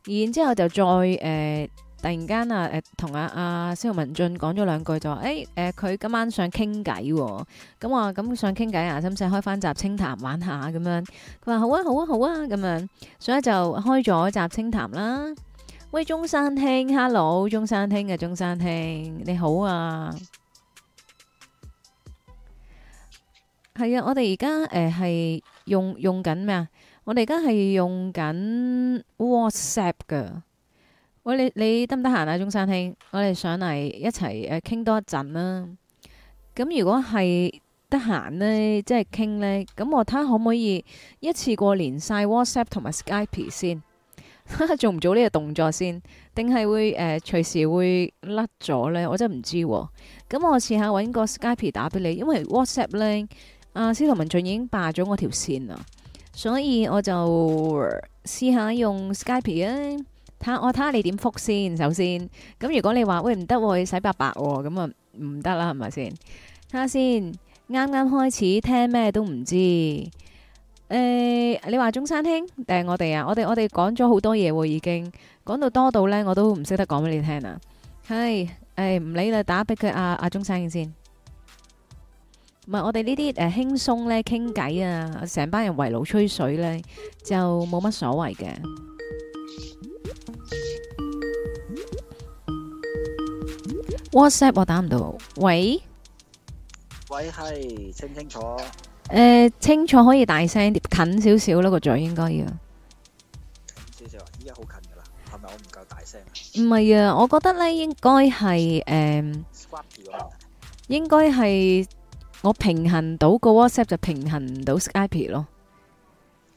然之後就再誒。呃突然間啊，誒、呃，同阿阿司徒文進講咗兩句就話，誒、欸，誒、呃，佢今晚想傾偈，咁話咁想傾偈啊，使唔使開翻集清談玩下咁樣？佢話好啊，好啊，好啊，咁樣，所以就開咗集清談啦。喂，中山兄，中山兄，hello，中山兄嘅中山兄，你好啊。係啊，我哋而家誒係用用緊咩啊？我哋而家係用緊 WhatsApp 噶。喂，你你得唔得閒啊，中山兄？我哋上嚟一齊誒傾多一陣啦。咁如果係得閒呢，即係傾呢？咁我睇下可唔可以一次過連晒 WhatsApp 同埋 Skype 先， [LAUGHS] 做唔做呢個動作先？定係會誒、呃、隨時會甩咗呢？我真係唔知，啊。咁我試下揾個 Skype 打俾你，因為 WhatsApp 呢，阿、啊、司徒文進已經霸咗我條線啦，所以我就試下用 Skype 啊。睇我睇下你點覆先，首先咁如果你話喂唔得喎，要洗白白喎，咁啊唔得啦，係咪先？睇下先，啱啱開始聽咩都唔知，誒你話中山兄定我哋啊？我哋我哋講咗好多嘢喎，已經講到多到咧，我都唔識得講俾你聽啦。係誒唔理啦，打俾佢阿阿中山先。唔係我哋呢啲誒輕鬆咧傾偈啊，成班人圍爐吹水咧就冇乜所謂嘅。WhatsApp 我打唔到，喂？喂係，清唔清楚？誒，清楚可以大聲啲，近少少咯，個嘴應該要近少少，依家好近噶啦，係咪我唔夠大聲？唔係啊，我覺得咧應該係誒，Skype 咯，應該係我平衡到個 WhatsApp 就平衡唔到 Skype 咯。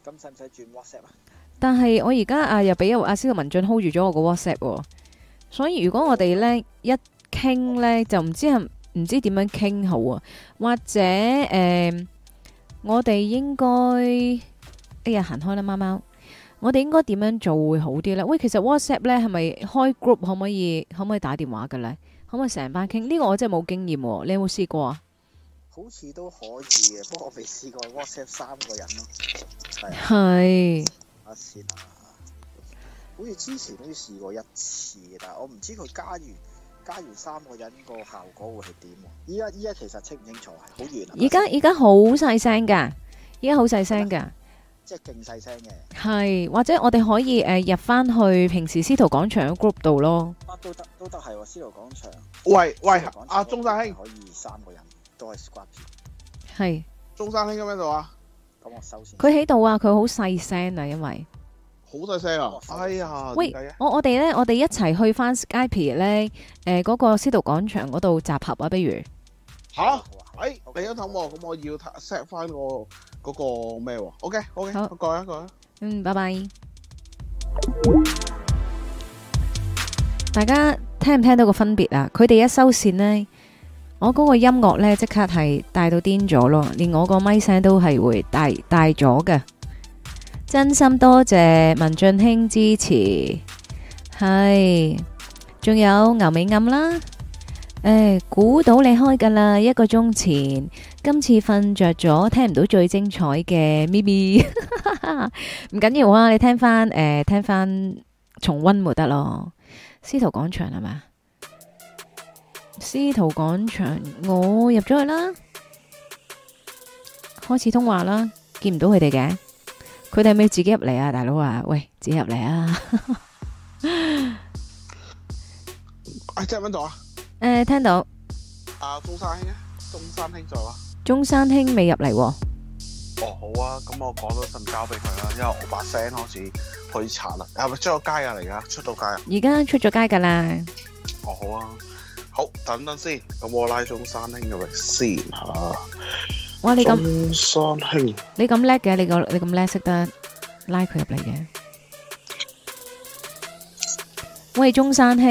咁使唔使轉 WhatsApp 啊？但係我而家啊又俾阿阿司徒文進 hold 住咗我個 WhatsApp，所以如果我哋咧一。傾咧就唔知唔知點樣傾好啊，或者誒、呃，我哋應該哎呀行開啦，貓貓，我哋應該點樣做會好啲咧？喂，其實 WhatsApp 咧係咪開 group 可唔可以？可唔可以打電話噶咧？可唔可以成班傾？呢、呢個我真係冇經驗、啊，你有冇試過啊？好似都可以嘅，不過我未試過 WhatsApp 三個人咯。係、哎。啊啊是，好似之前都試過一次，但係我唔知佢加完。加完三個人個效果會係點？依家依家其實清唔清楚，係好遠。依家依家好細聲㗎，依家好細聲㗎，即係勁細聲嘅。係，或者我哋可以誒入翻去平時司徒廣場嘅 group 度咯，都得都得，係喎，司徒廣場。喂喂，阿中山兄，可以三個人都係 squads。係，中山兄喺邊度啊？咁我收先。佢喺度啊，佢好細聲啊，因為。好多聲啊！哎呀，喂，我我哋咧，我哋一齊去翻 Skype 咧，誒、呃，嗰、那個司徒廣場嗰度集合啊，不如吓，喂、啊，你都等咁我要 set 翻我嗰個咩、那個、？OK，OK，okay, okay, 好，改一改啊，嗯，拜拜。大家聽唔聽到個分別啊？佢哋一收線呢，我嗰個音樂咧即刻係大到癲咗咯，連我個咪聲都係會大大咗嘅。真心多謝文進兄支持，係，仲有牛尾暗啦，誒，估到你開噶啦，一個鐘前，今次瞓着咗，聽唔到最精彩嘅咪咪，唔緊要啊，你聽翻，誒，聽翻，重溫咪得咯，司徒廣場係嘛，司徒廣場，我入咗去啦，開始通話啦，見唔到佢哋嘅。佢哋係咪自己入嚟啊？大佬呀，喂，自己入嚟啊！啊，聽唔聽到啊？誒，聽到。阿中山兄咧，中山兄在呀？中山兄未入嚟喎。哦，好啊，咁我講多陣交俾佢啦，因為我把聲開始可以沙啦，係咪出咗街啊嚟噶？出到街。而家出咗街噶啦。哦，好啊。好，等等先，咁我拉中山兄入嚟試下。哇你咁中山兄，你咁叻嘅，你個你咁叻，識得拉佢入嚟嘅。喂，中山兄，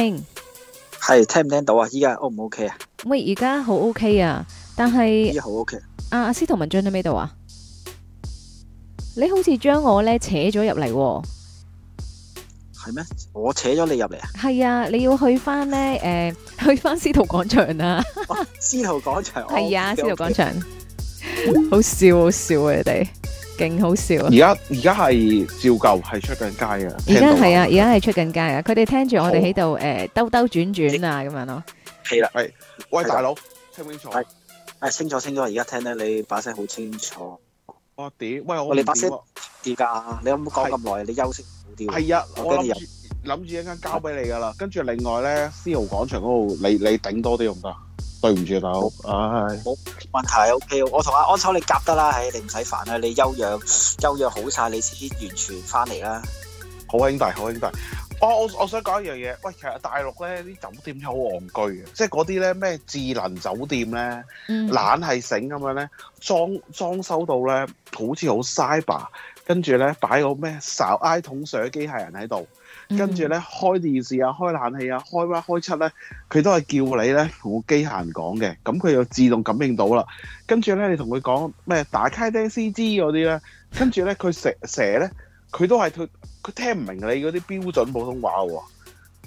係聽唔聽到啊？依家 O 唔 O K 啊？喂，而家好 O K 啊，但係而家好 O K。啊，司徒文進喺邊度啊？你好似將我咧扯咗入嚟喎。係咩？我扯咗你入嚟啊！係啊，你要去翻咧？誒，去翻司徒廣場啊！司徒廣場係啊，司徒廣場好笑，好笑啊！你哋勁好笑啊！而家而家係照舊係出緊街啊！而家係啊，而家係出緊街啊！佢哋聽住我哋喺度誒，兜兜轉轉啊，咁樣咯。係啦，係喂，大佬，清唔清楚？係，誒，清楚，清楚。而家聽咧，你把聲好清楚。我屌，喂，我你把聲點噶？你有冇講咁耐？你休息。係要、哎、呀，我諗住一陣間交俾你噶啦，跟住、嗯、另外咧，思豪廣場嗰度，你你頂多啲用得，對唔住大佬，唉好，冇、啊、問題 O、okay, K，我同阿安秋你夾得啦，唉、哎，你唔使煩啦，你休養休養好晒，你先完全翻嚟啦。好兄弟，好兄弟。我我我想講一樣嘢，喂，其實大陸咧啲酒店又好戇居嘅，即係嗰啲咧咩智能酒店咧，懶係醒咁樣咧，裝裝修到咧好似好 cyber。跟住咧，擺個咩勺埃桶水機械人喺度，跟住咧開電視啊、開冷氣啊、開乜開七咧，佢都係叫你咧同個機械人講嘅，咁佢就自動感應到啦。跟住咧，你同佢講咩打開丁 C G 嗰啲咧，跟住咧佢成寫咧，佢都係佢佢聽唔明你嗰啲標準普通話喎。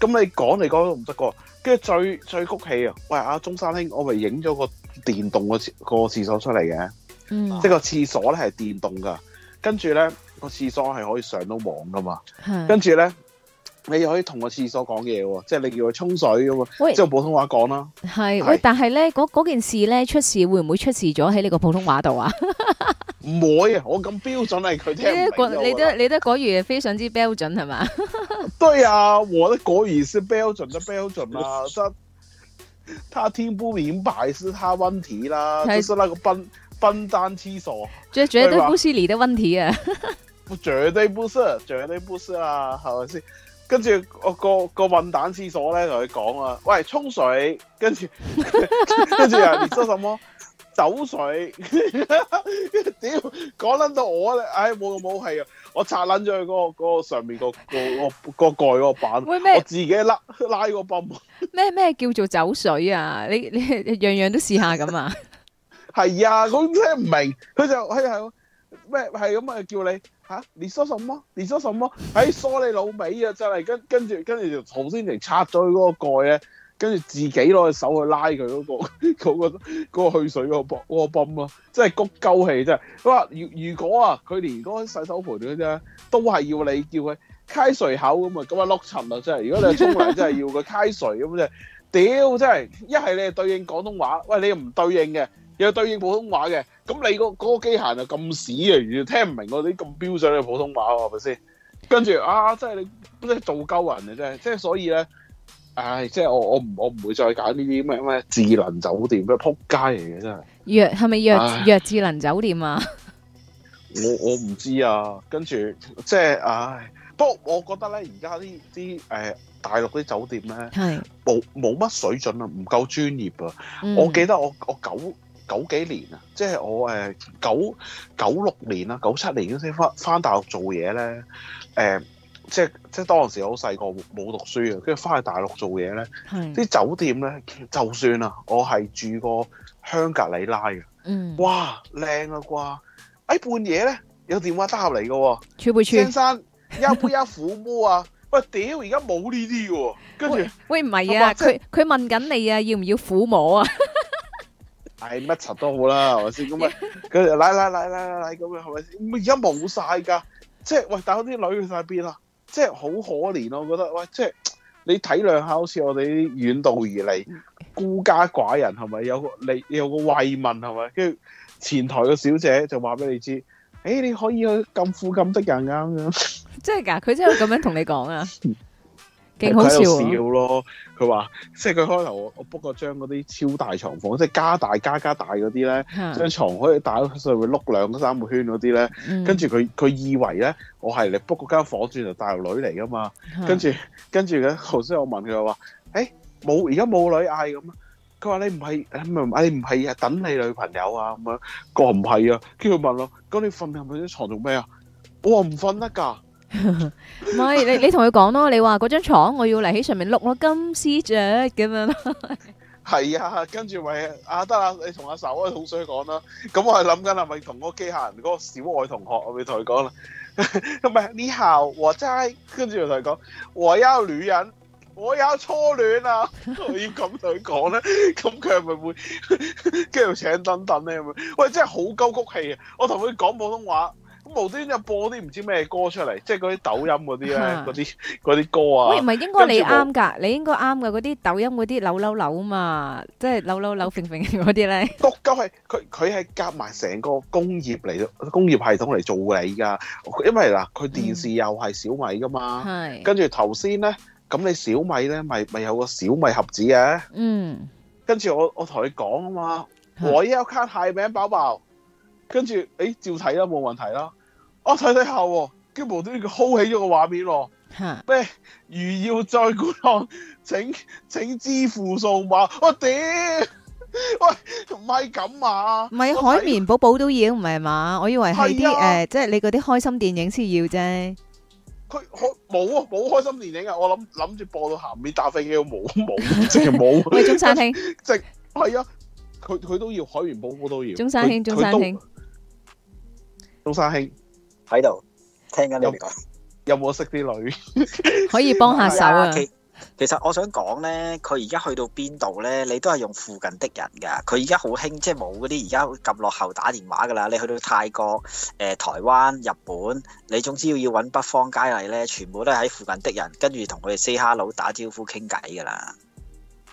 咁你講嚟講去都唔得過，跟住最最谷氣啊！喂啊，中山兄，我咪影咗個電動個廁所出嚟嘅，嗯、即係個廁所咧係電動噶。跟住咧，個廁所係可以上到網噶嘛？是跟住咧，你又可以同個廁所講嘢喎，即係你叫佢沖水啊嘛，即係用普通話講啦。係是，是喂，但係咧，嗰嗰件事咧出事，會唔會出事咗喺你個普通話度啊？唔 [LAUGHS] 會，我咁標準係佢啲，你都你都國語非常之標準係嘛？ [LAUGHS] 是吧對啊，我的國語是標準的，標準啦、啊，他他 [LAUGHS] 聽不明白是他問題啦、啊，是就是那個奔笨蛋廁所，這絕 [MUSIC] 對不是你的問題啊！不 [MUSIC] 絕對不是，絕對不是啊，係咪先？跟住、哦、個個個笨蛋廁所咧，同佢講啊，喂，沖水，跟住 [LAUGHS] 跟住又、啊、你咗什麼走水？屌，講捻到我咧，唉、哎，冇冇氣啊！我拆捻咗佢嗰個、嗰個上面個、嗰個、嗰個個蓋個板，喂我自己拉拉個泵。咩咩叫做走水啊？你你樣，樣樣都試下咁啊！ [LAUGHS] 係啊，咁真係唔明佢就係係咩係咁啊？叫你嚇、啊，你梳什麼？你梳什麼？哎，梳你老尾啊！就嚟跟跟住跟住，就頭先嚟拆咗佢嗰個蓋咧，跟住自己攞隻手去拉佢嗰個嗰個嗰個去水嗰個泵嗰個泵咯，真係谷鳩氣真係。佢話如果如果啊，佢連嗰個洗手盆嘅啫都係要你叫佢開水口咁啊，咁啊碌沉啊。真係。如果你係沖涼，真係要佢開水咁啫。屌真係一係你係對應廣東話，喂你又唔對應嘅。又對應普通話嘅，咁你個嗰個機械就咁屎啊！完全聽唔明我啲咁標準嘅普通話喎、啊，係咪先？跟住啊，真係你真係做鳩人嘅啫，即係所以咧，唉、哎，即係我我唔我唔會再揀呢啲咩咩智能酒店，咩仆街嚟嘅真係。弱係咪弱唉弱智能酒店啊？ [LAUGHS] 我我唔知啊，跟住即係唉、哎，不過我覺得咧，而家啲啲誒大陸啲酒店咧，係冇冇乜水準啊，唔夠專業啊！嗯、我記得我我九。九幾年啊，即係我誒九九六年啦，九七年先翻翻大陸做嘢咧。誒，即係即係當時我細個冇讀書啊，跟住翻去大陸做嘢咧。啲是酒店咧，就算啊，我係住過香格里拉嘅，嗯、哇靚啊啩！喺、哎、半夜咧有電話打入嚟嘅，觸不觸先生一摸一撫摸啊！喂屌，而家冇呢啲嘅，跟住喂唔係啊，佢佢問緊你啊，要唔要撫摸啊？係乜柒都好啦，係咪先？咁咪佢拉拉拉拉拉拉咁樣，係咪？而家冇晒噶，即係喂，但係啲女去晒邊啊？即係好可憐咯，我覺得喂，即係你體諒下，好似我哋啲遠道而嚟孤家寡人，係咪有個你有個慰問，係咪？跟住前台嘅小姐就話俾你知，誒、欸，你可以去咁富咁得又啱嘅，即係噶？佢真係咁樣同你講啊？ [LAUGHS] 佢喺度笑咯，佢話即係佢開頭我 book 過張嗰啲超大床房，即係加大加加大嗰啲咧，張的床可以大到會會碌兩三個圈嗰啲咧？跟住佢佢以為咧我係你 book 間房轉就大陸女嚟噶嘛？跟住跟住咧，頭先我問佢又話，誒冇而家冇女嗌咁啊？佢話你唔係唔係唔係唔係啊？等你女朋友啊咁樣，我唔係啊。跟住問我，咁你瞓入去啲床做咩啊？我話唔瞓得噶。唔係你你同佢講咯，你話嗰張床我要嚟喺上面碌咯金絲雀咁樣。係 [LAUGHS] 啊，跟住咪啊得啦。你同阿手啊好想講啦。咁我係諗緊係咪同嗰個機械人嗰、嗰個小愛同學我咪同佢講啦。唔係你好 w h 跟住就同佢講，我有女人，我有初戀啊。你要咁樣講咧，咁佢係咪會跟住請等等你。咁樣？喂，真係好鳩曲氣啊！我同佢講普通話。無端又播啲唔知咩歌出嚟，即係嗰啲抖音嗰啲咧，嗰啲嗰啲歌啊。喂，唔係，應該你啱噶，你應該啱噶，嗰啲抖音嗰啲扭扭扭啊嘛，即係扭扭扭馳馳嗰啲咧。個鳩係佢佢係夾埋成個工業嚟，工業系統嚟做你噶，因為嗱，佢電視又係小米噶嘛，係。跟住頭先咧，咁你小米咧，咪咪有個小米盒子嘅，嗯。跟住我我同你講啊嘛，我 account 係名包包，跟住咦照睇啦，冇問題啦。我睇睇下，跟無端端佢 hold 起咗個畫面喎。咩哈？如要再觀看，請請支付數碼。我屌，喂，唔係咁啊！唔係海綿寶寶都要唔係嘛？我以為係啲誒，即係你嗰啲開心電影先要啫。佢冇啊，冇開心電影啊！我諗諗住播到下面打飛機都冇冇，即係冇。中山兄，即係係啊！佢佢都要海綿寶寶都要。中山兄，中山兄，啊、寶寶中山兄。喺度聽緊你講，有冇識啲女 [LAUGHS] 可以幫下手啊？對其實我想講咧，佢而家去到邊度咧，你都係用附近的人噶。佢而家好興，即係冇嗰啲而家咁落後打電話噶啦。你去到泰國、誒、呃、台灣、日本，你總之要要搵北方佳麗咧，全部都係喺附近的人，跟住同佢哋 say hello 打招呼傾偈噶啦。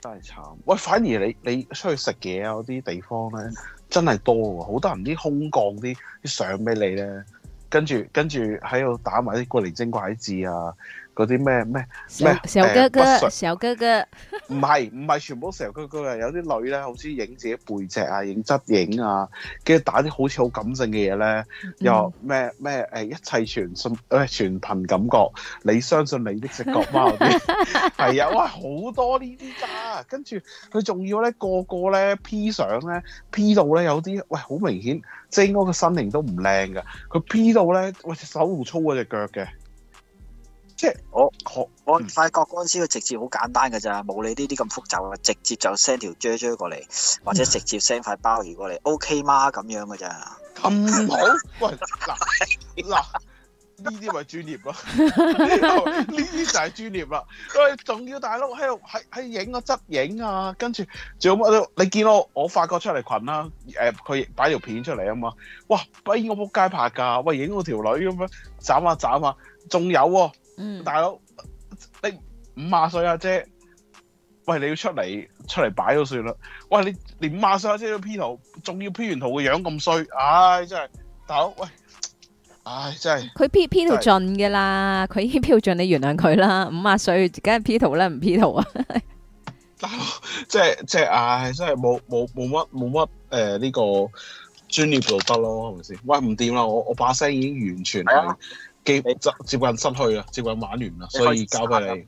真係慘！喂，反而你你出去食嘢啊，嗰啲地方咧，真係多，好多人啲空降啲啲相俾你咧。跟住跟住喺度打埋啲過嚟，精怪字啊！嗰啲咩咩咩小哥哥小哥哥，唔係唔係全部小哥哥啊，有啲女咧，好似影自己背脊啊，影側影啊，跟住打啲好似好感性嘅嘢咧，又咩咩誒一切全信誒全憑感覺，你相信你的直覺貓？係啊，哇好多呢啲家，跟住佢仲要咧個個咧 P 相咧 P 到咧有啲喂好明顯，即係嗰個身形都唔靚㗎，佢 P 到咧喂隻手仲粗過隻腳嘅。即係好好我我我發覺嗰陣時，佢直接好簡單嘅咋，冇、嗯、你呢啲咁複雜嘅，直接就 send 條 JJ 過嚟，或者直接 send 塊鮑魚過嚟、嗯、，OK 嗎？咁樣嘅咋咁好？喂嗱嗱呢啲咪專業咯，呢啲就係專業啦。喂， [LAUGHS] 仲 [LAUGHS] [LAUGHS] 要大佬喺度喺喺影啊，側影啊，跟住仲有乜？你見到我，我發覺出嚟群啦，誒，佢擺條片出嚟啊嘛，哇！不染我仆街拍噶，喂，影到條女咁樣，斬下斬下，仲有喎。嗯、大佬，你五十歲阿姐，喂，你要出嚟出嚟擺都算啦。喂，你連五十歲阿姐都 P 圖，仲要 P 完圖個樣咁衰，唉、哎，真係，大佬，喂，唉、哎，真係。佢他 P 的 P 圖盡噶啦，佢已經 P P 圖盡，你原諒佢啦。五十歲梗係 P 圖啦，唔 P 圖啊。 [LAUGHS] 大佬，即係即係，唉、哎，真係冇冇冇乜冇乜誒呢個專業道德咯，係咪先？喂，唔掂啦，我我把聲已經完全係。基本接近失去啦，接近玩完啦，所以交俾你。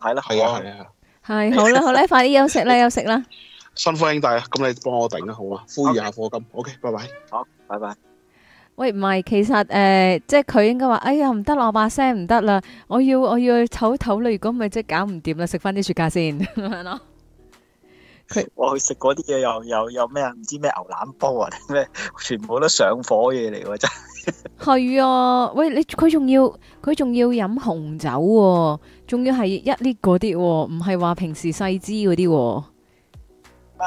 係啦，係啊，係啊，係。好啦，好啦，快啲休息啦，休息啦。辛苦兄弟啊，咁你幫我頂啊，好啊？呼籲下課金。OK，拜拜。好，拜拜。喂，唔係，其實誒，即係佢應該話，哎呀，唔得啦，我把聲唔得啦，我要我要去唞一唞啦，如果唔係即係搞唔掂啦，食翻啲雪茄先咁樣咯。佢我去食嗰啲嘢，又又又咩啊？唔知咩牛腩煲啊，咩，全部都上火嘅嘢嚟喎，真。係 [LAUGHS] 啊，喂你佢仲要佢仲要飲紅酒，哦，仲要係一列嗰啲，唔係話平時細支嗰啲。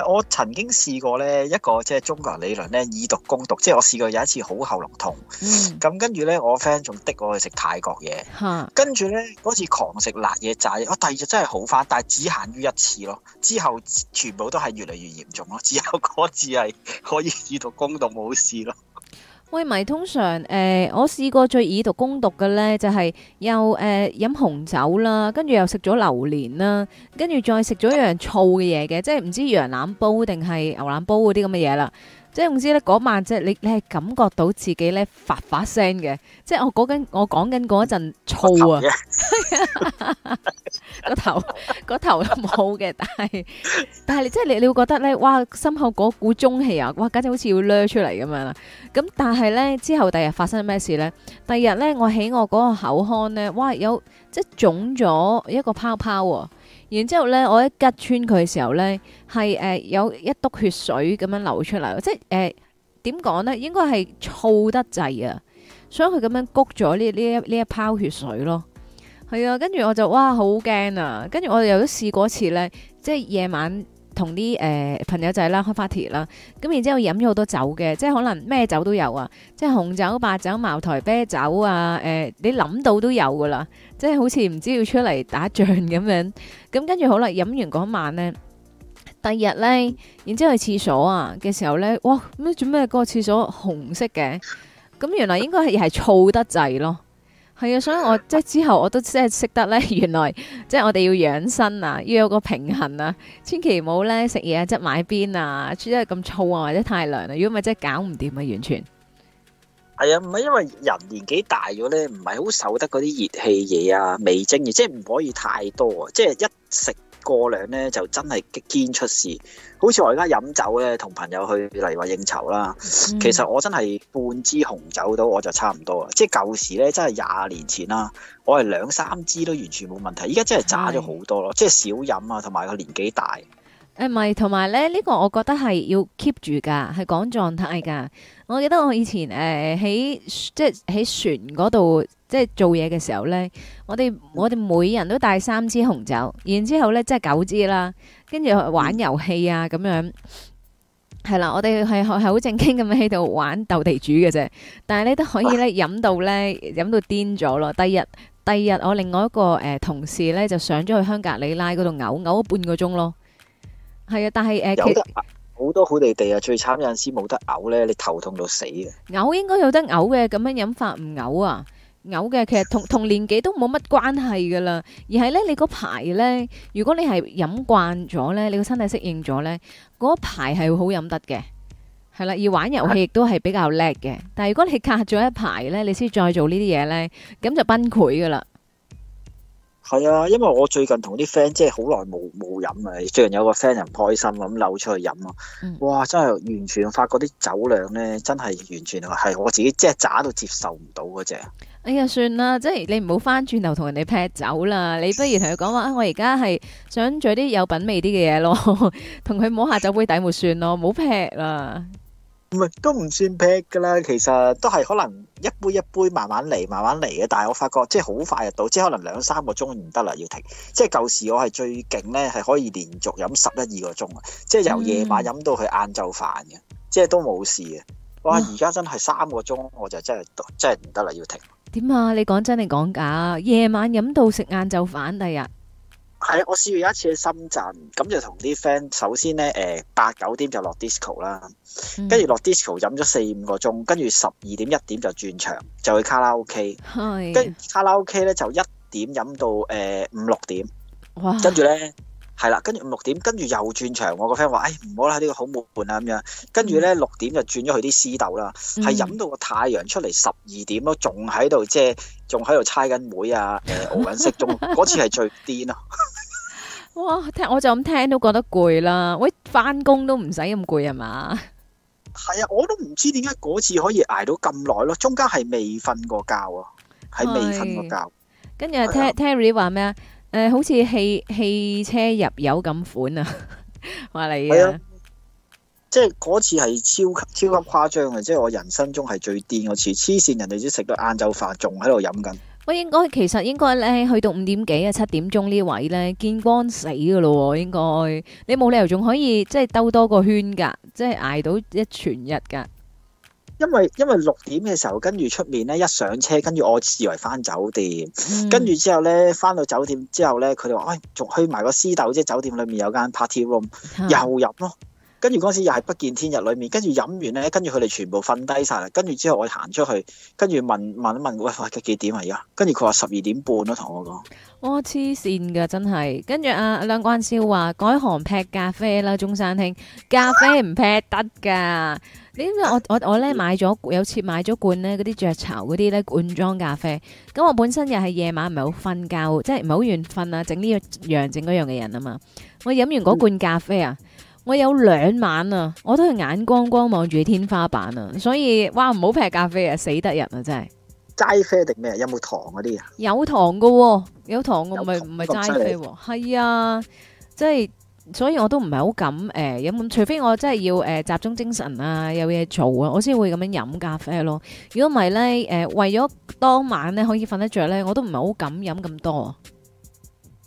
我曾經試過呢一個即係中國人理論呢，以毒攻毒，即係我試過有一次好喉嚨痛，咁、嗯嗯、跟住呢，我 friend 仲逼我去食泰國嘢，哈跟住呢，嗰次狂食辣嘢、炸嘢，我第二日真係好返，但係只限於一次咯，之後全部都係越嚟越嚴重咯，只有嗰次係可以以毒攻毒冇事咯。喂，咪通常，誒、呃，我試過最以毒攻毒嘅咧，就係、是、又誒，飲、呃、紅酒啦，跟住又食咗榴蓮啦，跟住再食咗一樣醋嘅嘢嘅，即係唔知羊腩煲定係牛腩煲嗰啲咁嘅嘢啦，即係唔知咧，嗰晚即係你你係感覺到自己咧發發聲嘅，即係我講緊我講緊嗰陣陣醋啊。 [LAUGHS] [LAUGHS] 個頭個頭都冇嘅，但係但係你即係你你會覺得咧，哇，心口嗰股中氣啊，哇，簡直好似要掠出嚟咁樣啦。咁但係咧之後第日發生咩事咧？第二日咧我喺我嗰個口腔咧，哇，有即係腫咗一個泡泡。然之後咧我一吉穿佢嘅時候咧，係誒、呃、有一督血水咁樣流出嚟，即係誒點講咧？應該係燥得滯啊，所以佢咁樣谷咗呢呢一呢一泡血水咯。係啊，跟住我就哇好驚啊！跟住我哋又都試過一次呢，即係夜晚同啲誒朋友仔啦開 party 啦，咁然之後飲咗好多酒嘅，即係可能咩酒都有啊，即係紅酒、白酒、茅台、啤酒啊，誒、呃、你諗到都有噶啦，即係好似唔知要出嚟打仗咁樣，咁跟住好啦，飲完嗰晚呢，第二日呢，然之後去廁所啊嘅時候呢，哇，咁做咩個廁所紅色嘅？咁原來應該係又係燥得滯咯。係啊，所以我即係之後我都即係識得咧，原來即係我哋要養生啊，要有個平衡啊，千祈唔好咧食嘢即係買邊啊，煮得咁燥啊或者太涼啊，如果咪真係搞唔掂啊，完全。係啊，唔係因為人年紀大咗咧，唔係好受得嗰啲熱氣嘢啊、味精嘢，即係唔可以太多啊，即係一食。過量咧就真係激堅出事，好似我而家飲酒咧，同朋友去嚟話應酬啦。嗯、其實我真係半支紅酒都我就差唔多啊，即係舊時咧真係廿年前啦，我係兩三支都完全冇問題。依家真係渣咗好多咯，是即係少飲啊，同埋個年紀大。誒，唔係，同埋咧，呢、這個我覺得係要 keep 住噶，係講狀態噶。我記得我以前誒喺即係喺船嗰度，即係做嘢嘅時候咧，我哋我哋每人都帶三支紅酒，然之後咧即係九支啦，跟住玩遊戲啊，咁樣係啦。我哋係係好正經咁樣喺度玩鬥地主嘅啫，但係咧都可以咧飲到咧飲到癲咗咯。第二第二日，我另外一個誒、呃、同事咧就上咗去香格里拉嗰度嘔嘔咗半個鐘咯。係啊，但係誒，有得其實好多好地地啊，最慘有陣時冇得嘔咧，你頭痛到死嘅。嘔應該有得嘔嘅，咁樣飲法唔嘔啊，嘔嘅其實同同年紀都冇乜關係噶啦，而係咧你嗰排咧，如果你係飲慣咗咧，你個身體適應咗咧，嗰排係會好飲得嘅，係啦，而玩遊戲亦都係比較叻嘅，但係如果你隔咗一排咧，你先再做呢啲嘢咧，咁就崩潰噶啦。係啊，因為我最近同啲 friend 即係好耐冇冇飲啊，最近有個 friend 人唔開心咁溜出去飲啊，嗯、哇，真係完全發覺啲酒量咧，真係完全係我自己即係渣都接受唔到嗰隻。哎呀，算啦，即係你唔好翻轉頭同人哋劈酒啦，你不如同佢講話， [LAUGHS] 我而家係想做啲有品味啲嘅嘢咯，同佢摸下酒杯底咪算咯，唔好劈啦。唔係都唔算劈噶啦，其實都係可能一杯一杯慢慢嚟，慢慢嚟嘅。但係我發覺即係好快就到，即係可能兩三個鐘唔得啦，要停。即係舊時我係最勁咧，係可以連續飲十一二個鐘啊，即係由夜晚飲到去晏晝飯嘅，嗯、即係都冇事嘅。哇！而家哇真係三個鐘我就真係真係唔得啦，要停。點啊？你講真定講假？夜晚飲到食晏晝飯，第日？係啊，我試過有一次去深圳，咁就同啲 friend 首先咧誒八九點就落 disco 啦，跟住落 disco 飲咗四五個鐘，跟住十二點一點就轉場，就去卡拉 OK，跟住卡拉 OK 咧就一點飲到誒五六點，哇！跟住咧。係啦，跟住五六點，跟住又轉場。我個 friend 話：，誒，唔好啦，呢個好悶啊，咁樣。跟住咧六點就轉咗去啲私竇啦，係飲到個太陽出嚟，十二點咯，仲喺度即係仲喺度猜緊枚啊，誒，熬緊食，仲嗰次係最癲咯。哇！聽我就咁聽都覺得攰啦。喂，翻工都唔使咁攰係嘛？係啊，我都唔知點解嗰次可以捱到咁耐咯。中間係未瞓過覺啊？係未瞓過覺。跟住 Terry 話咩啊？誒，好似汽汽車入油咁款啊，話你啊，即係嗰次係超級超級誇張嘅，即係我人生中係最癲嗰次，黐線，人哋啲食到晏晝飯仲喺度飲緊，我應該其實應該咧去到五點幾啊七點鐘呢位咧見光死噶咯，應該你冇理由仲可以即係兜多個圈噶，即係挨到一全日噶因為因為六點嘅時候，跟住出面咧，一上車，跟住我自為翻酒店，嗯、跟住之後咧，翻到酒店之後咧，佢哋話，哎，仲去埋個私竇即係酒店裏面有間 party room，嗯、又入咯。跟住嗰陣時又係不見天日裏面，跟住飲完咧，跟住佢哋全部瞓低晒啦。跟住之後我行出去，跟住問問一問我喂，嘅幾點啊而家？跟住佢話十二點半咯，同我講。我黐線㗎真係，跟住阿梁關笑話改行劈咖啡啦，中山兄咖啡唔劈得㗎。你知唔知我我我咧買咗有次買咗罐咧嗰啲雀巢嗰啲咧罐裝咖啡，咁我本身又係夜晚唔係好瞓覺，即係唔係好願瞓啊，整呢樣整嗰樣嘅人啊嘛。我飲完嗰罐咖啡啊！嗯我有兩晚啊，我都係眼光光望住天花板啊，所以哇唔好劈咖啡啊，死得人啊真係。齋啡定咩？有冇糖嗰啲啊？有糖㗎，有糖我咪唔係齋啡，係啊的，即係所以我都唔係好敢誒飲、呃，除非我真係要誒、呃、集中精神啊，有嘢做啊，我先會咁樣飲咖啡咯。如果唔係呢，誒、呃、為咗當晚咧可以瞓得着呢，我都唔係好敢飲咁多。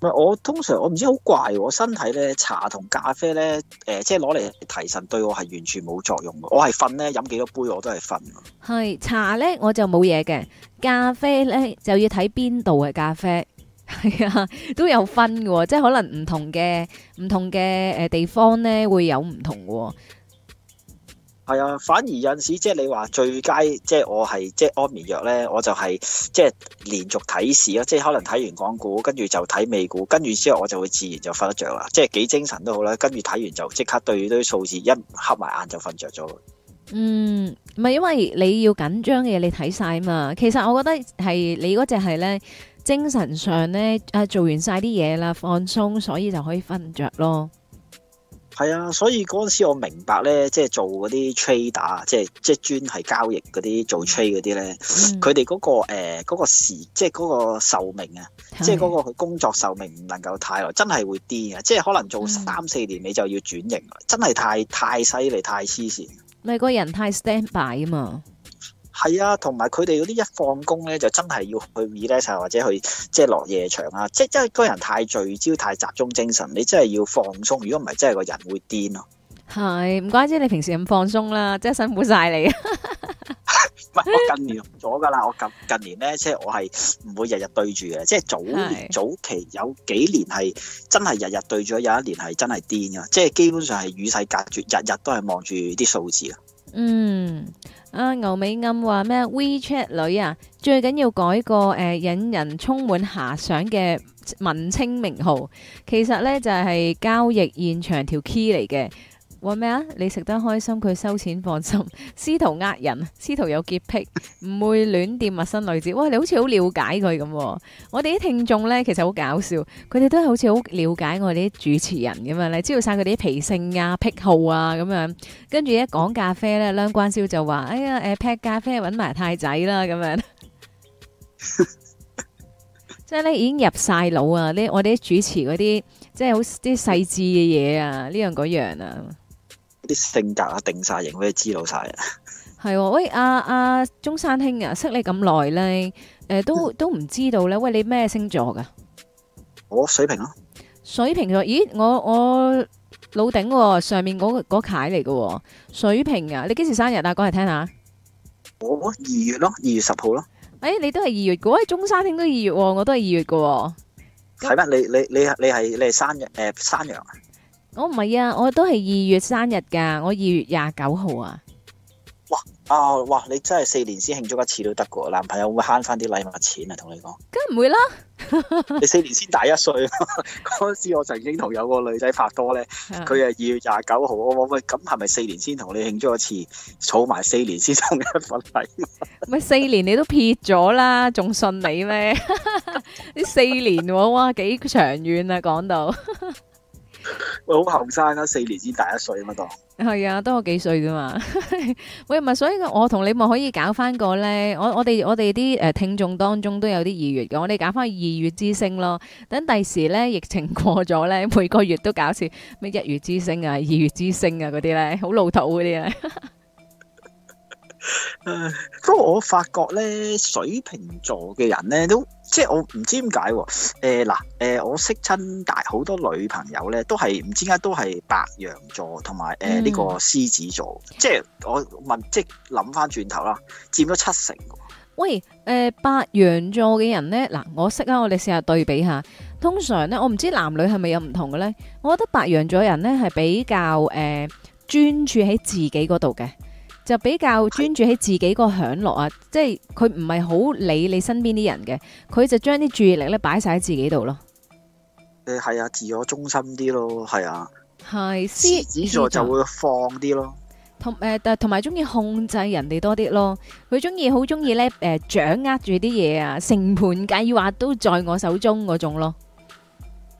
我通常我唔知，好怪喎，我身體咧，茶同咖啡咧，誒、呃、即係攞嚟提神對我係完全冇作用的，我係瞓咧，飲幾多杯我都係瞓。係茶咧我就冇嘢嘅，咖啡咧就要睇邊度嘅咖啡。係啊，都有分嘅，即係可能唔同嘅唔同嘅誒地方咧會有唔同的、哦。係啊，反而有時即係你話最佳，即係我係即係安眠藥咧，我就係、係、即係連續睇市咯，即係可能睇完港股，跟住就睇美股，跟住之後我就會自然就瞓得着啦，即係幾精神都好啦。跟住睇完就即刻對堆數字，一黑埋眼就瞓着咗。嗯，唔係因為你要緊張嘅嘢你睇曬嘛，其實我覺得係你嗰隻係咧精神上咧啊做完晒啲嘢啦，放鬆，所以就可以瞓着咯。係啊，所以嗰陣時我明白咧，即係做嗰啲 trader，即係即係專係交易嗰啲做 trader 嗰啲咧，佢哋嗰個誒、呃嗰個時，即係嗰個壽命啊、嗯，即係嗰個佢工作壽命唔能夠太耐，真係會癲啊。即係可能做三四年你就要轉型，嗯，真係太太犀利，太黐線，你個人太 standby 啊嘛。係啊，同埋佢哋嗰啲一放工咧，就真係要去 release 或者去即係落夜場啊！即係因為個人太聚焦、太集中精神，你真係要放鬆。如果唔係，真係個人會癲咯。係唔怪之，你平時咁放鬆啦，真係辛苦晒你。啊。 [LAUGHS] [LAUGHS] 唔係我近年咗噶啦，我近 [LAUGHS] 近年咧，即係我係唔會日日對住嘅。即係早是早期有幾年係真係日日對住，有一年係真係癲啊。即係基本上係與世隔絕，日日都係望住啲數字啊。嗯。啊！牛尾暗話咩？WeChat 女啊，最緊要改個誒、呃、引人充滿遐想嘅文青名號，其實呢，就係、是、交易現場條 key 嚟嘅。話咩啊？你食得開心，佢收錢放心。 [LAUGHS] 司徒呃人，司徒有潔癖，唔會亂掂陌生女子。哇，你好似好了解佢咁啊。我哋啲聽眾咧，其實好搞笑，佢哋都係好似好了解我哋啲主持人咁咧，你知道晒佢哋啲脾性啊、癖好啊咁樣。跟住一講咖啡咧，梁關燒就話：哎呀，誒、呃、劈咖啡搵埋太仔啦咁樣。 [LAUGHS] [LAUGHS] [LAUGHS] 即係咧，已經入晒腦啊！呢我哋啲主持嗰啲，即係好啲細緻嘅嘢啊，呢樣嗰樣啊。啲性格啊定晒型，我都知道晒啦。係、哦，喂阿阿、啊啊、中山兄啊，識你咁耐咧，誒、呃，都都唔知道咧。喂，你咩星座噶？我水瓶咯、啊。水瓶座，咦？我我老頂上面嗰嗰階嚟嘅，水瓶啊！你幾時生日啊？講嚟聽下。我二月咯，二月十號咯。誒、哎，你都係二月喂，中山兄都二月，我都係二月嘅。係咩？你你你你係你係山羊？誒、呃，山羊啊！我唔係啊，我都係二月生日噶，我二月廿九號啊。哇啊哇！你真係四年先慶祝一次都得噶，男朋友會慳翻啲禮物錢啊？同你講，梗唔會啦。 [LAUGHS] 你四年先大一歲，嗰陣時我曾經同有個女仔拍拖咧，佢係二月廿九號，我話喂，咁係咪四年先同你慶祝一次，儲埋四年先送一份禮？咪 [LAUGHS] 四年你都撇咗啦，仲信你咩？你 [LAUGHS] 四年哇幾長遠啊，講到。我好後生啊，四年先大一歲啊嘛，當係啊，多我幾歲噶嘛。 [LAUGHS] 喂，咪所以我同你咪可以搞翻個咧，我我哋我哋啲誒聽眾當中都有啲二月嘅，我哋搞翻二月之星咯。等第時咧，疫情過咗咧，每個月都搞次咩一月之星啊，二月之星啊，嗰啲咧，好老土嗰啲咧。誒、 [LAUGHS] [LAUGHS] 呃，不過我發覺咧，水瓶座嘅人咧都。即係我唔知點解，誒、呃、嗱，誒、呃、我識親大好多女朋友咧，都係唔知點解都係白羊座同埋誒呢個獅子座，嗯、即係我問，即係諗翻轉頭啦，佔咗七成。喂，誒、呃、白羊座嘅人咧，嗱我識啊，我哋試下對比下，通常咧我唔知男女係咪有唔同嘅咧，我覺得白羊座的人咧係比較誒專、呃、注喺自己嗰度嘅。就比較專注喺自己個享樂啊，是的 即係佢唔係好理你身邊啲人嘅，佢就將啲注意力咧擺晒喺自己度咯。誒，係啊，自我中心啲咯，係啊，係獅子座就會放啲咯，同誒，同埋中意控制人哋多啲咯，佢中意好中意咧誒，掌握住啲嘢啊，成盤計劃都在我手中嗰種咯。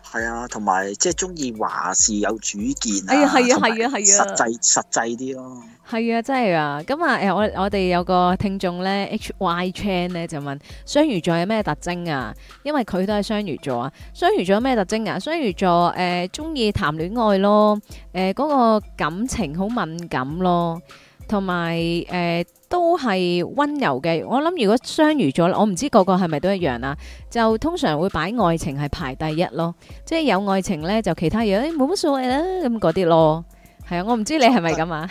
係啊，同埋即係中意話事有主見啊，係啊係啊係啊，的實際實際啲咯。係啊，真係啊！咁啊，誒，我我哋有個聽眾咧，H Y Chan 咧就問：雙魚座有咩特徵啊？因為佢都係雙魚座啊。雙魚座有咩特徵啊？雙魚座誒，中意談戀愛咯，誒、呃，嗰、那個感情好敏感咯，同埋誒都係温柔嘅。我諗如果雙魚座，我唔知個個係咪都一樣啊，就通常會擺愛情係排第一咯，即係有愛情咧就其他嘢冇乜所謂啦，咁嗰啲咯。係、嗯、啊，我唔知你係咪咁啊。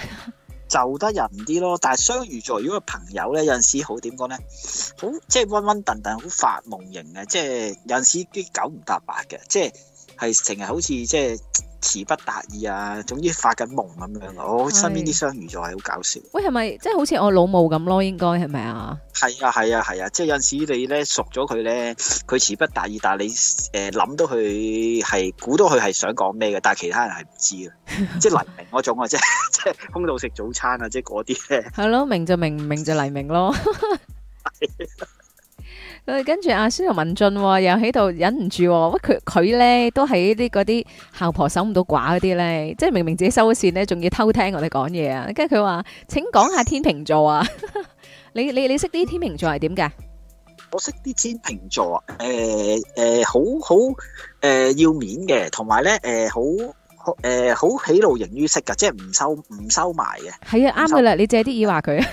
就得人啲咯，但係雙魚座如果個朋友咧，有陣時好點講咧，好即係溫溫燉燉，好、就是、發夢型嘅，即係有陣時啲狗唔搭白嘅，即係係成日好似即係。詞不達意啊，總之發緊夢咁樣咯。我身邊啲雙魚座係好搞笑。喂，係咪即係好似我老母咁咯？應該係咪啊？係啊係啊係啊，即係有陣時你咧熟咗佢咧，佢詞不達意，但係你誒諗、呃、到佢係，估到佢係想講咩嘅，但係其他人係唔知嘅，即係黎明嗰種啊，即係即係空度食早餐啊，即係嗰啲咧。係咯、啊，明就明，唔明就黎明咯。 [LAUGHS] 誒，跟住阿司徒文進又喺度忍唔住，乜佢佢咧都係一啲嗰啲姣婆守唔到寡嗰啲咧，即係明明自己收線咧，仲要偷聽我哋講嘢啊！跟住佢話，請講下天秤座啊！你你你識啲天秤座係點嘅？我識啲天秤座，誒誒，好好誒要面嘅，同埋咧誒好誒好喜怒形於色噶，即係唔收唔收埋嘅。係啊，啱噶啦，你借啲嘢話佢。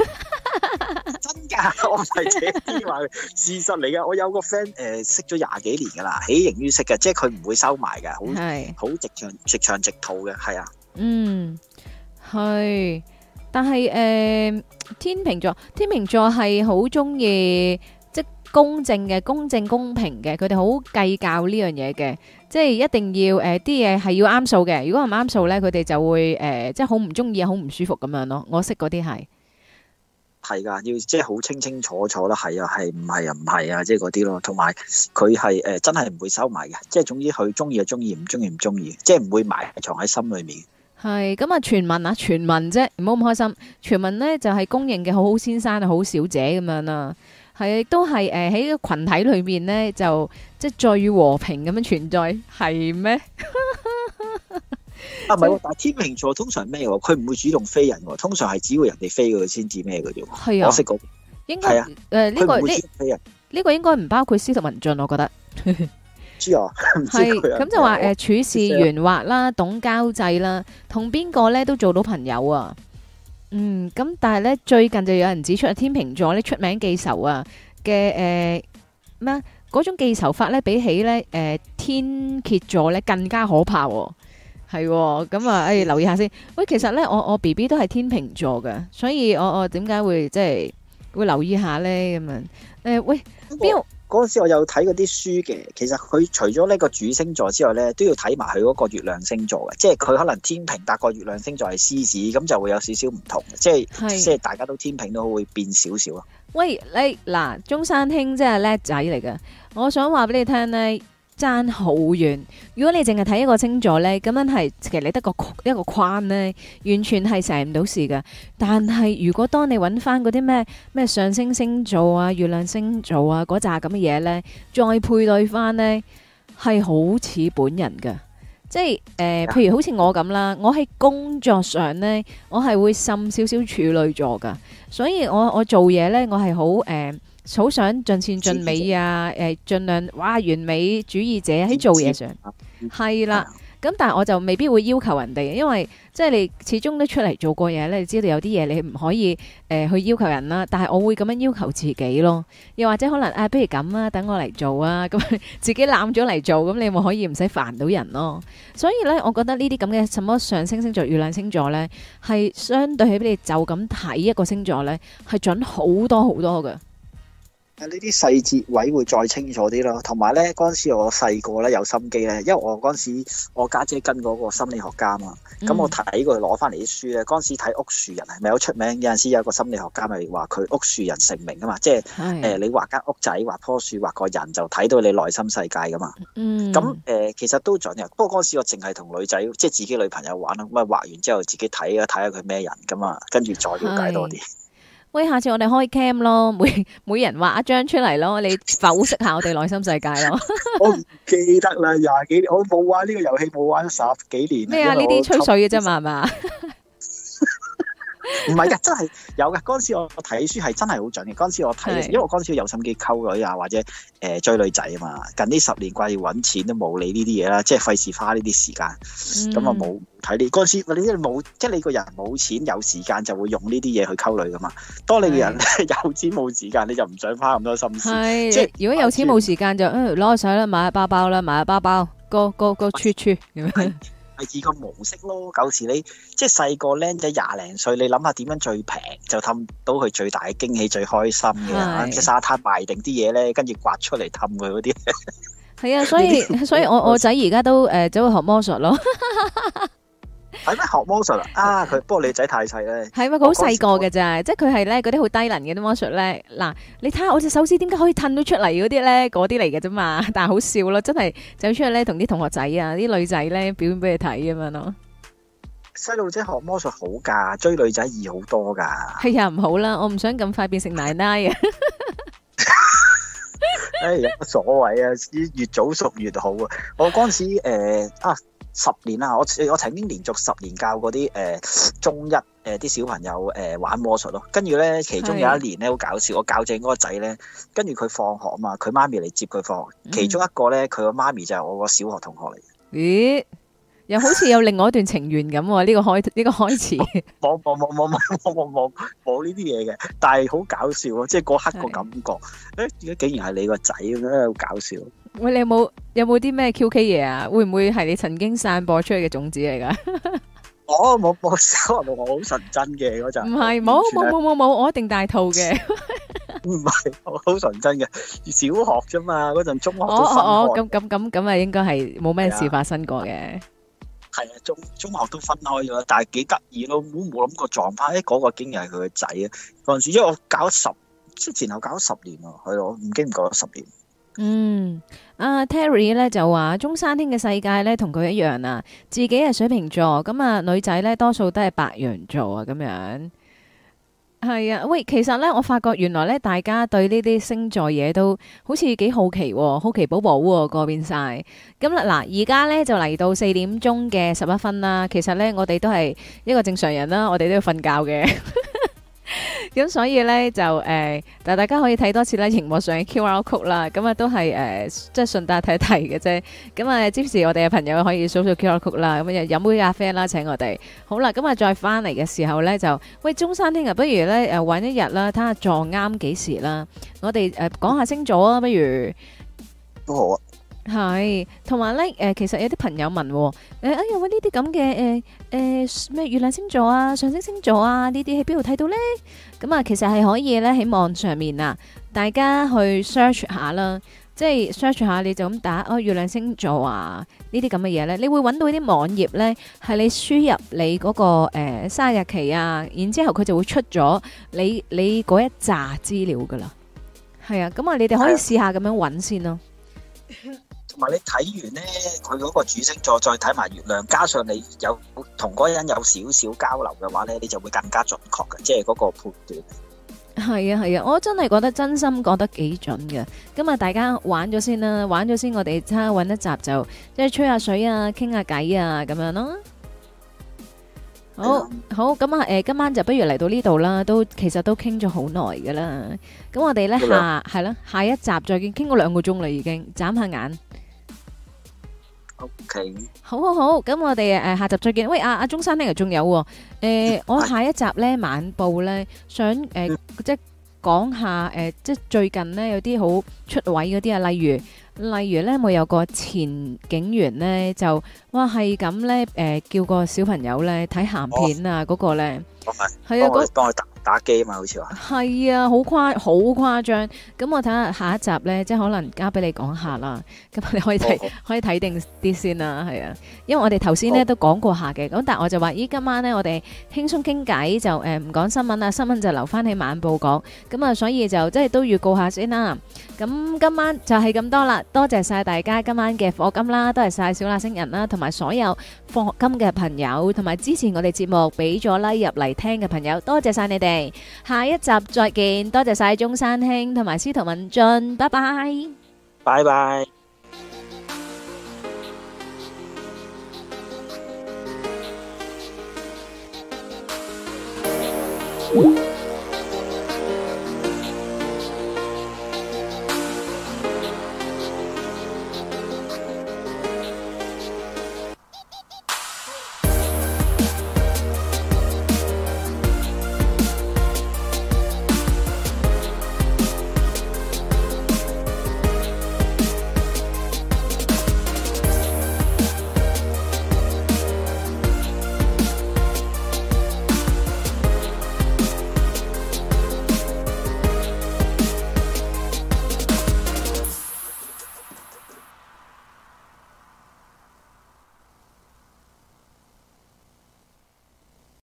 我係扯啲話事實嚟嘅，我有個 friend 誒，識咗廿幾年噶啦，喜形於色嘅，即係佢唔會收埋噶，好好直腸直腸直肚嘅，係啊，嗯係，但係誒天秤座，天秤座係好中意即係公正嘅，公正公平嘅，佢哋好計較呢樣嘢嘅，即係一定要誒啲嘢係要啱數嘅，如果唔啱數咧，佢哋就會誒即係好唔中意，好唔舒服咁樣咯。我識嗰啲係。係噶，要即係好清清楚楚啦。係啊，係唔係啊，唔係啊，即係嗰啲咯。同埋佢係誒，真係唔會收埋嘅。即係總之，佢中意就中意，唔中意唔中意，即係唔會埋藏喺心裏面。係咁啊，傳聞啊，傳聞啫，唔好咁開心。傳聞呢，就係、是、公認嘅好好先生啊，好小姐咁樣啦。係都係誒，喺個群體裏面呢，就即係最和平咁樣存在，係咩？ [LAUGHS] 啊，唔係，但係天秤座通常咩？佢唔會主動飛人，通常係只會人哋飛佢先至咩嘅啫。係啊，我識嗰啲係啊。誒，呢、呃這個呢個應該唔包括司徒文進，我覺得 [LAUGHS] 不知啊。係咁就話誒、呃，處事圓滑啦，懂交際啦，同邊個咧都做到朋友啊。嗯，咁但係咧最近就有人指出，天秤座咧出名記仇啊嘅誒咩嗰種記仇法咧，比起咧誒、呃、天蠍座咧更加可怕，啊。係咁啊！誒、哦哎，留意下先。喂，其實咧，我我 B B 都係天秤座嘅，所以我我點解會即係會留意下咧？咁啊，誒，喂，嗰陣我有時我有睇嗰啲書嘅，其實佢除咗呢個主星座之外咧，都要睇埋佢嗰個月亮星座嘅，即係佢可能天秤搭個月亮星座係獅子，咁就會有少少唔同，即係是即係大家都天秤都會變少少咯。喂，你嗱，中山兄即係叻仔嚟嘅，我想話俾你聽咧。爭好遠，如果你淨係睇一個星座呢，咁樣係，其實你得個一個框呢，完全係成唔到事噶。但係如果當你揾翻嗰啲咩咩上升星、星座啊、月亮星座啊嗰扎咁嘅嘢呢，再配對翻呢，係好似本人噶。即係誒、呃，譬如好似我咁啦，我喺工作上呢，我係會滲少少處女座噶，所以我我做嘢呢，我係好誒。呃好想盡善盡美啊！誒、哎，盡量哇，完美主義者喺做嘢上係啦。咁但係我就未必會要求人哋，因為即係你始終都出嚟做過嘢咧，你知道有啲嘢你唔可以誒、呃、去要求人啦。但係我會咁樣要求自己咯。又或者可能誒、哎，不如咁啊，等我嚟做啊，咁自己攬咗嚟做，咁你咪可以唔使煩到人咯。所以咧，我覺得呢啲咁嘅什麼上升星座、月亮星座咧，係相對起俾你就咁睇一個星座咧，係準好多好多㗎。啊！呢啲細節位會再清楚啲咯，同埋咧嗰陣時我細個咧有心機咧，因為我嗰陣時我家姐，姐跟嗰個心理學家嘛，咁我睇過攞翻嚟啲書咧，嗰、嗯、陣時睇屋樹人係咪好出名？有陣時有一個心理學家咪話佢屋樹人成名啊嘛，即係是、呃、你畫間屋仔、畫棵樹、畫個人就睇到你內心世界㗎嘛。咁、嗯呃、其實都準啊。不過嗰陣時我淨係同女仔，即係自己女朋友玩咯。咁啊畫完之後自己睇啊，睇下佢咩人㗎嘛，跟住再了解多啲。喂，下次我哋開 cam 咯，每每人畫一張出嚟咯，你剖析下我哋內心世界咯。 [LAUGHS] 我唔記得啦，廿幾年，我冇玩呢個遊戲，冇玩十幾年。咩呀？因為呢啲吹水嘅啫嘛，係嘛水。 [LAUGHS] 唔係噶，真係有嘅。嗰陣時我睇書係真係好準嘅。嗰陣時我睇，是因為我嗰陣時有心機溝女啊，或者誒、呃、追女仔啊嘛。近呢十年掛要搵錢都冇理呢啲嘢啦，即係費事花呢啲時間。咁啊冇睇你。嗰陣時你冇，即係你個人冇錢有時間就會用呢啲嘢去溝女噶嘛。當你個人是 [LAUGHS] 有錢冇時間，你就唔想花咁多心思。是即係是，如果有錢冇時間就，攞個相啦，買下包包啦，買下包包，go go g 咁樣。 [LAUGHS] [LAUGHS] 係自個模式咯，舊時你即係細個僆仔廿零歲，你諗下點樣最平就氹到佢最大嘅驚喜最開心嘅，即係的沙灘埋定啲嘢咧，跟住刮出嚟氹佢嗰啲。係啊，所以 [LAUGHS] 所以我我仔而家都誒走去學魔術咯。 [LAUGHS] 係咩學魔術啊？啊，佢 [LAUGHS] 不過女仔太細咧。係咪佢好細個嘅咋，他很即係佢係咧嗰啲好低能嘅啲魔術咧。嗱，你睇下我隻手指點解可以褪到出嚟嗰啲咧？嗰啲嚟嘅啫嘛。但係好笑咯，真係走出去咧，同啲同學仔啊，啲女仔咧表演俾你睇咁樣咯。細路仔學魔術好噶，追女仔易好多噶。係啊，唔好啦，我唔想咁快變成奶奶啊。 [LAUGHS] [LAUGHS] 哎呀，冇所謂啊，越早熟越好，呃、啊。我嗰陣時誒啊。十年啦，我我曾經連續十年教嗰啲誒中一誒啲、呃、小朋友誒、呃、玩魔術咯。跟住咧，其中有一年咧好的搞笑，我教正嗰個仔咧，跟住佢放學啊嘛，佢媽咪嚟接佢放學。其中一個咧，佢個媽咪就係我個小學同學嚟。嘅、嗯。咦、欸？又好似有另外一段情緣咁喎，呢 [LAUGHS] 個開呢、呢個開始。冇冇冇冇冇冇冇冇呢啲嘢嘅，但係好搞笑咯，即係嗰刻個感覺。誒的，而家竟然係你個仔咁樣？好搞笑。喂，你有冇有冇啲咩 QK 嘢啊？會唔會係你曾經散播出去嘅種子嚟㗎？我冇播，小學同我好純真嘅嗰陣。唔係，冇冇冇冇冇，我一定戴套嘅。唔係，我好純真嘅，小學啫嘛，嗰陣中學就。哦哦哦，咁咁咁咁啊，應該係冇咩事發生過嘅。係啊，中中學都分開咗，但係幾得意咯，冇冇諗過撞翻。誒，嗰個竟然係佢個仔嗰陣時，因為我搞十即係前後搞咗十年啊，係咯，唔經唔覺咗十年。嗯，阿、uh, Terry 咧就話中山天嘅世界咧同佢一樣啊。自己係水瓶座，咁啊女仔咧多數都係白羊座啊，咁樣係啊。喂，其實咧我發覺原來咧大家對呢啲星座嘢都好似幾好奇，啊，好奇寶寶個邊晒。咁啦嗱，而家咧就嚟到四點鐘嘅十一分啦。其實咧我哋都係一個正常人啦，我哋都要瞓覺嘅。 [LAUGHS] 咁所以咧就，誒，但係大家可以睇多次咧熒幕上嘅 QR Code 啦，咁啊都係誒，即係順帶睇睇嘅啫。咁啊，支持我哋嘅朋友可以數數 QR Code 啦，咁啊飲杯咖啡啦，請我哋。好啦，咁啊再翻嚟嘅時候咧就，喂，中山兄啊，不如咧誒搵一日啦，睇下撞啱幾時啦。我哋誒講下星座啊，不如都好啊。係，同埋咧，誒、呃，其實有啲朋友問、哦，誒，哎呀，我呢啲咁嘅，誒、呃，誒，咩月亮星座啊，上升星，星座啊，看到呢啲喺邊度睇到咧？咁、嗯、啊，其實係可以咧喺網上面啊，大家去 search 下啦，即係 search 下，你就咁打，哦，月亮星座啊，呢啲咁嘅嘢咧，你會搵到啲網頁咧，係你輸入你嗰、那個，誒、呃，生日期啊，然之後佢就會出咗你你嗰一紮資料噶啦。係啊，咁、嗯、啊，你哋可以試下咁樣搵先咯。 [LAUGHS] 同埋你睇完呢，佢嗰個主星座再睇埋月亮，加上你有同嗰個人有少少交流嘅話呢，你就會更加準確嘅，即係嗰個判斷。係啊係啊，我真係覺得真心覺得幾準嘅。咁啊，大家玩咗先啦，玩咗先，我哋差揾一集就即係吹下水啊，傾下偈啊，咁樣咯。好，好，咁啊，誒，今晚就不如嚟到呢度啦。都其實都傾咗好耐嘅啦。咁我哋呢下係咯，下一集再見。傾咗兩個鐘啦，已經眨下眼。OK，好好好，咁我哋誒下集再見。喂，阿、啊、阿中山呢仲有誒、欸，我下一集咧唉晚報咧想誒、呃嗯呃，即係講下誒，即係最近咧有啲好出位嗰啲啊，例如例如咧，我有個前警員咧就哇係咁咧誒，叫個小朋友咧睇鹹片啊，嗰、oh. 個咧係啊，打機啊嘛，好似話係啊，好誇好誇張。咁我睇下下一集呢，即係可能交俾你講下啦。咁你可以睇、oh. 可以睇定啲先啦、啊，係啊。因為我哋頭先呢、oh. 都講過下嘅，咁但係我就話，咦，今晚呢我哋輕鬆傾偈就誒唔講新聞啊，新聞就留翻喺晚報講。咁啊，所以就即係都預告下先啦。咁今晚就係咁多啦，多謝晒大家今晚嘅課金啦，多謝晒小辣星人啦，同埋所有課金嘅朋友，同埋支持我哋節目俾咗 like 入嚟聽嘅朋友，多謝晒你哋。下一集再見。多謝晒中山兄同埋司徒文進，拜拜，拜拜。